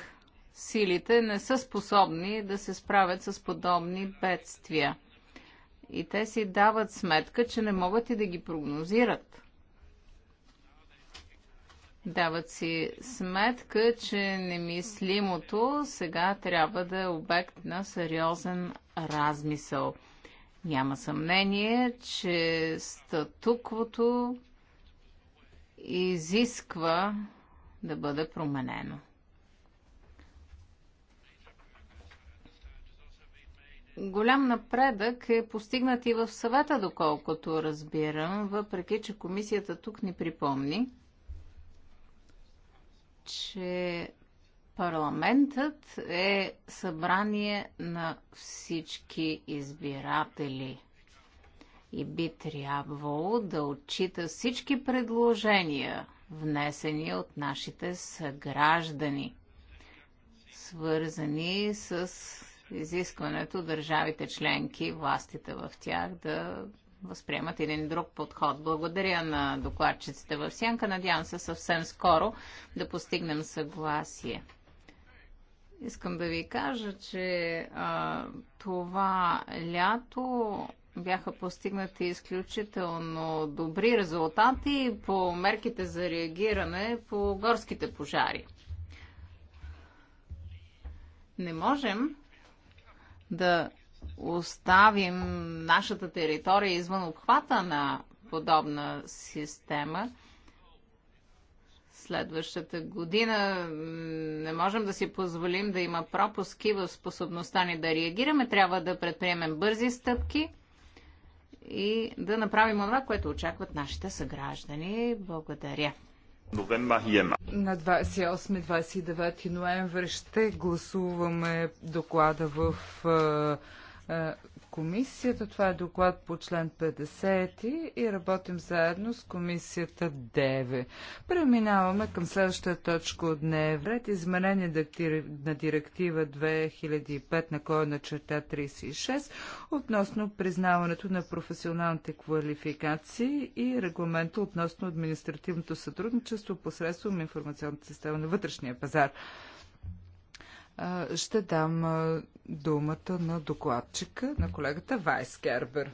силите не са способни да се справят с подобни бедствия. И те си дават сметка, че не могат и да ги прогнозират. Дават си сметка, че немислимото сега трябва да е обект на сериозен размисъл. Няма съмнение, че статуквото изисква да бъде променено. Голям напредък е постигнат и в съвета, доколкото разбирам, въпреки че комисията тук ни припомни, че парламентът е събрание на всички избиратели и би трябвало да отчита всички предложения внесени от нашите съграждани, свързани с изискването държавите членки, властите в тях да възприемат един друг подход. Благодаря на докладчиците в Сянка. Надявам се съвсем скоро да постигнем съгласие. Искам да ви кажа, че а, това лято бяха постигнати изключително добри резултати по мерките за реагиране по горските пожари. Не можем да оставим нашата територия извън обхвата на подобна система. Следващата година не можем да си позволим да има пропуски в способността ни да реагираме. Трябва да предприемем бързи стъпки – и да направим това, което очакват нашите съграждани. Благодаря. На 28-29 ноември ще гласуваме доклада в е, е, комисията. Това е доклад по член 50 и работим заедно с комисията 9. Преминаваме към следващата точка от дневен Изменение на директива 2005 на кой е на черта 36 относно признаването на професионалните квалификации и регламента относно административното сътрудничество посредством информационната система на вътрешния пазар. Ще дам думата на докладчика, на колегата Вайс Кербер.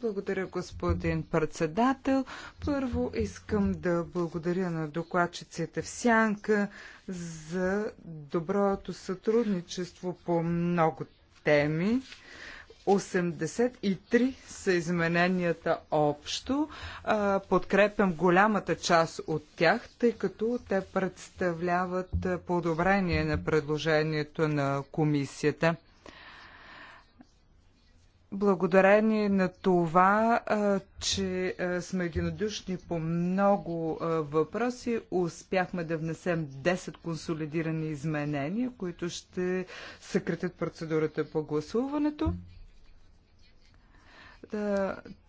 Благодаря, господин председател. Първо искам да благодаря на докладчиците в Сянка за доброто сътрудничество по много теми. 83 са измененията общо. Подкрепям голямата част от тях, тъй като те представляват подобрение на предложението на комисията. Благодарение на това, че сме единодушни по много въпроси, успяхме да внесем 10 консолидирани изменения, които ще съкратят процедурата по гласуването. Е,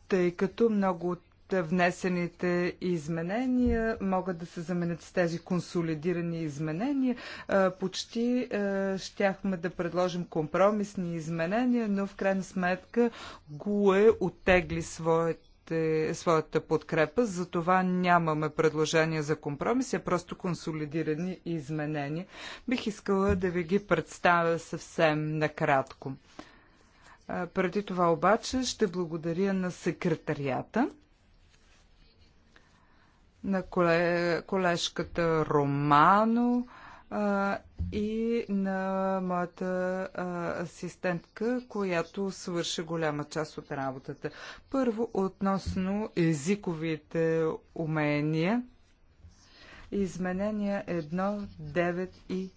тъй като много от внесените изменения могат да се заменят с тези консолидирани изменения. Е, почти е, щяхме да предложим компромисни изменения, но в крайна сметка го е оттегли своят своята подкрепа, за това нямаме предложения за компромис, а просто консолидирани изменения. Бих искала да ви ги представя съвсем накратко. Преди това обаче ще благодаря на секретарията, на колежката Романо и на моята асистентка, която свърши голяма част от работата. Първо, относно езиковите умения. Изменения 1, 9 и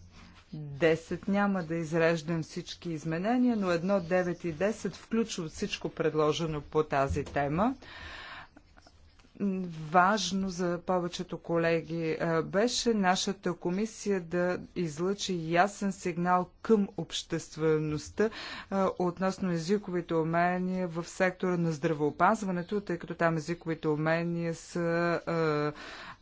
10 няма да изреждам всички изменения, но 1, 9 и 10 включват всичко предложено по тази тема. Важно за повечето колеги беше нашата комисия да излъчи ясен сигнал към обществеността относно езиковите умения в сектора на здравеопазването, тъй като там езиковите умения са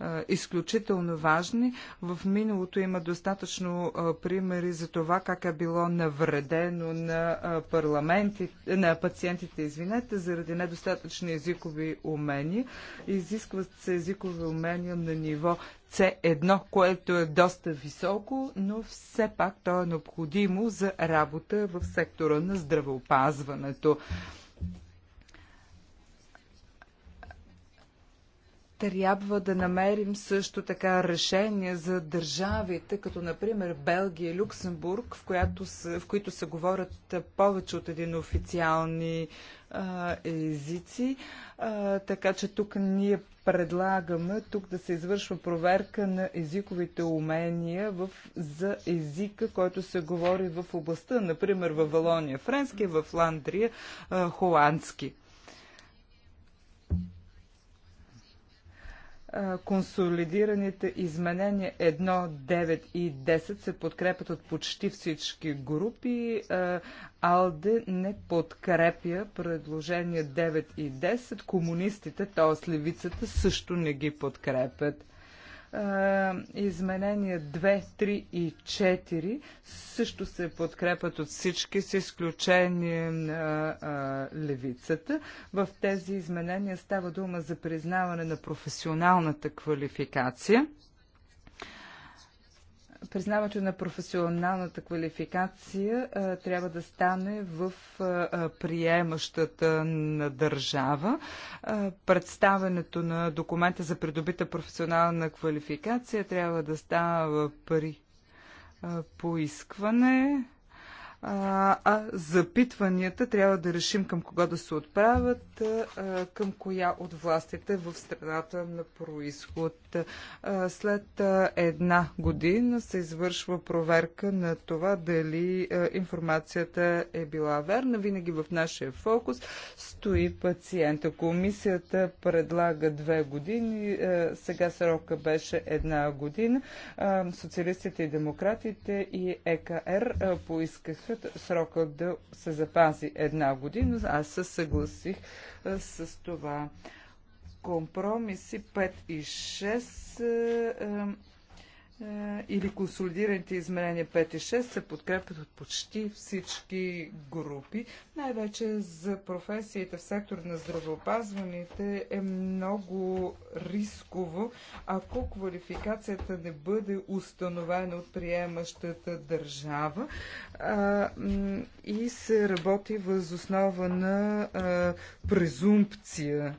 е, изключително важни. В миналото има достатъчно е, примери за това как е било навредено на, е, парламентите, на пациентите, извинете, заради недостатъчни езикови умения. Изискват се езикови умения на ниво C1, което е доста високо, но все пак то е необходимо за работа в сектора на здравеопазването. Трябва да намерим също така решение за държавите, като например Белгия и Люксембург, в, която са, в които се говорят повече от един официални а, езици. А, така че тук ние предлагаме тук да се извършва проверка на езиковите умения в, за езика, който се говори в областта, например в Валония френски, в Ландрия холандски. консолидираните изменения 1, 9 и 10 се подкрепят от почти всички групи. АЛДЕ не подкрепя предложения 9 и 10. Комунистите, т.е. левицата, също не ги подкрепят изменения 2, 3 и 4 също се подкрепят от всички, с изключение на левицата. В тези изменения става дума за признаване на професионалната квалификация. Признаването на професионалната квалификация а, трябва да стане в а, приемащата на държава. А, представенето на документа за придобита професионална квалификация трябва да става при а, поискване а, а запитванията трябва да решим към кого да се отправят, а, към коя от властите в страната на происход. След една година се извършва проверка на това дали информацията е била верна. Винаги в нашия фокус стои пациента. Комисията предлага две години. Сега срока беше една година. Социалистите и демократите и ЕКР поискаха срока да се запази една година. Аз се съгласих с това компромиси 5 и 6 е, е, е, или консолидираните изменения 5 и 6 се подкрепят от почти всички групи. Най-вече за професиите в сектор на здравеопазваните е много рисково, ако квалификацията не бъде установена от приемащата държава а, и се работи възоснова на а, презумпция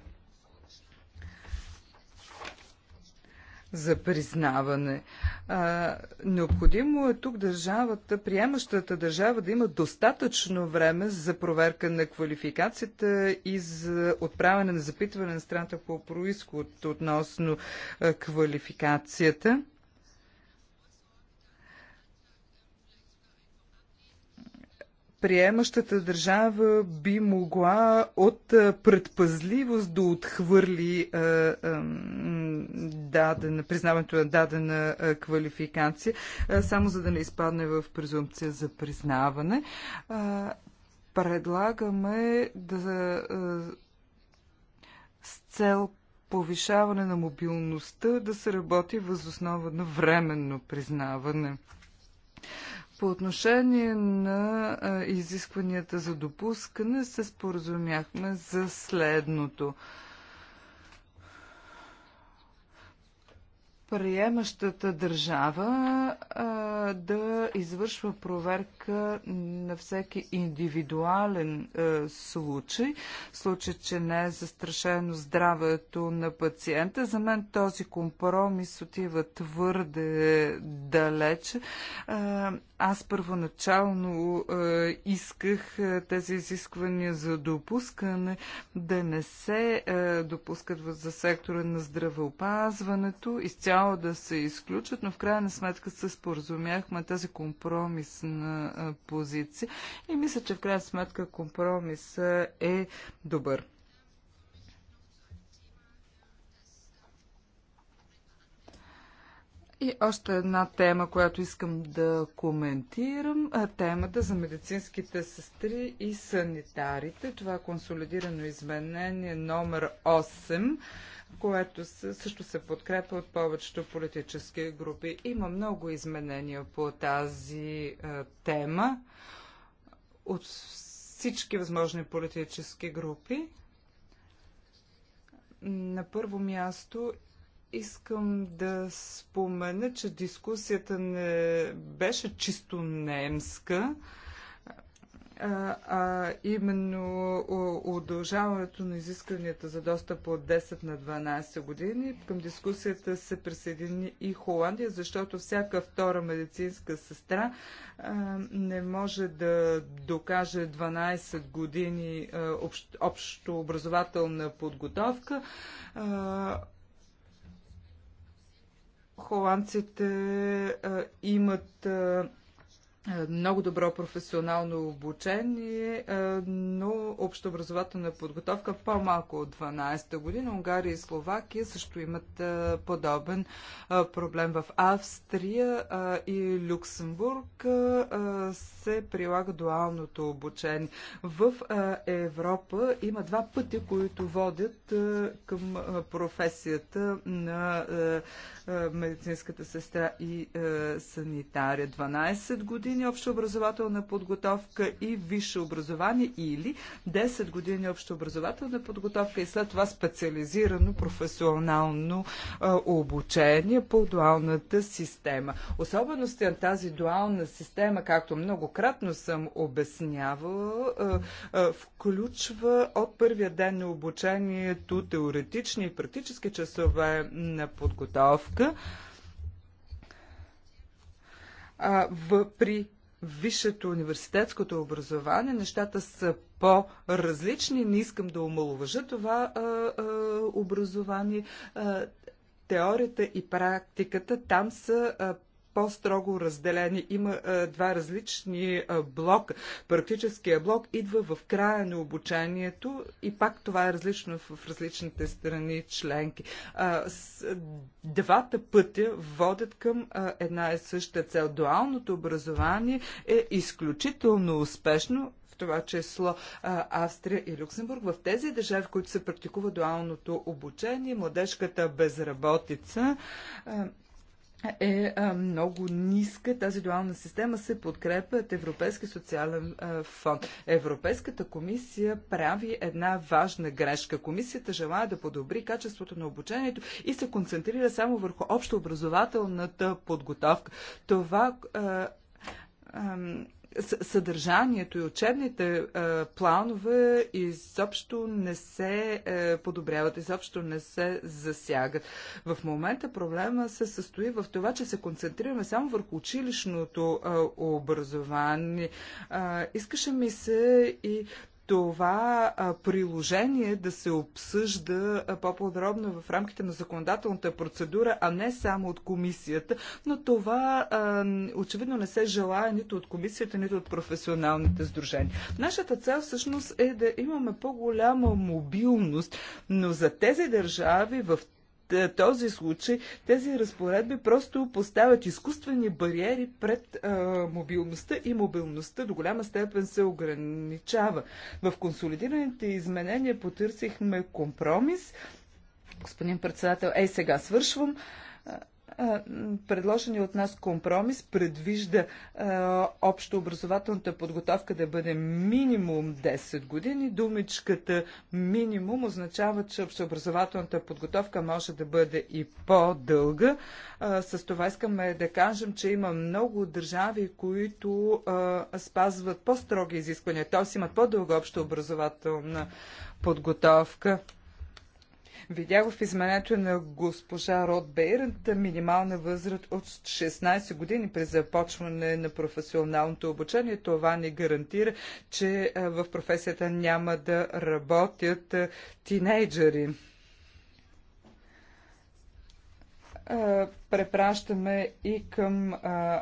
за признаване. А, необходимо е тук държавата, приемащата държава да има достатъчно време за проверка на квалификацията и за отправяне на запитване на страната по происход относно квалификацията. приемащата държава би могла от предпазливост да отхвърли дадена, признаването на дадена квалификация, само за да не изпадне в презумпция за признаване. Предлагаме да с цел повишаване на мобилността да се работи възоснова на временно признаване. По отношение на изискванията за допускане се споразумяхме за следното – приемащата държава а, да извършва проверка на всеки индивидуален а, случай, случай, че не е застрашено здравето на пациента. За мен този компромис отива твърде далече. А, аз първоначално а, исках а, тези изисквания за допускане да не се а, допускат за сектора на здравеопазването. Изцяло трябва да се изключат, но в крайна сметка се споразумяхме тази компромисна позиция и мисля, че в крайна сметка компромис е добър. И още една тема, която искам да коментирам, темата за медицинските сестри и санитарите. Това е консолидирано изменение номер 8 което също се подкрепя от повечето политически групи. Има много изменения по тази е, тема от всички възможни политически групи. На първо място искам да спомена, че дискусията не беше чисто немска а именно удължаването на изискванията за достъп от 10 на 12 години. Към дискусията се присъедини и Холандия, защото всяка втора медицинска сестра не може да докаже 12 години общо образователна подготовка. Холандците имат е, много добро професионално обучение, е, но общообразователна подготовка по-малко от 12-та година. Унгария и Словакия също имат е, подобен проблем. В Австрия и Люксембург се прилага дуалното обучение. В Европа има два пъти, които водят към професията на е, медицинската сестра и е, санитаря. 12 години общообразователна подготовка и висше образование или 10 години общообразователна подготовка и след това специализирано професионално е, обучение по дуалната система. Особености на тази дуална система, както многократно съм обяснявала, включва от първия ден на обучението теоретични и практически часове на подготовка връзка а, в, при висшето университетското образование нещата са по-различни. Не искам да омалуважа това а, а, образование. А, теорията и практиката там са а, по-строго разделени. Има а, два различни а, блока. Практическия блок идва в края на обучението и пак това е различно в, в различните страни членки. А, с, двата пътя водят към а, една и съща цел. Дуалното образование е изключително успешно това число Австрия и Люксембург. В тези държави, в които се практикува дуалното обучение, младежката безработица е много ниска. Тази дуална система се подкрепя от Европейски социален фонд. Европейската комисия прави една важна грешка. Комисията желая да подобри качеството на обучението и се концентрира само върху общообразователната подготовка. Това съдържанието и учебните а, планове изобщо не се а, е, подобряват, изобщо не се засягат. В момента проблема се състои в това, че се концентрираме само върху училищното а, образование. А, искаше ми се и това приложение да се обсъжда по-подробно в рамките на законодателната процедура, а не само от комисията. Но това очевидно не се желая нито от комисията, нито от професионалните сдружения. Нашата цел всъщност е да имаме по-голяма мобилност, но за тези държави в е, този случай тези разпоредби просто поставят изкуствени бариери пред а, е, мобилността и мобилността до голяма степен се ограничава. В консолидираните изменения потърсихме компромис. Господин председател, ей сега свършвам. Е, предложения от нас компромис предвижда общообразователната подготовка да бъде минимум 10 години. Думичката минимум означава, че общообразователната подготовка може да бъде и по-дълга. С това искаме да кажем, че има много държави, които спазват по-строги изисквания, т.е. имат по-дълга общообразователна подготовка. Видях в изменението на госпожа Род Бейрент минимална възраст от 16 години при започване на професионалното обучение. Това не гарантира, че в професията няма да работят тинейджери. препращаме и към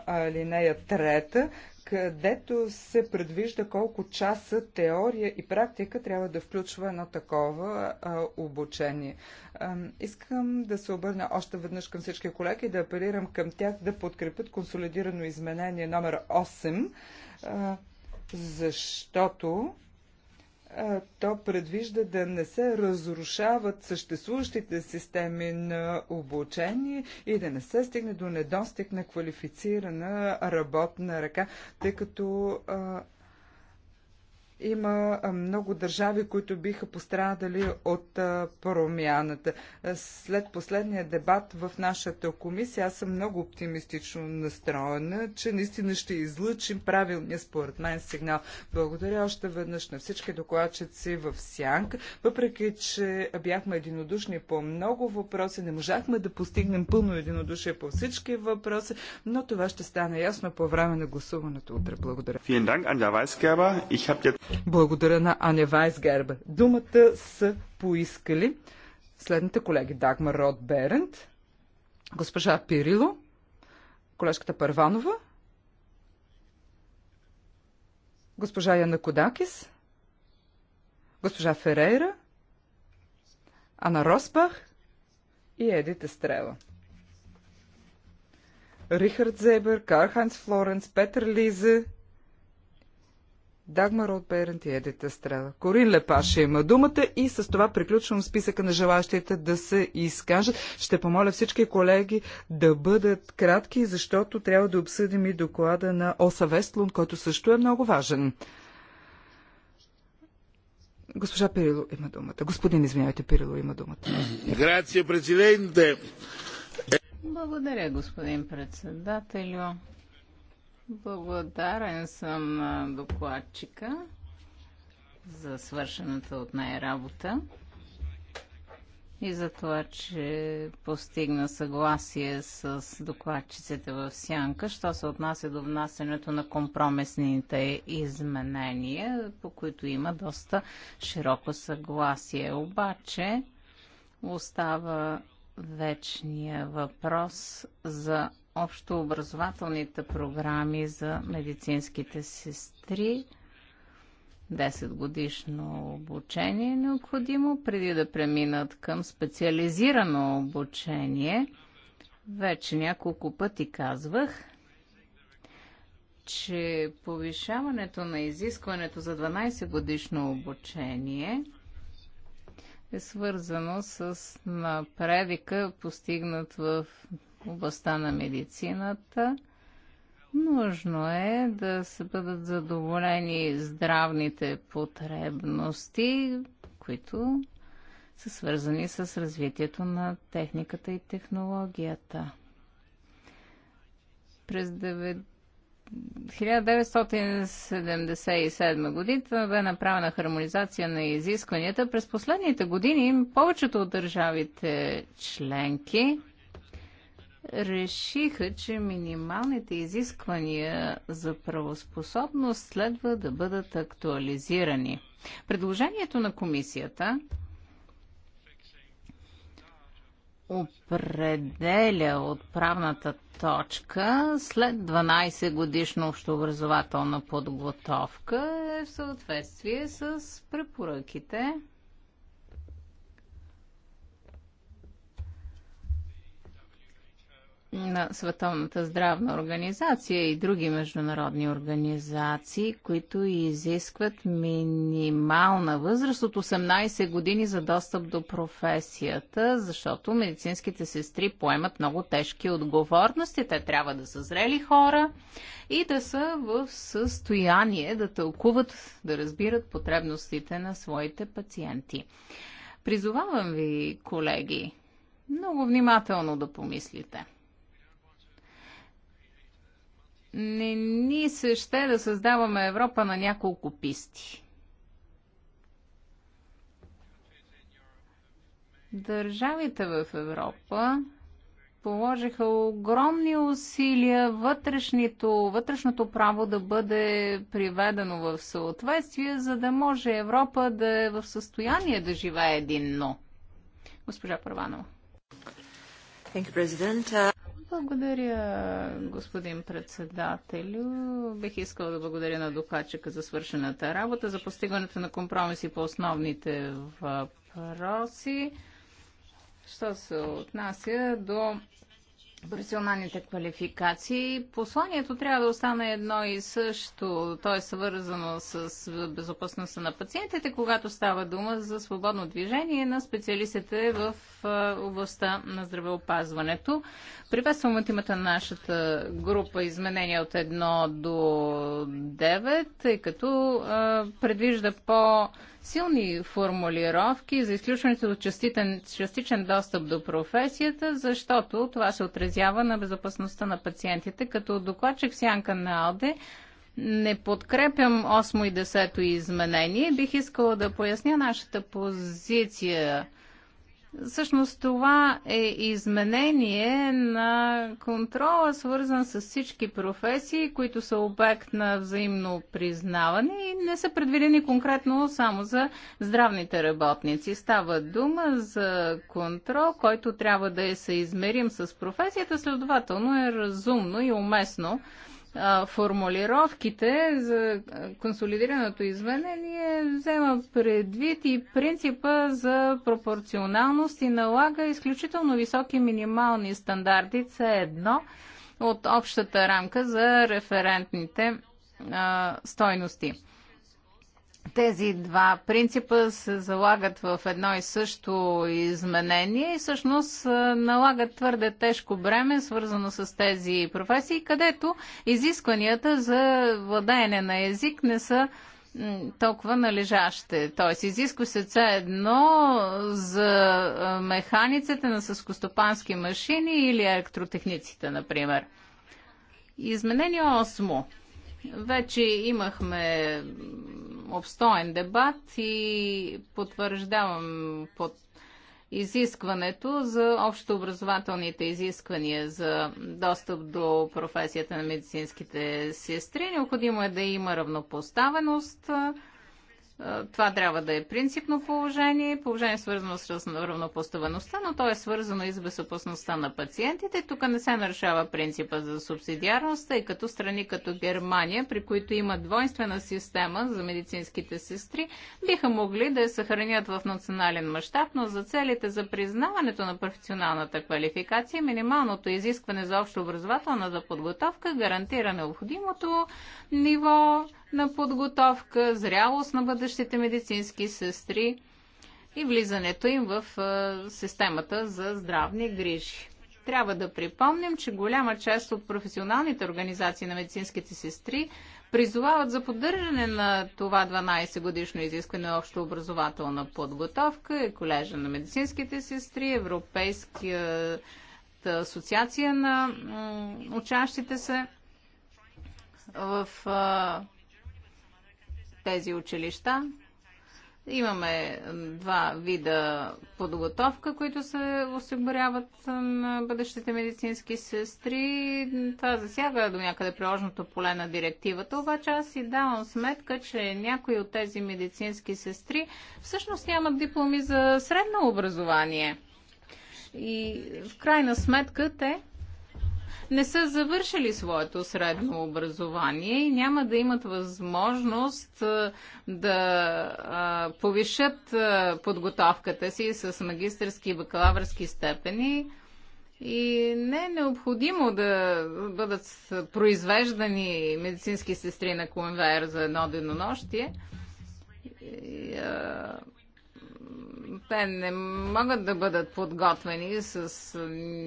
алинея трета, където се предвижда колко часа теория и практика трябва да включва едно такова а, обучение. А, искам да се обърна още веднъж към всички колеги и да апелирам към тях да подкрепят консолидирано изменение номер 8, а, защото то предвижда да не се разрушават съществуващите системи на обучение и да не се стигне до недостиг на квалифицирана работна ръка, тъй като а, има много държави, които биха пострадали от промяната. След последния дебат в нашата комисия, аз съм много оптимистично настроена, че наистина ще излъчим правилния според мен сигнал. Благодаря още веднъж на всички докладчици в Сянк. Въпреки, че бяхме единодушни по много въпроси, не можахме да постигнем пълно единодушие по всички въпроси, но това ще стане ясно по време на гласуването утре. Благодаря. Благодаря на Аня Вайсгербе. Думата са поискали следните колеги. Дагмар Род Берент, госпожа Пирило, колежката Първанова, госпожа Яна Кодакис, госпожа Ферейра, Ана Росбах и Едит Естрела. Рихард Зебер, Карханс Флоренс, Петър Лизе, Дагмар от Перент и Едита Страда. Корин Лепаше има думата и с това приключвам списъка на желащите да се изкажат. Ще помоля всички колеги да бъдат кратки, защото трябва да обсъдим и доклада на Оса Вестлун, който също е много важен. Госпожа Пирило има думата. Господин, извинявайте, Пирило има думата. Грация, президенте! Благодаря, господин председателю. Благодарен съм на докладчика за свършената от нея работа и за това, че постигна съгласие с докладчиците в Сянка, що се отнася до внасянето на компромисните изменения, по които има доста широко съгласие. Обаче остава вечния въпрос за общообразователните програми за медицинските сестри. 10 годишно обучение е необходимо, преди да преминат към специализирано обучение. Вече няколко пъти казвах, че повишаването на изискването за 12 годишно обучение е свързано с напредика, постигнат в областта на медицината. Нужно е да се бъдат задоволени здравните потребности, които са свързани с развитието на техниката и технологията. През 1977 година бе направена хармонизация на изискванията. През последните години повечето от държавите членки решиха, че минималните изисквания за правоспособност следва да бъдат актуализирани. Предложението на комисията определя отправната точка след 12 годишна общообразователна подготовка е в съответствие с препоръките на Световната здравна организация и други международни организации, които изискват минимална възраст от 18 години за достъп до професията, защото медицинските сестри поемат много тежки отговорности. Те трябва да са зрели хора и да са в състояние да тълкуват, да разбират потребностите на своите пациенти. Призовавам ви, колеги, много внимателно да помислите – не ни се ще да създаваме Европа на няколко писти. Държавите в Европа положиха огромни усилия вътрешнито, вътрешното право да бъде приведено в съответствие, за да може Европа да е в състояние да живее единно. Госпожа Първанова. Благодаря, господин председателю. Бих искал да благодаря на докладчика за свършената работа, за постигането на компромиси по основните въпроси. Що се отнася до професионалните квалификации. Посланието трябва да остане едно и също. То е свързано с безопасността на пациентите, когато става дума за свободно движение на специалистите в областта на здравеопазването. Приветствам от имата на нашата група изменения от 1 до 9, тъй като предвижда по- силни формулировки за изключването от частичен, достъп до професията, защото това се отрази отразява на безопасността на пациентите. Като докладчик сянка на АЛДЕ не подкрепям 8 и 10 изменение. Бих искала да поясня нашата позиция Всъщност това е изменение на контрола, свързан с всички професии, които са обект на взаимно признаване и не са предвидени конкретно само за здравните работници. Става дума за контрол, който трябва да е съизмерим с професията, следователно е разумно и уместно формулировките за консолидираното изменение взема предвид и принципа за пропорционалност и налага изключително високи минимални стандарти C1 от общата рамка за референтните а, стойности тези два принципа се залагат в едно и също изменение и всъщност налагат твърде тежко бреме, свързано с тези професии, където изискванията за владеене на език не са толкова належащи. Тоест, изисква се це едно за механиците на съскостопански машини или електротехниците, например. Изменение 8 вече имахме обстоен дебат и потвърждавам под изискването за общообразователните изисквания за достъп до професията на медицинските сестри. Необходимо е да има равнопоставеност е, това трябва да е принципно положение, положение свързано с равнопоставеността, но то е свързано и с безопасността на пациентите. Тук не се нарушава принципа за субсидиарност, тъй като страни като Германия, при които има двойствена система за медицинските сестри, биха могли да я съхранят в национален мащаб, но за целите за признаването на професионалната квалификация, минималното изискване за общо образователната подготовка гарантира необходимото ниво на подготовка, зрялост на бъдещите медицински сестри и влизането им в системата за здравни грижи. Трябва да припомним, че голяма част от професионалните организации на медицинските сестри призовават за поддържане на това 12-годишно изискване общо образователна подготовка и е колежа на медицинските сестри, Европейската асоциация на учащите се в тези училища. Имаме два вида подготовка, които се осигуряват на бъдещите медицински сестри. Това засяга до някъде приложното поле на директивата, обаче аз си давам сметка, че някои от тези медицински сестри всъщност нямат дипломи за средно образование. И в крайна сметка те не са завършили своето средно образование и няма да имат възможност да повишат подготовката си с магистърски и бакалавърски степени. И не е необходимо да бъдат произвеждани медицински сестри на конвейер за едно денонощие. И, а, те не могат да бъдат подготвени с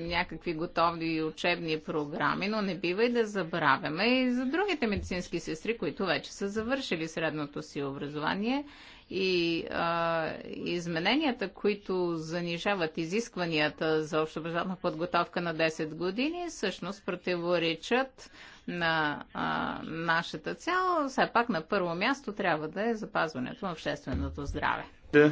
някакви готови учебни програми, но не бива и да забравяме и за другите медицински сестри, които вече са завършили средното си образование и а, измененията, които занижават изискванията за общообразователна подготовка на 10 години, всъщност противоречат на а, нашата цяло. Все пак на първо място трябва да е запазването на общественото здраве. Да. Е,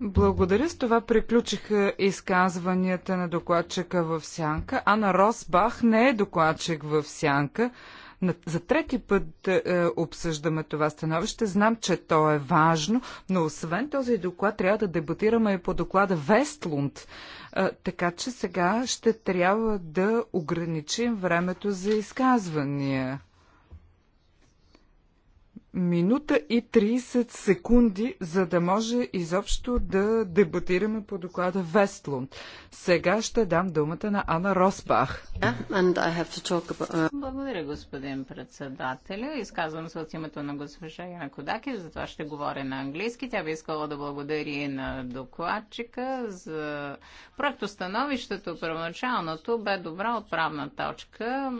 благодаря. С това приключиха изказванията на докладчика в Сянка. Ана Росбах не е докладчик в Сянка. За трети път е, обсъждаме това становище. Знам, че то е важно, но освен този доклад трябва да дебатираме и по доклада Вестлунд. Е, така че сега ще трябва да ограничим времето за изказвания минута и 30 секунди, за да може изобщо да дебатираме по доклада Вестлунд. Сега ще дам думата на Ана Росбах. Yeah, about... Uh, Благодаря, господин председателя. Изказвам се от името на госпожа Яна Кодаки, затова ще говоря на английски. Тя би искала да благодари на докладчика за становището. Първоначалното бе добра отправна точка.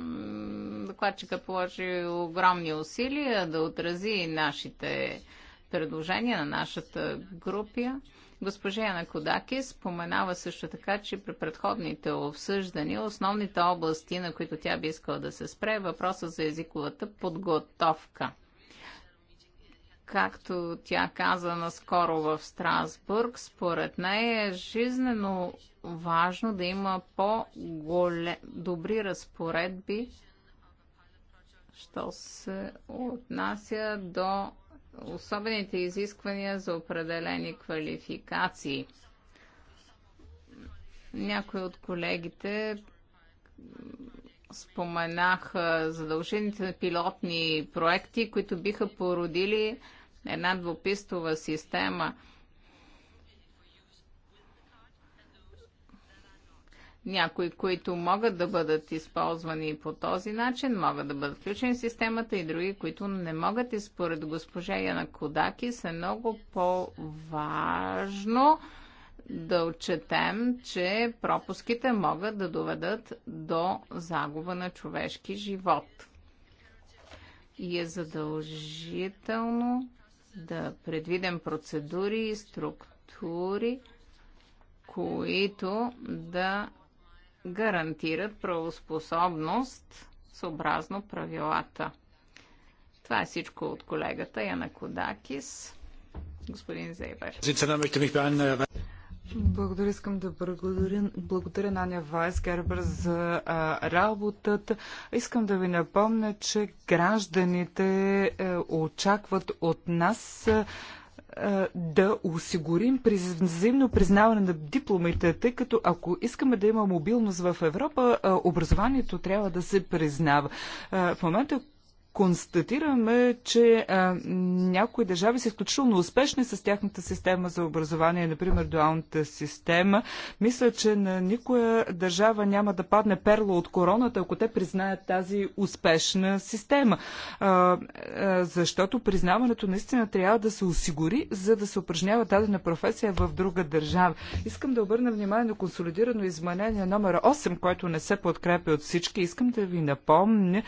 Докладчика положи огромни усилия да отрази отрази нашите предложения на нашата група. Госпожа Яна Кодаки споменава също така, че при предходните обсъждания основните области, на които тя би искала да се спре, е въпроса за езиковата подготовка. Както тя каза наскоро в Страсбург, според нея е жизнено важно да има по-добри разпоредби що се отнася до особените изисквания за определени квалификации. Някои от колегите споменаха задължените пилотни проекти, които биха породили една двупистова система – Някои, които могат да бъдат използвани по този начин, могат да бъдат включени в системата и други, които не могат. И според госпожа Яна Кодаки е много по-важно да отчетем, че пропуските могат да доведат до загуба на човешки живот. И е задължително да предвидим процедури и структури, които да гарантират правоспособност съобразно правилата. Това е всичко от колегата Яна Кодакис. Господин Зейбер. Благодаря, искам да благодаря, благодаря Наня Гербер за а, работата. Искам да ви напомня, че гражданите а, е, очакват от нас а, е, да осигурим през взаимно признаване на дипломите, тъй като ако искаме да има мобилност в Европа, образованието трябва да се признава. В момента, констатираме, че а, някои държави са изключително успешни с тяхната система за образование, например дуалната система. Мисля, че на никоя държава няма да падне перла от короната, ако те признаят тази успешна система. А, а, защото признаването наистина трябва да се осигури, за да се упражнява дадена професия в друга държава. Искам да обърна внимание на консолидирано изменение номер 8, което не се подкрепя от всички. Искам да ви напомня,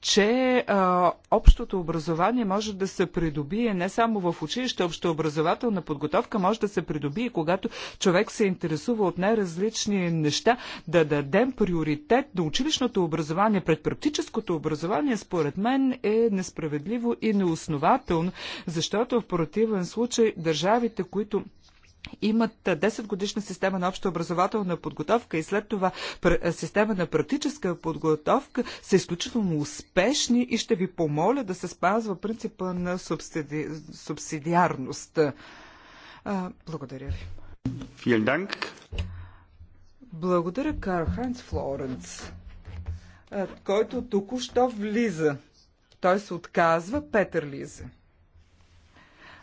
че а, общото образование може да се придобие не само в училище, общообразователна подготовка може да се придобие, когато човек се интересува от най-различни неща, да дадем приоритет на училищното образование пред практическото образование, според мен е несправедливо и неоснователно, защото в противен случай държавите, които имат 10 годишна система на обща образователна подготовка и след това система на практическа подготовка са изключително успешни и ще ви помоля да се спазва принципа на субсиди... субсидиарност. Благодаря ви. Благодаря, Карл Хайнц Флоренц, който току-що влиза. Той се отказва Петър Лизе.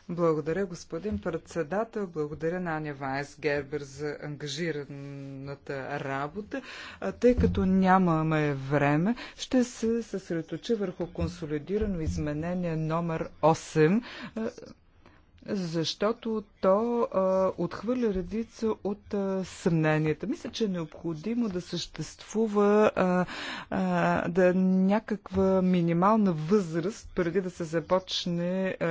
Благодаря, господин председател. Благодаря на Аня Вайс Гербер за ангажираната работа. а Тъй като нямаме време, ще се съсредоточа върху консолидирано изменение номер 8 защото то а, отхвърля редица от а, съмненията. Мисля, че е необходимо да съществува а, а, да е някаква минимална възраст преди да се започне а,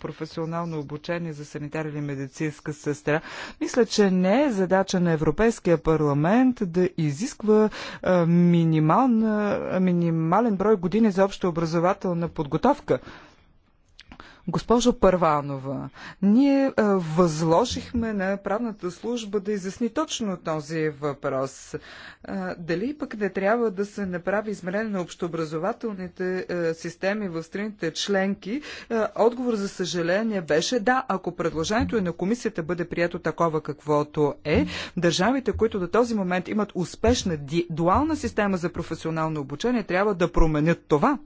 професионално обучение за санитар или медицинска сестра. Мисля, че не е задача на Европейския парламент да изисква а, минимална, минимален брой години за общообразователна подготовка. Госпожо Първанова, ние възложихме на правната служба да изясни точно този въпрос. Дали пък не трябва да се направи измерение на общообразователните системи в страните членки? Отговор, за съжаление, беше да, ако предложението на комисията бъде прието такова каквото е, държавите, които до този момент имат успешна дуална система за професионално обучение, трябва да променят това.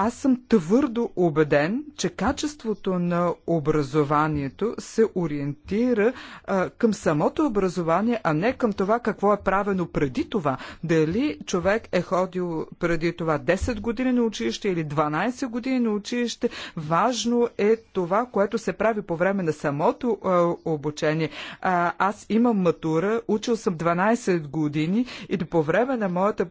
Аз съм твърдо убеден, че качеството на образованието се ориентира а, към самото образование, а не към това какво е правено преди това. Дали човек е ходил преди това 10 години на училище или 12 години на училище, важно е това, което се прави по време на самото а, обучение. А, аз имам матура, учил съм 12 години и по време на моята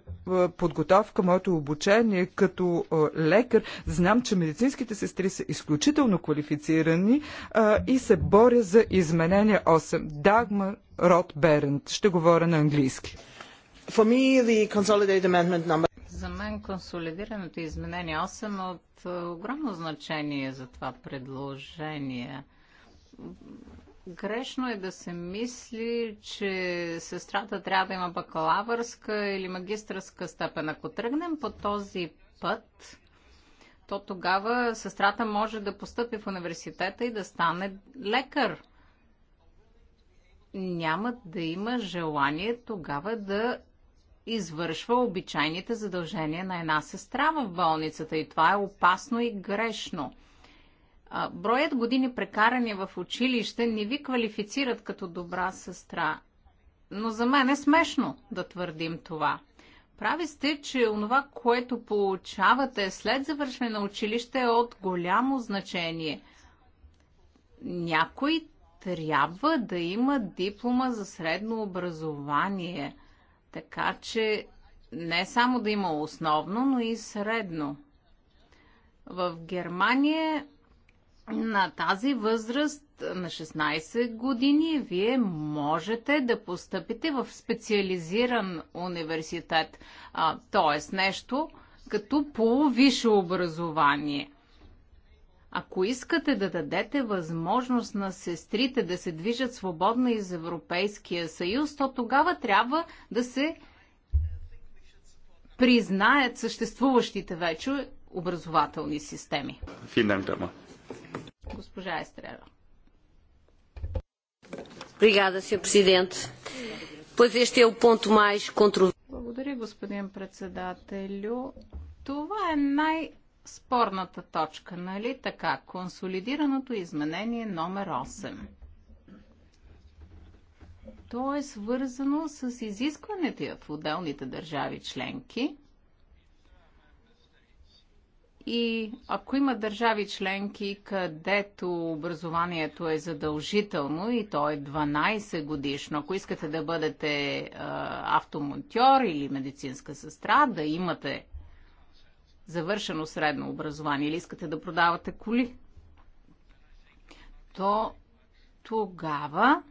подготовка, моето обучение като лекар, лекар, знам, че медицинските сестри са изключително квалифицирани а, и се боря за изменение 8. Дагма Рот Берент. Ще говоря на английски. For me, the consolidated amendment number за мен консолидираното изменение 8 е от е, огромно значение за това предложение. Грешно е да се мисли, че сестрата трябва да има бакалавърска или магистрска степен. Ако тръгнем по този път, то тогава сестрата може да постъпи в университета и да стане лекар. Няма да има желание тогава да извършва обичайните задължения на една сестра в болницата и това е опасно и грешно. Броят години прекарани в училище не ви квалифицират като добра сестра, но за мен е смешно да твърдим това – прави сте, че онова, което получавате след завършване на училище е от голямо значение. Някой трябва да има диплома за средно образование, така че не само да има основно, но и средно. В Германия на тази възраст на 16 години вие можете да постъпите в специализиран университет, т.е. нещо като полувише образование. Ако искате да дадете възможност на сестрите да се движат свободно из Европейския съюз, то тогава трябва да се признаят съществуващите вече образователни системи. Госпожа Естрела. Obrigada, Sr. Presidente. Pois este é o ponto mais controverso. Благодаря, господин председателю. Това е най-спорната точка, нали така? Консолидираното изменение номер 8. То е свързано с изискването в отделните държави членки – и ако има държави членки, където образованието е задължително и то е 12 годишно, ако искате да бъдете а, автомонтьор или медицинска сестра, да имате завършено средно образование или искате да продавате коли, то тогава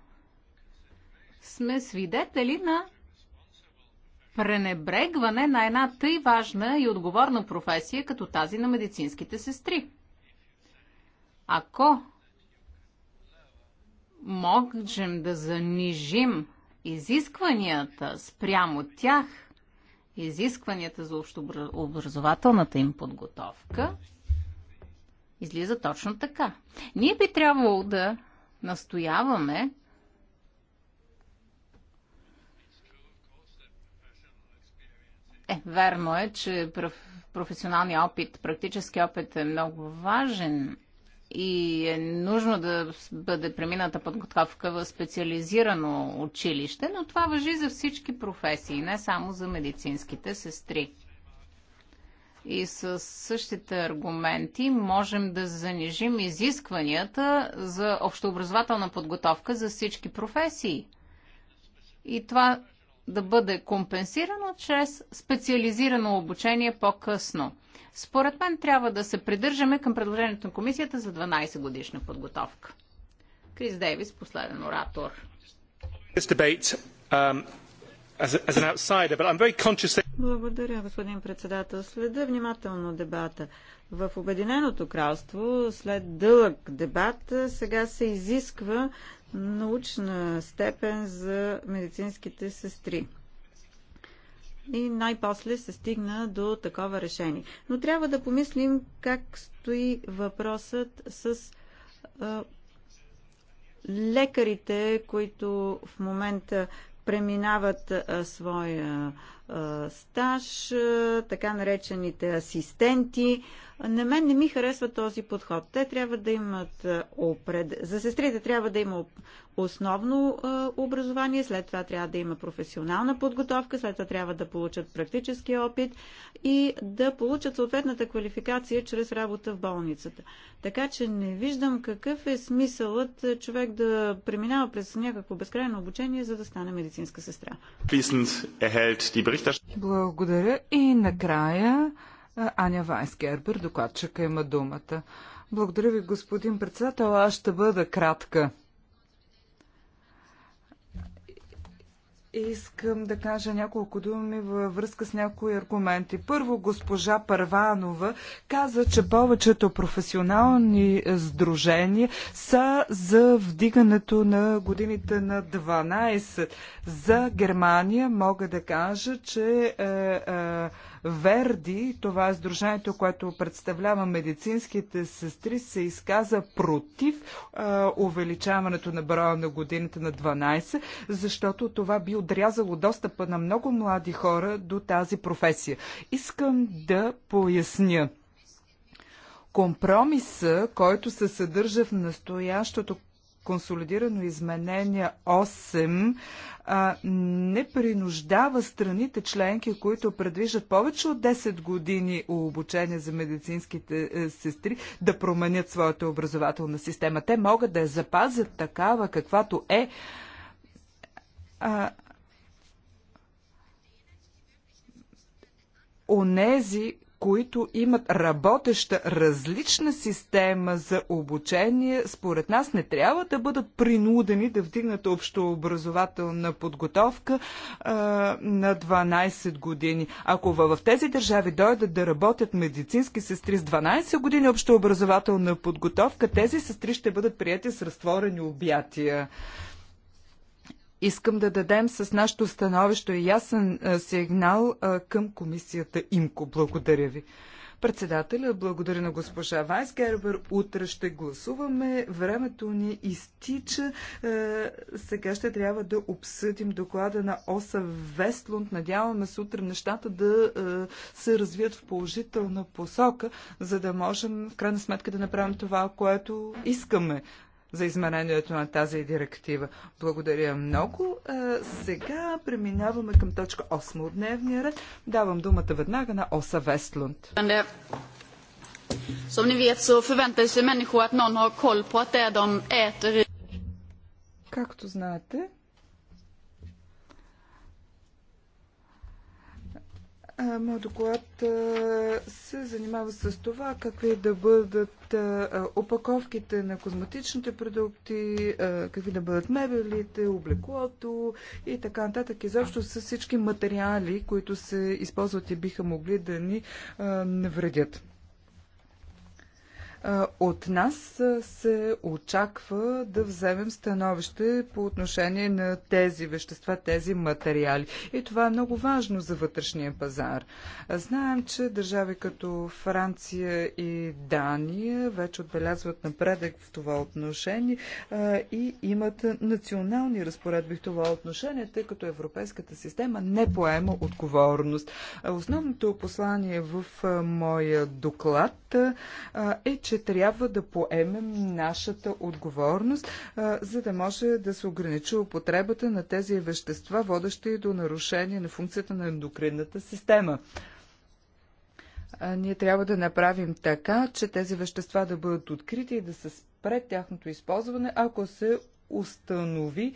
сме свидетели на пренебрегване на една тъй важна и отговорна професия, като тази на медицинските сестри. Ако можем да занижим изискванията спрямо тях, изискванията за образователната им подготовка, излиза точно така. Ние би трябвало да настояваме Е, верно е, че професионалният опит, практически опит е много важен и е нужно да бъде премината подготовка в специализирано училище, но това въжи за всички професии, не само за медицинските сестри. И с същите аргументи можем да занижим изискванията за общообразователна подготовка за всички професии. И това да бъде компенсирано чрез специализирано обучение по-късно. Според мен трябва да се придържаме към предложението на комисията за 12 годишна подготовка. Крис Дейвис, последен оратор. Um, Благодаря, господин председател. Следа внимателно дебата. В Обединеното кралство, след дълъг дебат, сега се изисква научна степен за медицинските сестри. И най-после се стигна до такова решение. Но трябва да помислим как стои въпросът с а, лекарите, които в момента преминават а, своя стаж, така наречените асистенти. На мен не ми харесва този подход. Те трябва да имат опред... За сестрите трябва да има основно образование, след това трябва да има професионална подготовка, след това трябва да получат практически опит и да получат съответната квалификация чрез работа в болницата. Така че не виждам какъв е смисълът човек да преминава през някакво безкрайно обучение, за да стане медицинска сестра. Благодаря. И накрая Аня Вайскербер, докладчика, има думата. Благодаря ви, господин председател. Аз ще бъда кратка. Искам да кажа няколко думи във връзка с някои аргументи. Първо, госпожа Първанова каза, че повечето професионални сдружения са за вдигането на годините на 12. За Германия мога да кажа, че е, е, Верди, това е сдружението, което представлява медицинските сестри, се изказа против а, увеличаването на броя на годините на 12, защото това би отрязало достъпа на много млади хора до тази професия. Искам да поясня компромиса, който се съдържа в настоящото консолидирано изменение 8 не принуждава страните членки, които предвиждат повече от 10 години обучение за медицинските е, сестри, да променят своята образователна система. Те могат да я запазят такава, каквато е. онези, които имат работеща различна система за обучение, според нас не трябва да бъдат принудени да вдигнат общообразователна подготовка а, на 12 години. Ако в тези държави дойдат да работят медицински сестри с 12 години общообразователна подготовка, тези сестри ще бъдат прияти с разтворени обятия. Искам да дадем с нашето становище ясен сигнал към комисията ИМКО. Благодаря ви. Председателя, благодаря на госпожа Вайсгербер. Утре ще гласуваме. Времето ни изтича. сега ще трябва да обсъдим доклада на Оса Вестлунд. Надяваме се утре нещата да се развият в положителна посока, за да можем в крайна сметка да направим това, което искаме за изменението на тази директива. Благодаря много. А, Сега преминаваме към точка 8 от дневния ред. Давам думата веднага на Оса Вестлунд. Som ni vet så förväntar sig människor att någon har koll på att det de äter. Както знаете, Моят доклад се занимава с това какви да бъдат опаковките на козметичните продукти, какви да бъдат мебелите, облеклото и така нататък. Изобщо с всички материали, които се използват и биха могли да ни навредят. От нас се очаква да вземем становище по отношение на тези вещества, тези материали. И това е много важно за вътрешния пазар. Знаем, че държави като Франция и Дания вече отбелязват напредък в това отношение и имат национални разпоредби в това отношение, тъй като европейската система не поема отговорност. Основното послание в моя доклад е, че че трябва да поемем нашата отговорност, за да може да се ограничи употребата на тези вещества, водещи до нарушение на функцията на ендокринната система. ние трябва да направим така, че тези вещества да бъдат открити и да се спре тяхното използване, ако се установи,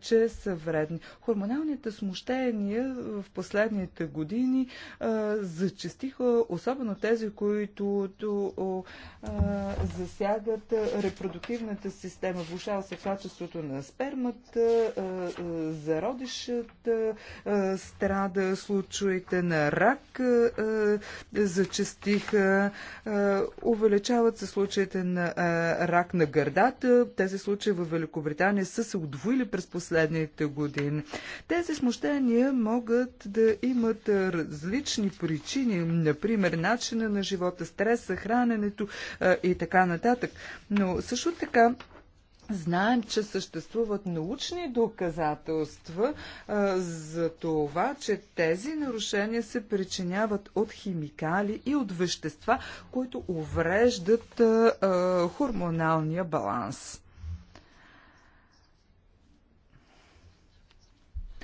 че са вредни. Хормоналните смущения в последните години зачистиха, особено тези, които засягат репродуктивната система. Влушава се качеството на спермата, зародишът страда, случаите на рак зачастиха, увеличават се случаите на рак на гърдата, тези случаи в Великобритания Великобритания са се удвоили през последните години. Тези смущения могат да имат различни причини, например начина на живота, стреса, храненето и така нататък. Но също така Знаем, че съществуват научни доказателства а, за това, че тези нарушения се причиняват от химикали и от вещества, които увреждат а, а, хормоналния баланс.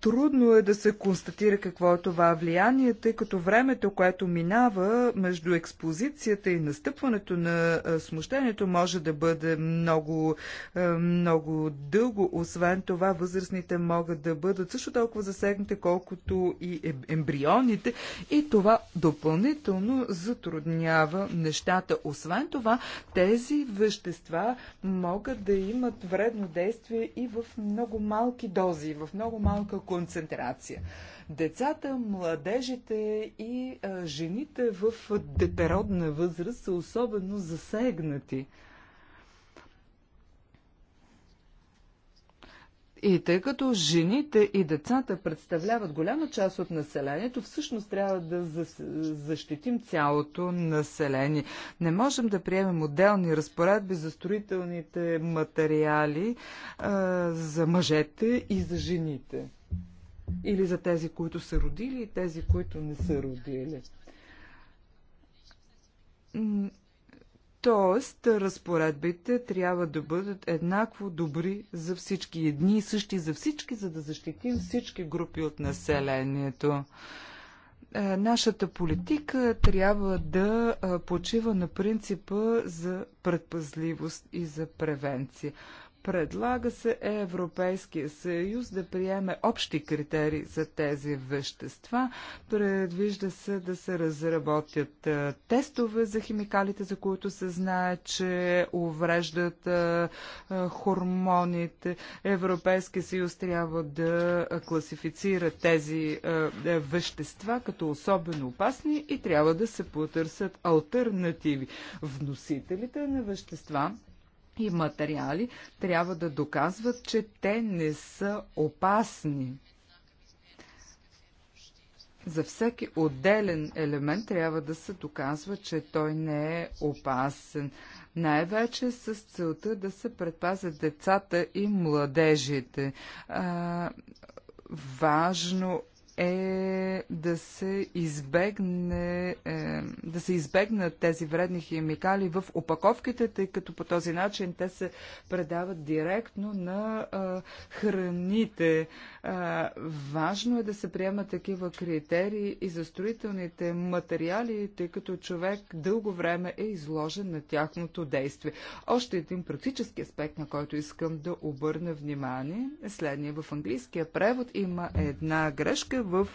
Трудно е да се констатира какво е това влияние, тъй като времето, което минава между експозицията и настъпването на смущението може да бъде много, много дълго. Освен това, възрастните могат да бъдат също толкова засегнати, колкото и е, ембрионите. И това допълнително затруднява нещата. Освен това, тези вещества могат да имат вредно действие и в много малки дози, в много малки по-малка концентрация. Децата, младежите и а, жените в детеродна възраст са особено засегнати. И тъй като жените и децата представляват голяма част от населението, всъщност трябва да защитим цялото население. Не можем да приемем отделни разпоредби за строителните материали а, за мъжете и за жените. Или за тези, които са родили и тези, които не са родили Тоест, разпоредбите трябва да бъдат еднакво добри за всички, едни и същи за всички, за да защитим всички групи от населението. Е, нашата политика трябва да е, почива на принципа за предпазливост и за превенция. Предлага се Европейския съюз да приеме общи критерии за тези вещества. Предвижда се да се разработят тестове за химикалите, за които се знае, че увреждат хормоните. Европейския съюз трябва да класифицира тези е, вещества като особено опасни и трябва да се потърсят альтернативи. Вносителите на вещества и материали трябва да доказват, че те не са опасни. За всеки отделен елемент трябва да се доказва, че той не е опасен. Най-вече с целта да се предпазят децата и младежите. А, важно е да се избегне, е, да се избегнат тези вредни химикали в опаковките, тъй като по този начин те се предават директно на е, храните. А, важно е да се приемат такива критерии и за строителните материали, тъй като човек дълго време е изложен на тяхното действие. Още един практически аспект, на който искам да обърна внимание, е следния. В английския превод има една грешка в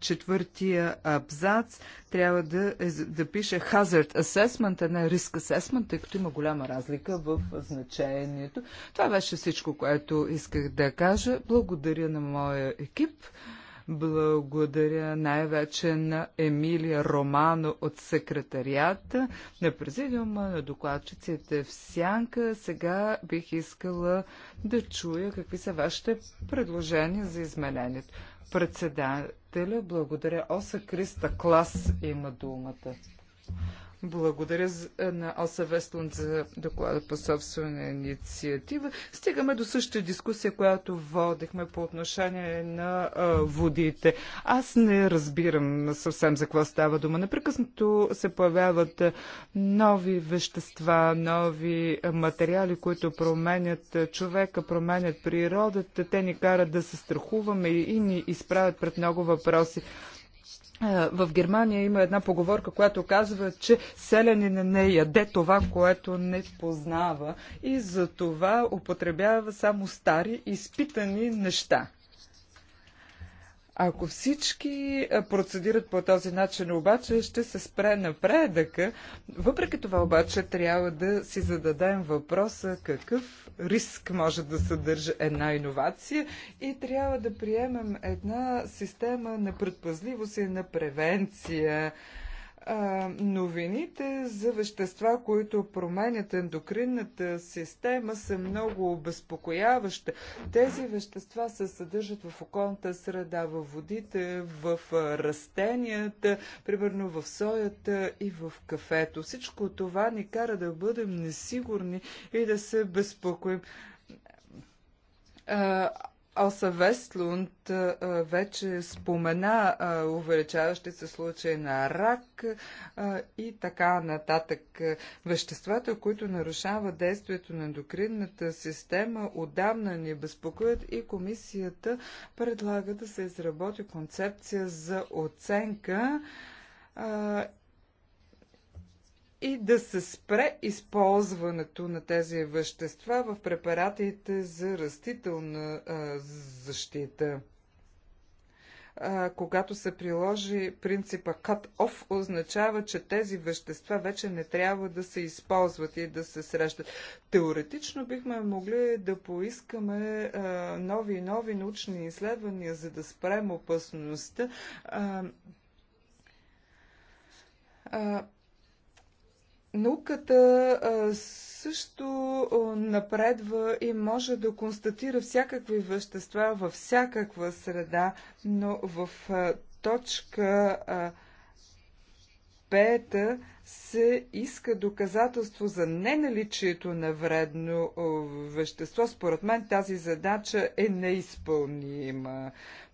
четвъртия абзац. Трябва да, е, да пише hazard assessment, а не risk assessment, тъй като има голяма разлика в значението. Това беше всичко, което исках да кажа. Благодаря благодаря на моя екип. Благодаря най-вече на Емилия Романо от секретарията, на президиума, на докладчиците в Сянка. Сега бих искала да чуя какви са вашите предложения за изменението. Председателя, благодаря. Оса Криста Клас има думата. Благодаря е, на Оса Вестланд за доклада по собствена инициатива. Стигаме до същата дискусия, която водихме по отношение на е, водите. Аз не разбирам съвсем за какво става дума. Непрекъснато се появяват е, нови вещества, нови материали, които променят човека, променят природата. Те ни карат да се страхуваме и ни изправят пред много въпроси. В Германия има една поговорка, която казва, че селянина не яде това, което не познава и за това употребява само стари, изпитани неща. Ако всички процедират по този начин, обаче ще се спре напредъка. Въпреки това обаче трябва да си зададем въпроса какъв риск може да съдържа една иновация и трябва да приемем една система на предпазливост и на превенция новините за вещества, които променят ендокринната система, са много обезпокояващи. Тези вещества се съдържат в околната среда, в водите, в растенията, примерно в соята и в кафето. Всичко това ни кара да бъдем несигурни и да се безпокоим Оса Вестлунд вече спомена увеличаващи се случаи на рак и така нататък. Веществата, които нарушават действието на ендокринната система, отдавна ни безпокоят и комисията предлага да се изработи концепция за оценка и да се спре използването на тези вещества в препаратите за растителна а, защита. А, когато се приложи принципа cut-off, означава, че тези вещества вече не трябва да се използват и да се срещат. Теоретично бихме могли да поискаме а, нови и нови научни изследвания, за да спрем опасността. А, а Науката също напредва и може да констатира всякакви вещества във всякаква среда, но в точка пета се иска доказателство за неналичието на вредно вещество. Според мен тази задача е неизпълнима.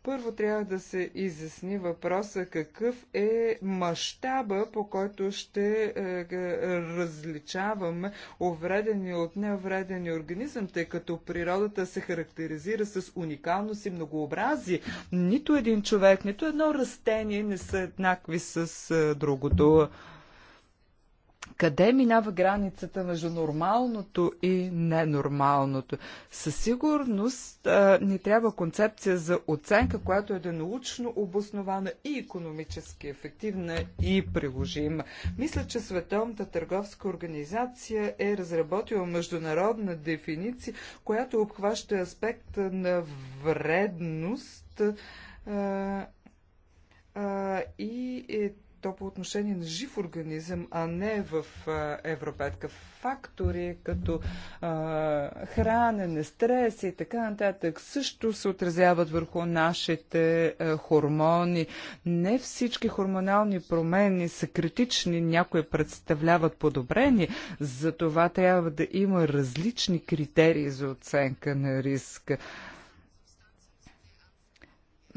Първо трябва да се изясни въпроса какъв е мащаба, по който ще различаваме различаваме увредени от неувредени организъм, тъй като природата се характеризира с уникалност и многообразие. Нито един човек, нито едно растение не са еднакви с е, другото къде минава границата между нормалното и ненормалното. Със сигурност а, ни трябва концепция за оценка, която е да научно обоснована и економически ефективна и приложима. Мисля, че Световната търговска организация е разработила международна дефиниция, която обхваща аспекта на вредност а, а, и е то по отношение на жив организъм, а не в Европетка. Фактори като а, хранене, стрес и така нататък също се отразяват върху нашите а, хормони. Не всички хормонални промени са критични, някои представляват подобрени, за това трябва да има различни критерии за оценка на риска.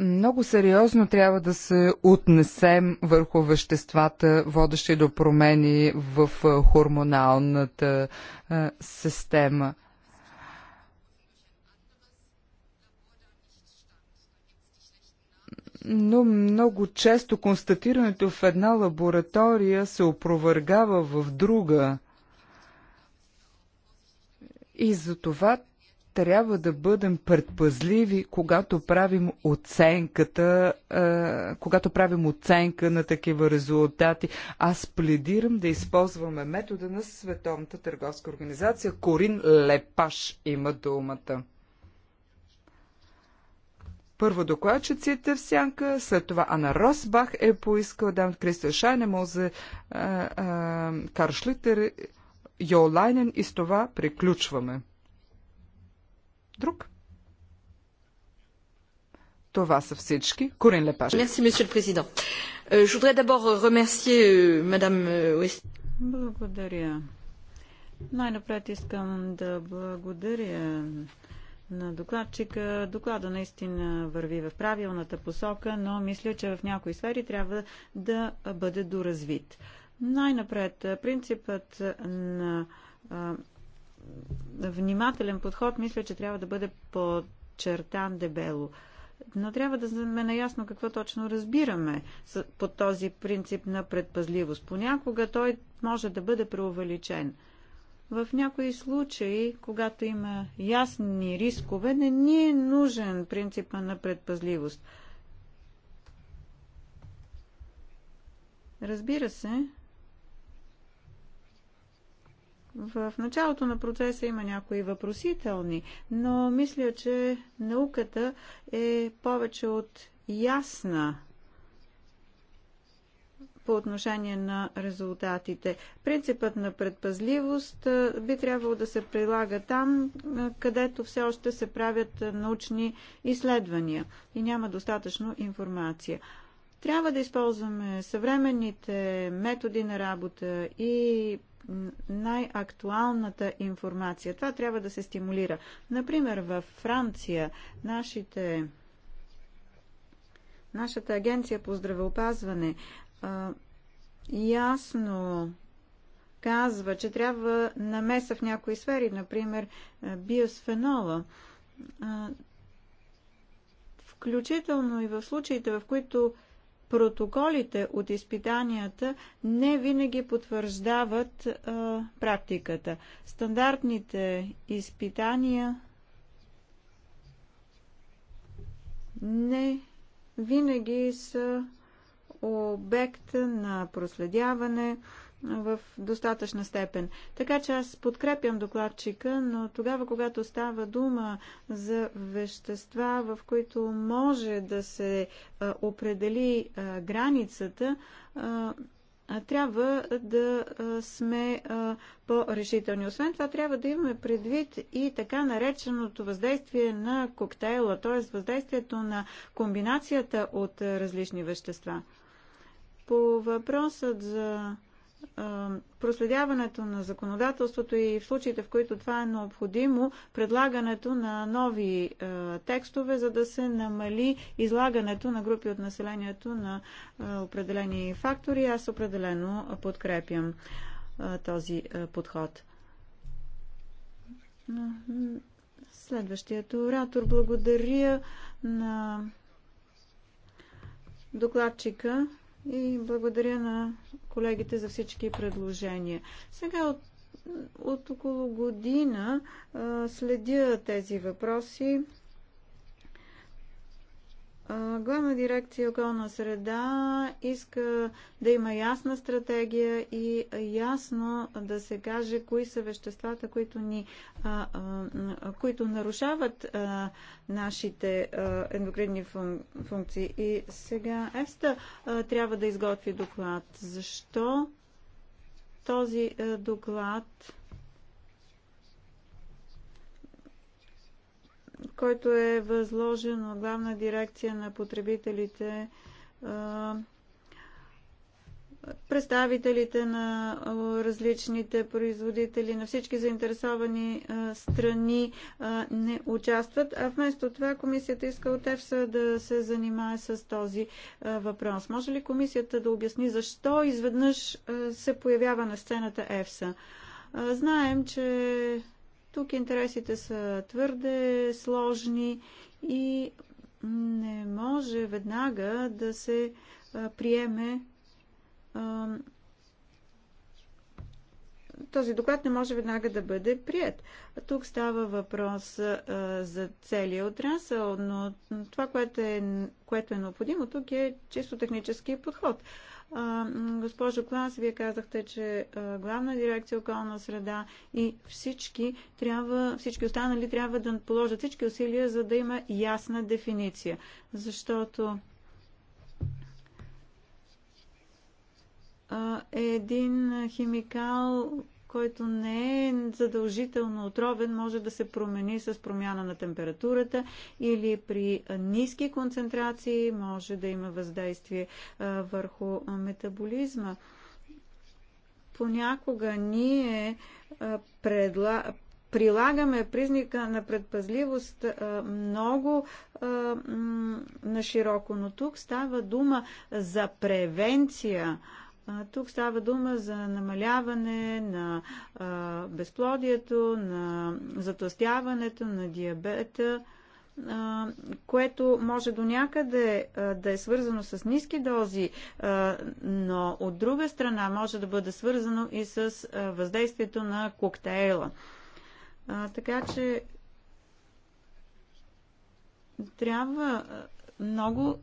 Много сериозно трябва да се отнесем върху веществата, водещи до промени в хормоналната система. но много често констатирането в една лаборатория се опровъргава в друга. И за това трябва да бъдем предпазливи, когато правим оценката, когато правим оценка на такива резултати. Аз пледирам да използваме метода на Световната търговска организация. Корин Лепаш има думата. Първо докладчиците в сянка, след това Ана Росбах е поискала да Кристо Шайнемозе, Каршлитер, Йолайнен и с това приключваме друг? Това са всички. Корин Лепаш. Мерси, месье президент. Благодаря. Най-напред искам да благодаря на докладчика. Доклада наистина върви в правилната посока, но мисля, че в някои сфери трябва да бъде доразвит. Най-напред принципът на внимателен подход мисля, че трябва да бъде подчертан дебело. Но трябва да сме наясно какво точно разбираме по този принцип на предпазливост. Понякога той може да бъде преувеличен. В някои случаи, когато има ясни рискове, не ни е нужен принципа на предпазливост. Разбира се, в началото на процеса има някои въпросителни, но мисля, че науката е повече от ясна по отношение на резултатите. Принципът на предпазливост би трябвало да се прилага там, където все още се правят научни изследвания и няма достатъчно информация. Трябва да използваме съвременните методи на работа и най-актуалната информация. Това трябва да се стимулира. Например, в Франция нашите, нашата агенция по здравеопазване а, ясно казва, че трябва намеса в някои сфери, например биосфенола. А, включително и в случаите, в които протоколите от изпитанията не винаги потвърждават а, практиката. Стандартните изпитания не винаги са обект на проследяване, в достатъчна степен. Така че аз подкрепям докладчика, но тогава, когато става дума за вещества, в които може да се а, определи а, границата, а, трябва да сме по-решителни. Освен това, трябва да имаме предвид и така нареченото въздействие на коктейла, т.е. въздействието на комбинацията от различни вещества. По въпросът за проследяването на законодателството и в случаите, в които това е необходимо, предлагането на нови текстове, за да се намали излагането на групи от населението на определени фактори. Аз определено подкрепям този подход. Следващият оратор благодаря на докладчика и благодаря на колегите за всички предложения. Сега от, от около година а, следя тези въпроси Главна дирекция околна среда иска да има ясна стратегия и ясно да се каже кои са веществата, които, ни, които нарушават нашите ендокринни функции. И сега ЕСТА трябва да изготви доклад. Защо този доклад? който е възложен от главна дирекция на потребителите, представителите на различните производители, на всички заинтересовани страни не участват, а вместо това комисията иска от ЕФСА да се занимае с този въпрос. Може ли комисията да обясни защо изведнъж се появява на сцената ЕФСА? Знаем, че тук интересите са твърде сложни и не може веднага да се приеме този доклад не може веднага да бъде прият. Тук става въпрос а, за целия отрасъл, но това, което е, което е необходимо тук е чисто технически подход. Госпожо Клас, вие казахте, че главна дирекция околна среда и всички, трябва, всички останали трябва да положат всички усилия, за да има ясна дефиниция. Защото един химикал който не е задължително отровен, може да се промени с промяна на температурата или при ниски концентрации може да има въздействие върху метаболизма. Понякога ние предла... прилагаме признака на предпазливост много на широко, но тук става дума за превенция тук става дума за намаляване на безплодието, на затластяването, на диабета, което може до някъде да е свързано с ниски дози, но от друга страна може да бъде свързано и с въздействието на коктейла. Така че трябва много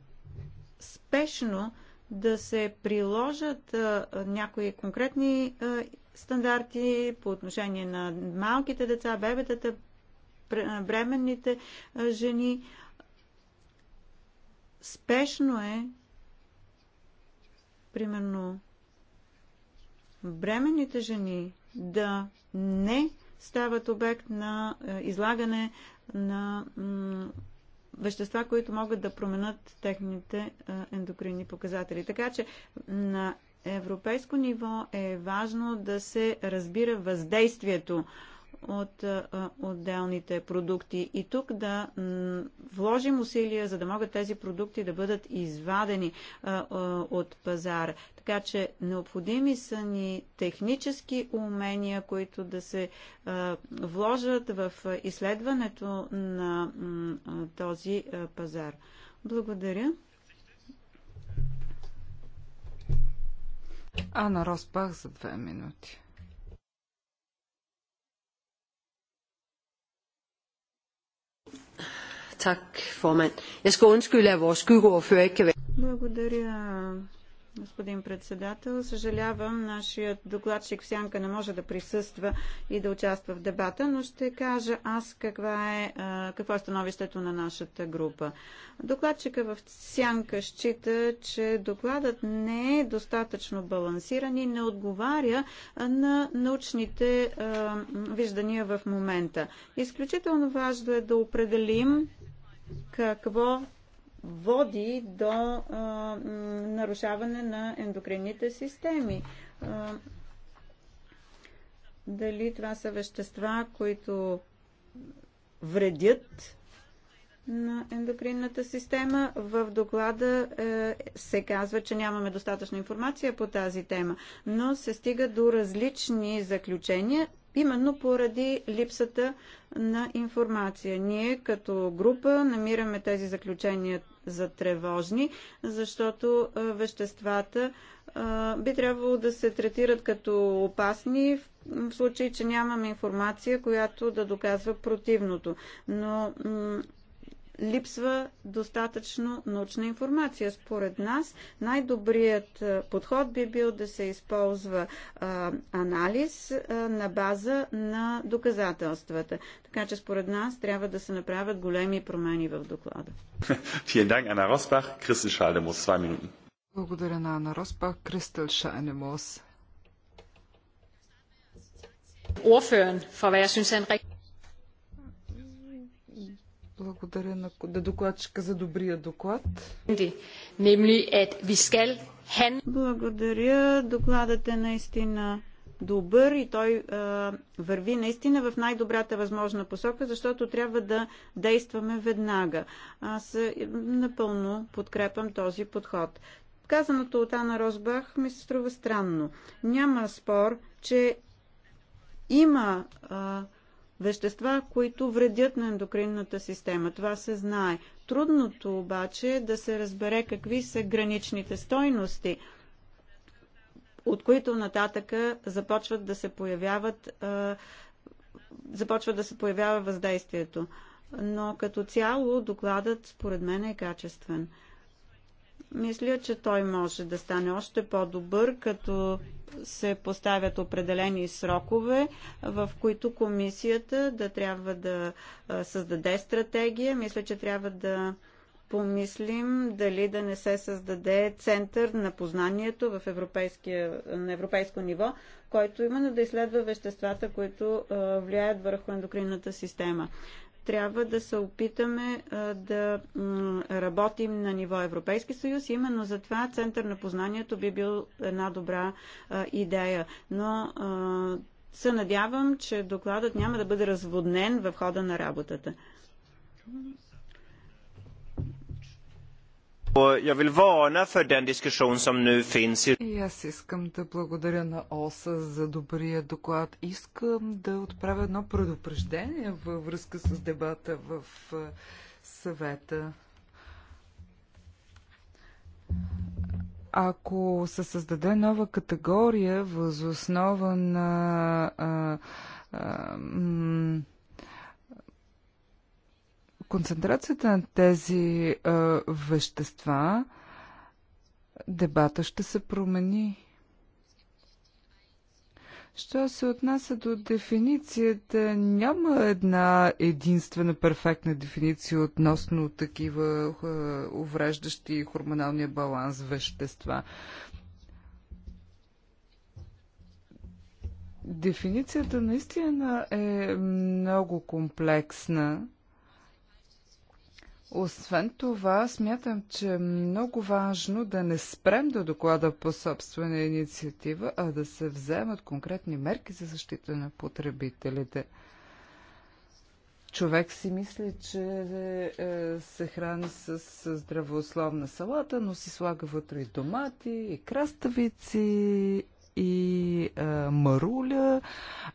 спешно да се приложат някои конкретни стандарти по отношение на малките деца, бебетата, бременните жени. Спешно е, примерно, бременните жени да не стават обект на излагане на вещества, които могат да променят техните ендокринни показатели. Така че на европейско ниво е важно да се разбира въздействието от отделните продукти. И тук да вложим усилия, за да могат тези продукти да бъдат извадени от пазара. Така че необходими са ни технически умения, които да се вложат в изследването на този пазар. Благодаря. Ана Роспах за две минути. tak, Благодаря, господин председател. Съжалявам, нашият докладчик в Сянка не може да присъства и да участва в дебата, но ще кажа аз каква е, какво е становището на нашата група. Докладчика в Сянка счита, че докладът не е достатъчно балансиран и не отговаря на научните виждания в момента. Изключително важно е да определим какво води до а, нарушаване на ендокринните системи. А, дали това са вещества, които вредят на ендокринната система. В доклада е, се казва, че нямаме достатъчно информация по тази тема, но се стига до различни заключения, именно поради липсата на информация. Ние като група намираме тези заключения за тревожни, защото веществата би трябвало да се третират като опасни в случай, че нямаме информация, която да доказва противното. Но липсва достатъчно научна информация. Според нас най-добрият подход би бил да се използва а, анализ а, на база на доказателствата. Така че според нас трябва да се направят големи промени в доклада. Благодаря на Ана Роспах. Кристал Шайнемос. Ordføreren for, hvad jeg synes er en rigtig благодаря на докладчика за добрия доклад. Благодаря. Докладът е наистина добър и той а, върви наистина в най-добрата възможна посока, защото трябва да действаме веднага. Аз напълно подкрепам този подход. Казаното от Ана Розбах ми се струва странно. Няма спор, че има а, вещества, които вредят на ендокринната система. Това се знае. Трудното обаче е да се разбере какви са граничните стойности, от които нататъка започват да се появяват започва да се появява въздействието. Но като цяло докладът според мен е качествен. Мисля, че той може да стане още по-добър, като се поставят определени срокове, в които комисията да трябва да създаде стратегия. Мисля, че трябва да помислим дали да не се създаде център на познанието в на европейско ниво, който именно да изследва веществата, които влияят върху ендокринната система трябва да се опитаме да работим на ниво Европейски съюз. Именно за това Център на познанието би бил една добра идея. Но се надявам, че докладът няма да бъде разводнен в хода на работата. И аз искам да благодаря на ОСА за добрия доклад. Искам да отправя едно предупреждение във връзка с дебата в съвета. Ако се създаде нова категория възоснова на а, а, концентрацията на тези а, вещества, дебата ще се промени. Що се отнася до дефиницията, няма една единствена перфектна дефиниция относно такива увреждащи хормоналния баланс вещества. Дефиницията наистина е много комплексна. Освен това, смятам, че е много важно да не спрем до доклада по собствена инициатива, а да се вземат конкретни мерки за защита на потребителите. Човек си мисли, че е, се храни с, с здравословна салата, но си слага вътре и домати, и краставици, и а, е, маруля,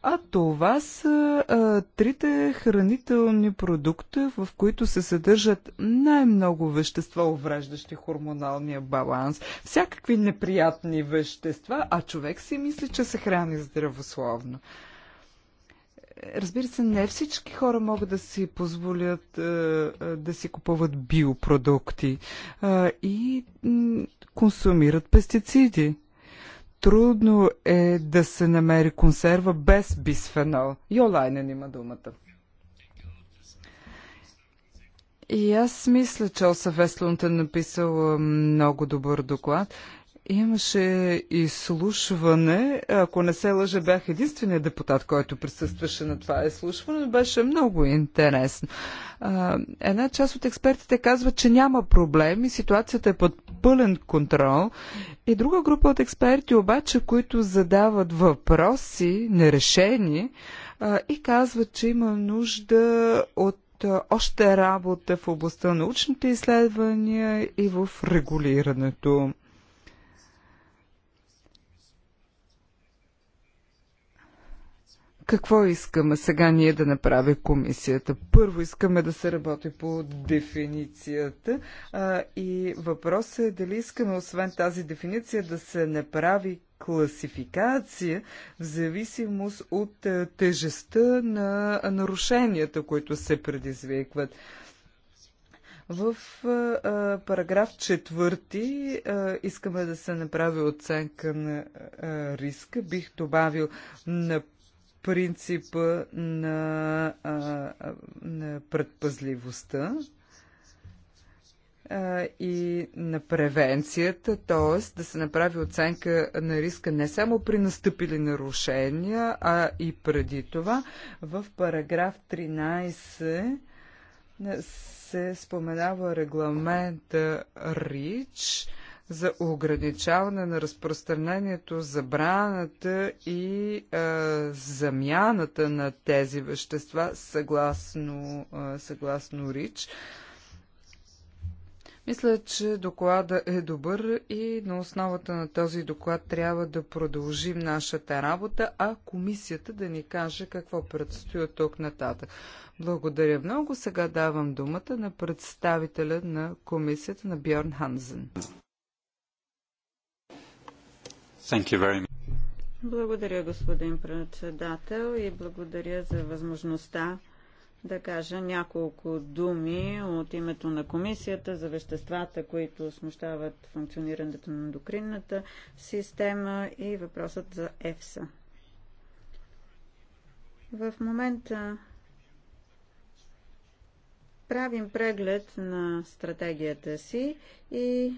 а това са а, е, трите хранителни продукта, в които се съдържат най-много вещества, увреждащи хормоналния баланс, всякакви неприятни вещества, а човек си мисли, че се храни здравословно. Разбира се, не всички хора могат да си позволят е, да си купуват биопродукти и консумират пестициди. Трудно е да се намери консерва без бисфенол. Йолайнен има думата. И аз мисля, че Оса Вестлунд е написал много добър доклад имаше изслушване. Ако не се лъжа, бях единствения депутат, който присъстваше на това изслушване. Беше много интересно. Една част от експертите казва, че няма проблем и ситуацията е под пълен контрол. И друга група от експерти обаче, които задават въпроси нерешени и казват, че има нужда от още работа в областта на научните изследвания и в регулирането. Какво искаме сега ние да направи комисията? Първо искаме да се работи по дефиницията а, и въпросът е дали искаме освен тази дефиниция да се направи класификация в зависимост от тежестта на нарушенията, които се предизвикват. В а, параграф 4 а, искаме да се направи оценка на а, риска. Бих добавил на принципа на, а, на предпазливостта а, и на превенцията, т.е. да се направи оценка на риска не само при настъпили нарушения, а и преди това. В параграф 13 се споменава регламент РИЧ, за ограничаване на разпространението, забраната и а, замяната на тези вещества съгласно, а, съгласно РИЧ. Мисля, че доклада е добър и на основата на този доклад трябва да продължим нашата работа, а комисията да ни каже какво предстои от тук нататък. Благодаря много. Сега давам думата на представителя на комисията на Бьорн Ханзен. Благодаря, господин председател, и благодаря за възможността да кажа няколко думи от името на комисията за веществата, които смущават функционирането на ендокринната система и въпросът за ЕФСА. В момента правим преглед на стратегията си и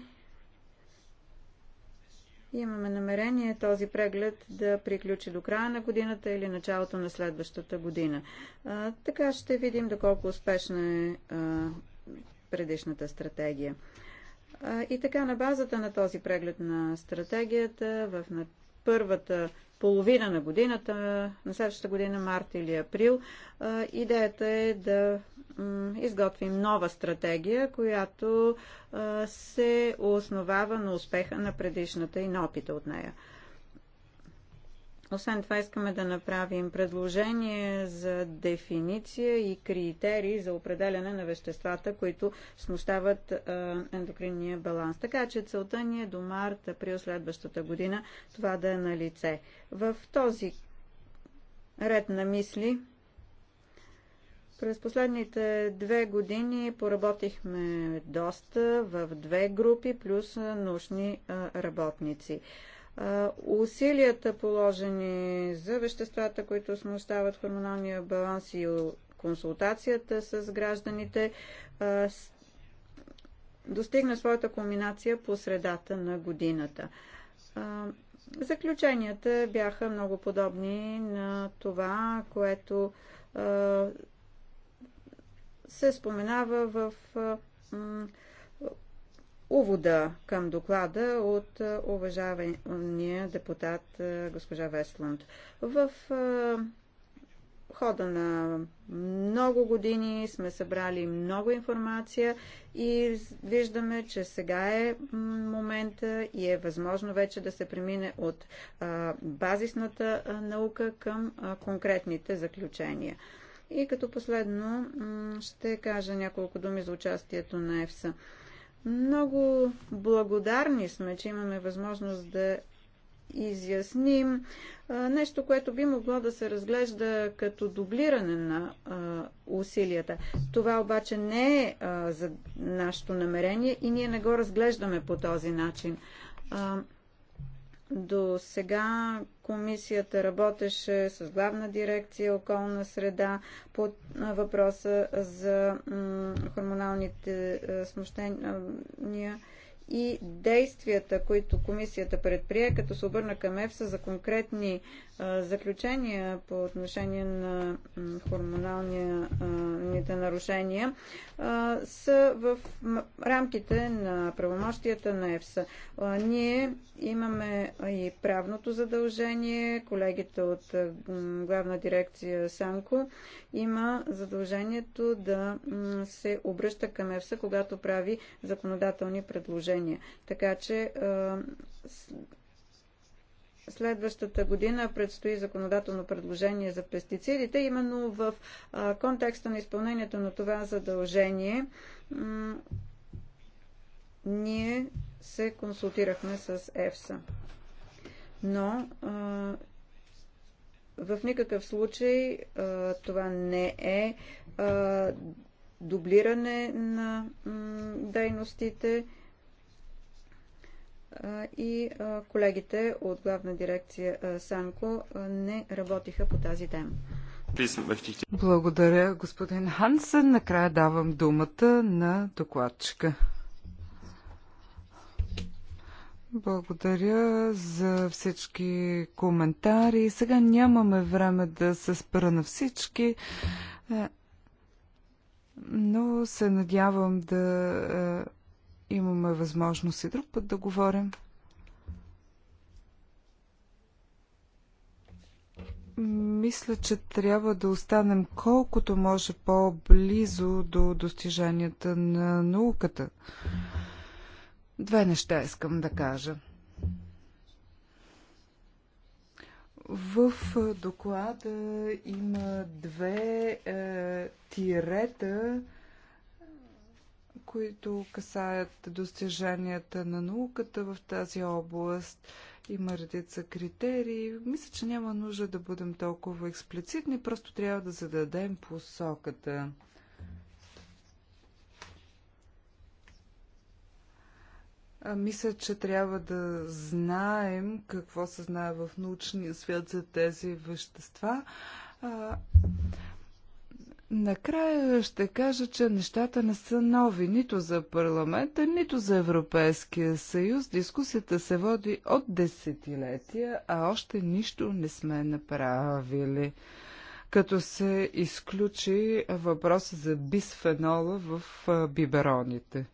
Имаме намерение този преглед да приключи до края на годината или началото на следващата година. А, така ще видим доколко успешна е а, предишната стратегия. И така, на базата на този преглед на стратегията, в първата половина на годината, на следващата година, март или април. Идеята е да изготвим нова стратегия, която се основава на успеха на предишната и на опита от нея. Освен това искаме да направим предложение за дефиниция и критерии за определяне на веществата, които смущават ендокринния баланс. Така че целта ни е до март, април следващата година това да е на лице. В този ред на мисли през последните две години поработихме доста в две групи плюс научни работници усилията положени за веществата, които смущават хормоналния баланс и консултацията с гражданите достигна своята кулминация по средата на годината. Заключенията бяха много подобни на това, което се споменава в увода към доклада от е, уважавания депутат е, госпожа Вестланд. В е, хода на много години сме събрали много информация и виждаме, че сега е момента и е възможно вече да се премине от базисната наука към конкретните заключения. И като последно ще кажа няколко думи за участието на ЕФСА. Много благодарни сме, че имаме възможност да изясним нещо, което би могло да се разглежда като дублиране на усилията. Това обаче не е за нашето намерение и ние не го разглеждаме по този начин. До сега комисията работеше с главна дирекция околна среда по въпроса за хормоналните е, смущения и действията, които комисията предприе, като се обърна към ЕФСА за конкретни заключения по отношение на хормоналните нарушения са в рамките на правомощията на ЕФСА. Ние имаме и правното задължение, колегите от главна дирекция Санко има задължението да се обръща към ЕФСА, когато прави законодателни предложения. Така че Следващата година предстои законодателно предложение за пестицидите. Именно в контекста на изпълнението на това задължение ние се консултирахме с ЕФСА. Но а, в никакъв случай а, това не е а, дублиране на дейностите и колегите от главна дирекция Санко не работиха по тази тема. Благодаря, господин Хансен. Накрая давам думата на докладчика. Благодаря за всички коментари. Сега нямаме време да се спра на всички, е, но се надявам да е, имаме възможност и друг път да говорим. Мисля, че трябва да останем колкото може по-близо до достиженията на науката. Две неща искам да кажа. В доклада има две е, тирета, които касаят достиженията на науката в тази област. Има редица критерии. Мисля, че няма нужда да бъдем толкова експлицитни, просто трябва да зададем посоката. Мисля, че трябва да знаем какво се знае в научния свят за тези вещества. Накрая ще кажа, че нещата не са нови нито за парламента, нито за Европейския съюз. Дискусията се води от десетилетия, а още нищо не сме направили. Като се изключи въпроса за бисфенола в бибероните.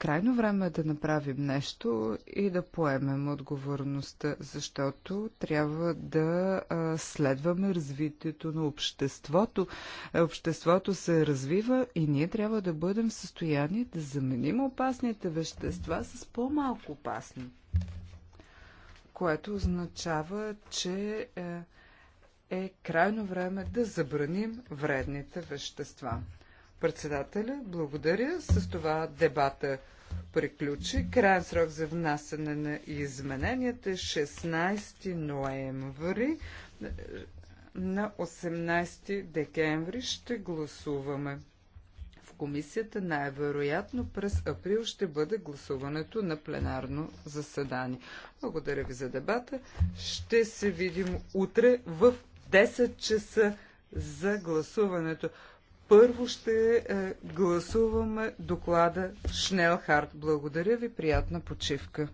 Крайно време е да направим нещо и да поемем отговорността, защото трябва да следваме развитието на обществото. Обществото се развива и ние трябва да бъдем в състояние да заменим опасните вещества с по-малко опасни. Което означава, че е, е крайно време да забраним вредните вещества. Председателя, благодаря. С това дебата приключи. Крайен срок за внасяне на измененията е 16 ноември. На 18 декември ще гласуваме. В комисията най-вероятно през април ще бъде гласуването на пленарно заседание. Благодаря ви за дебата. Ще се видим утре в 10 часа за гласуването. Първо ще е, гласуваме доклада Шнелхарт. Благодаря ви, приятна почивка.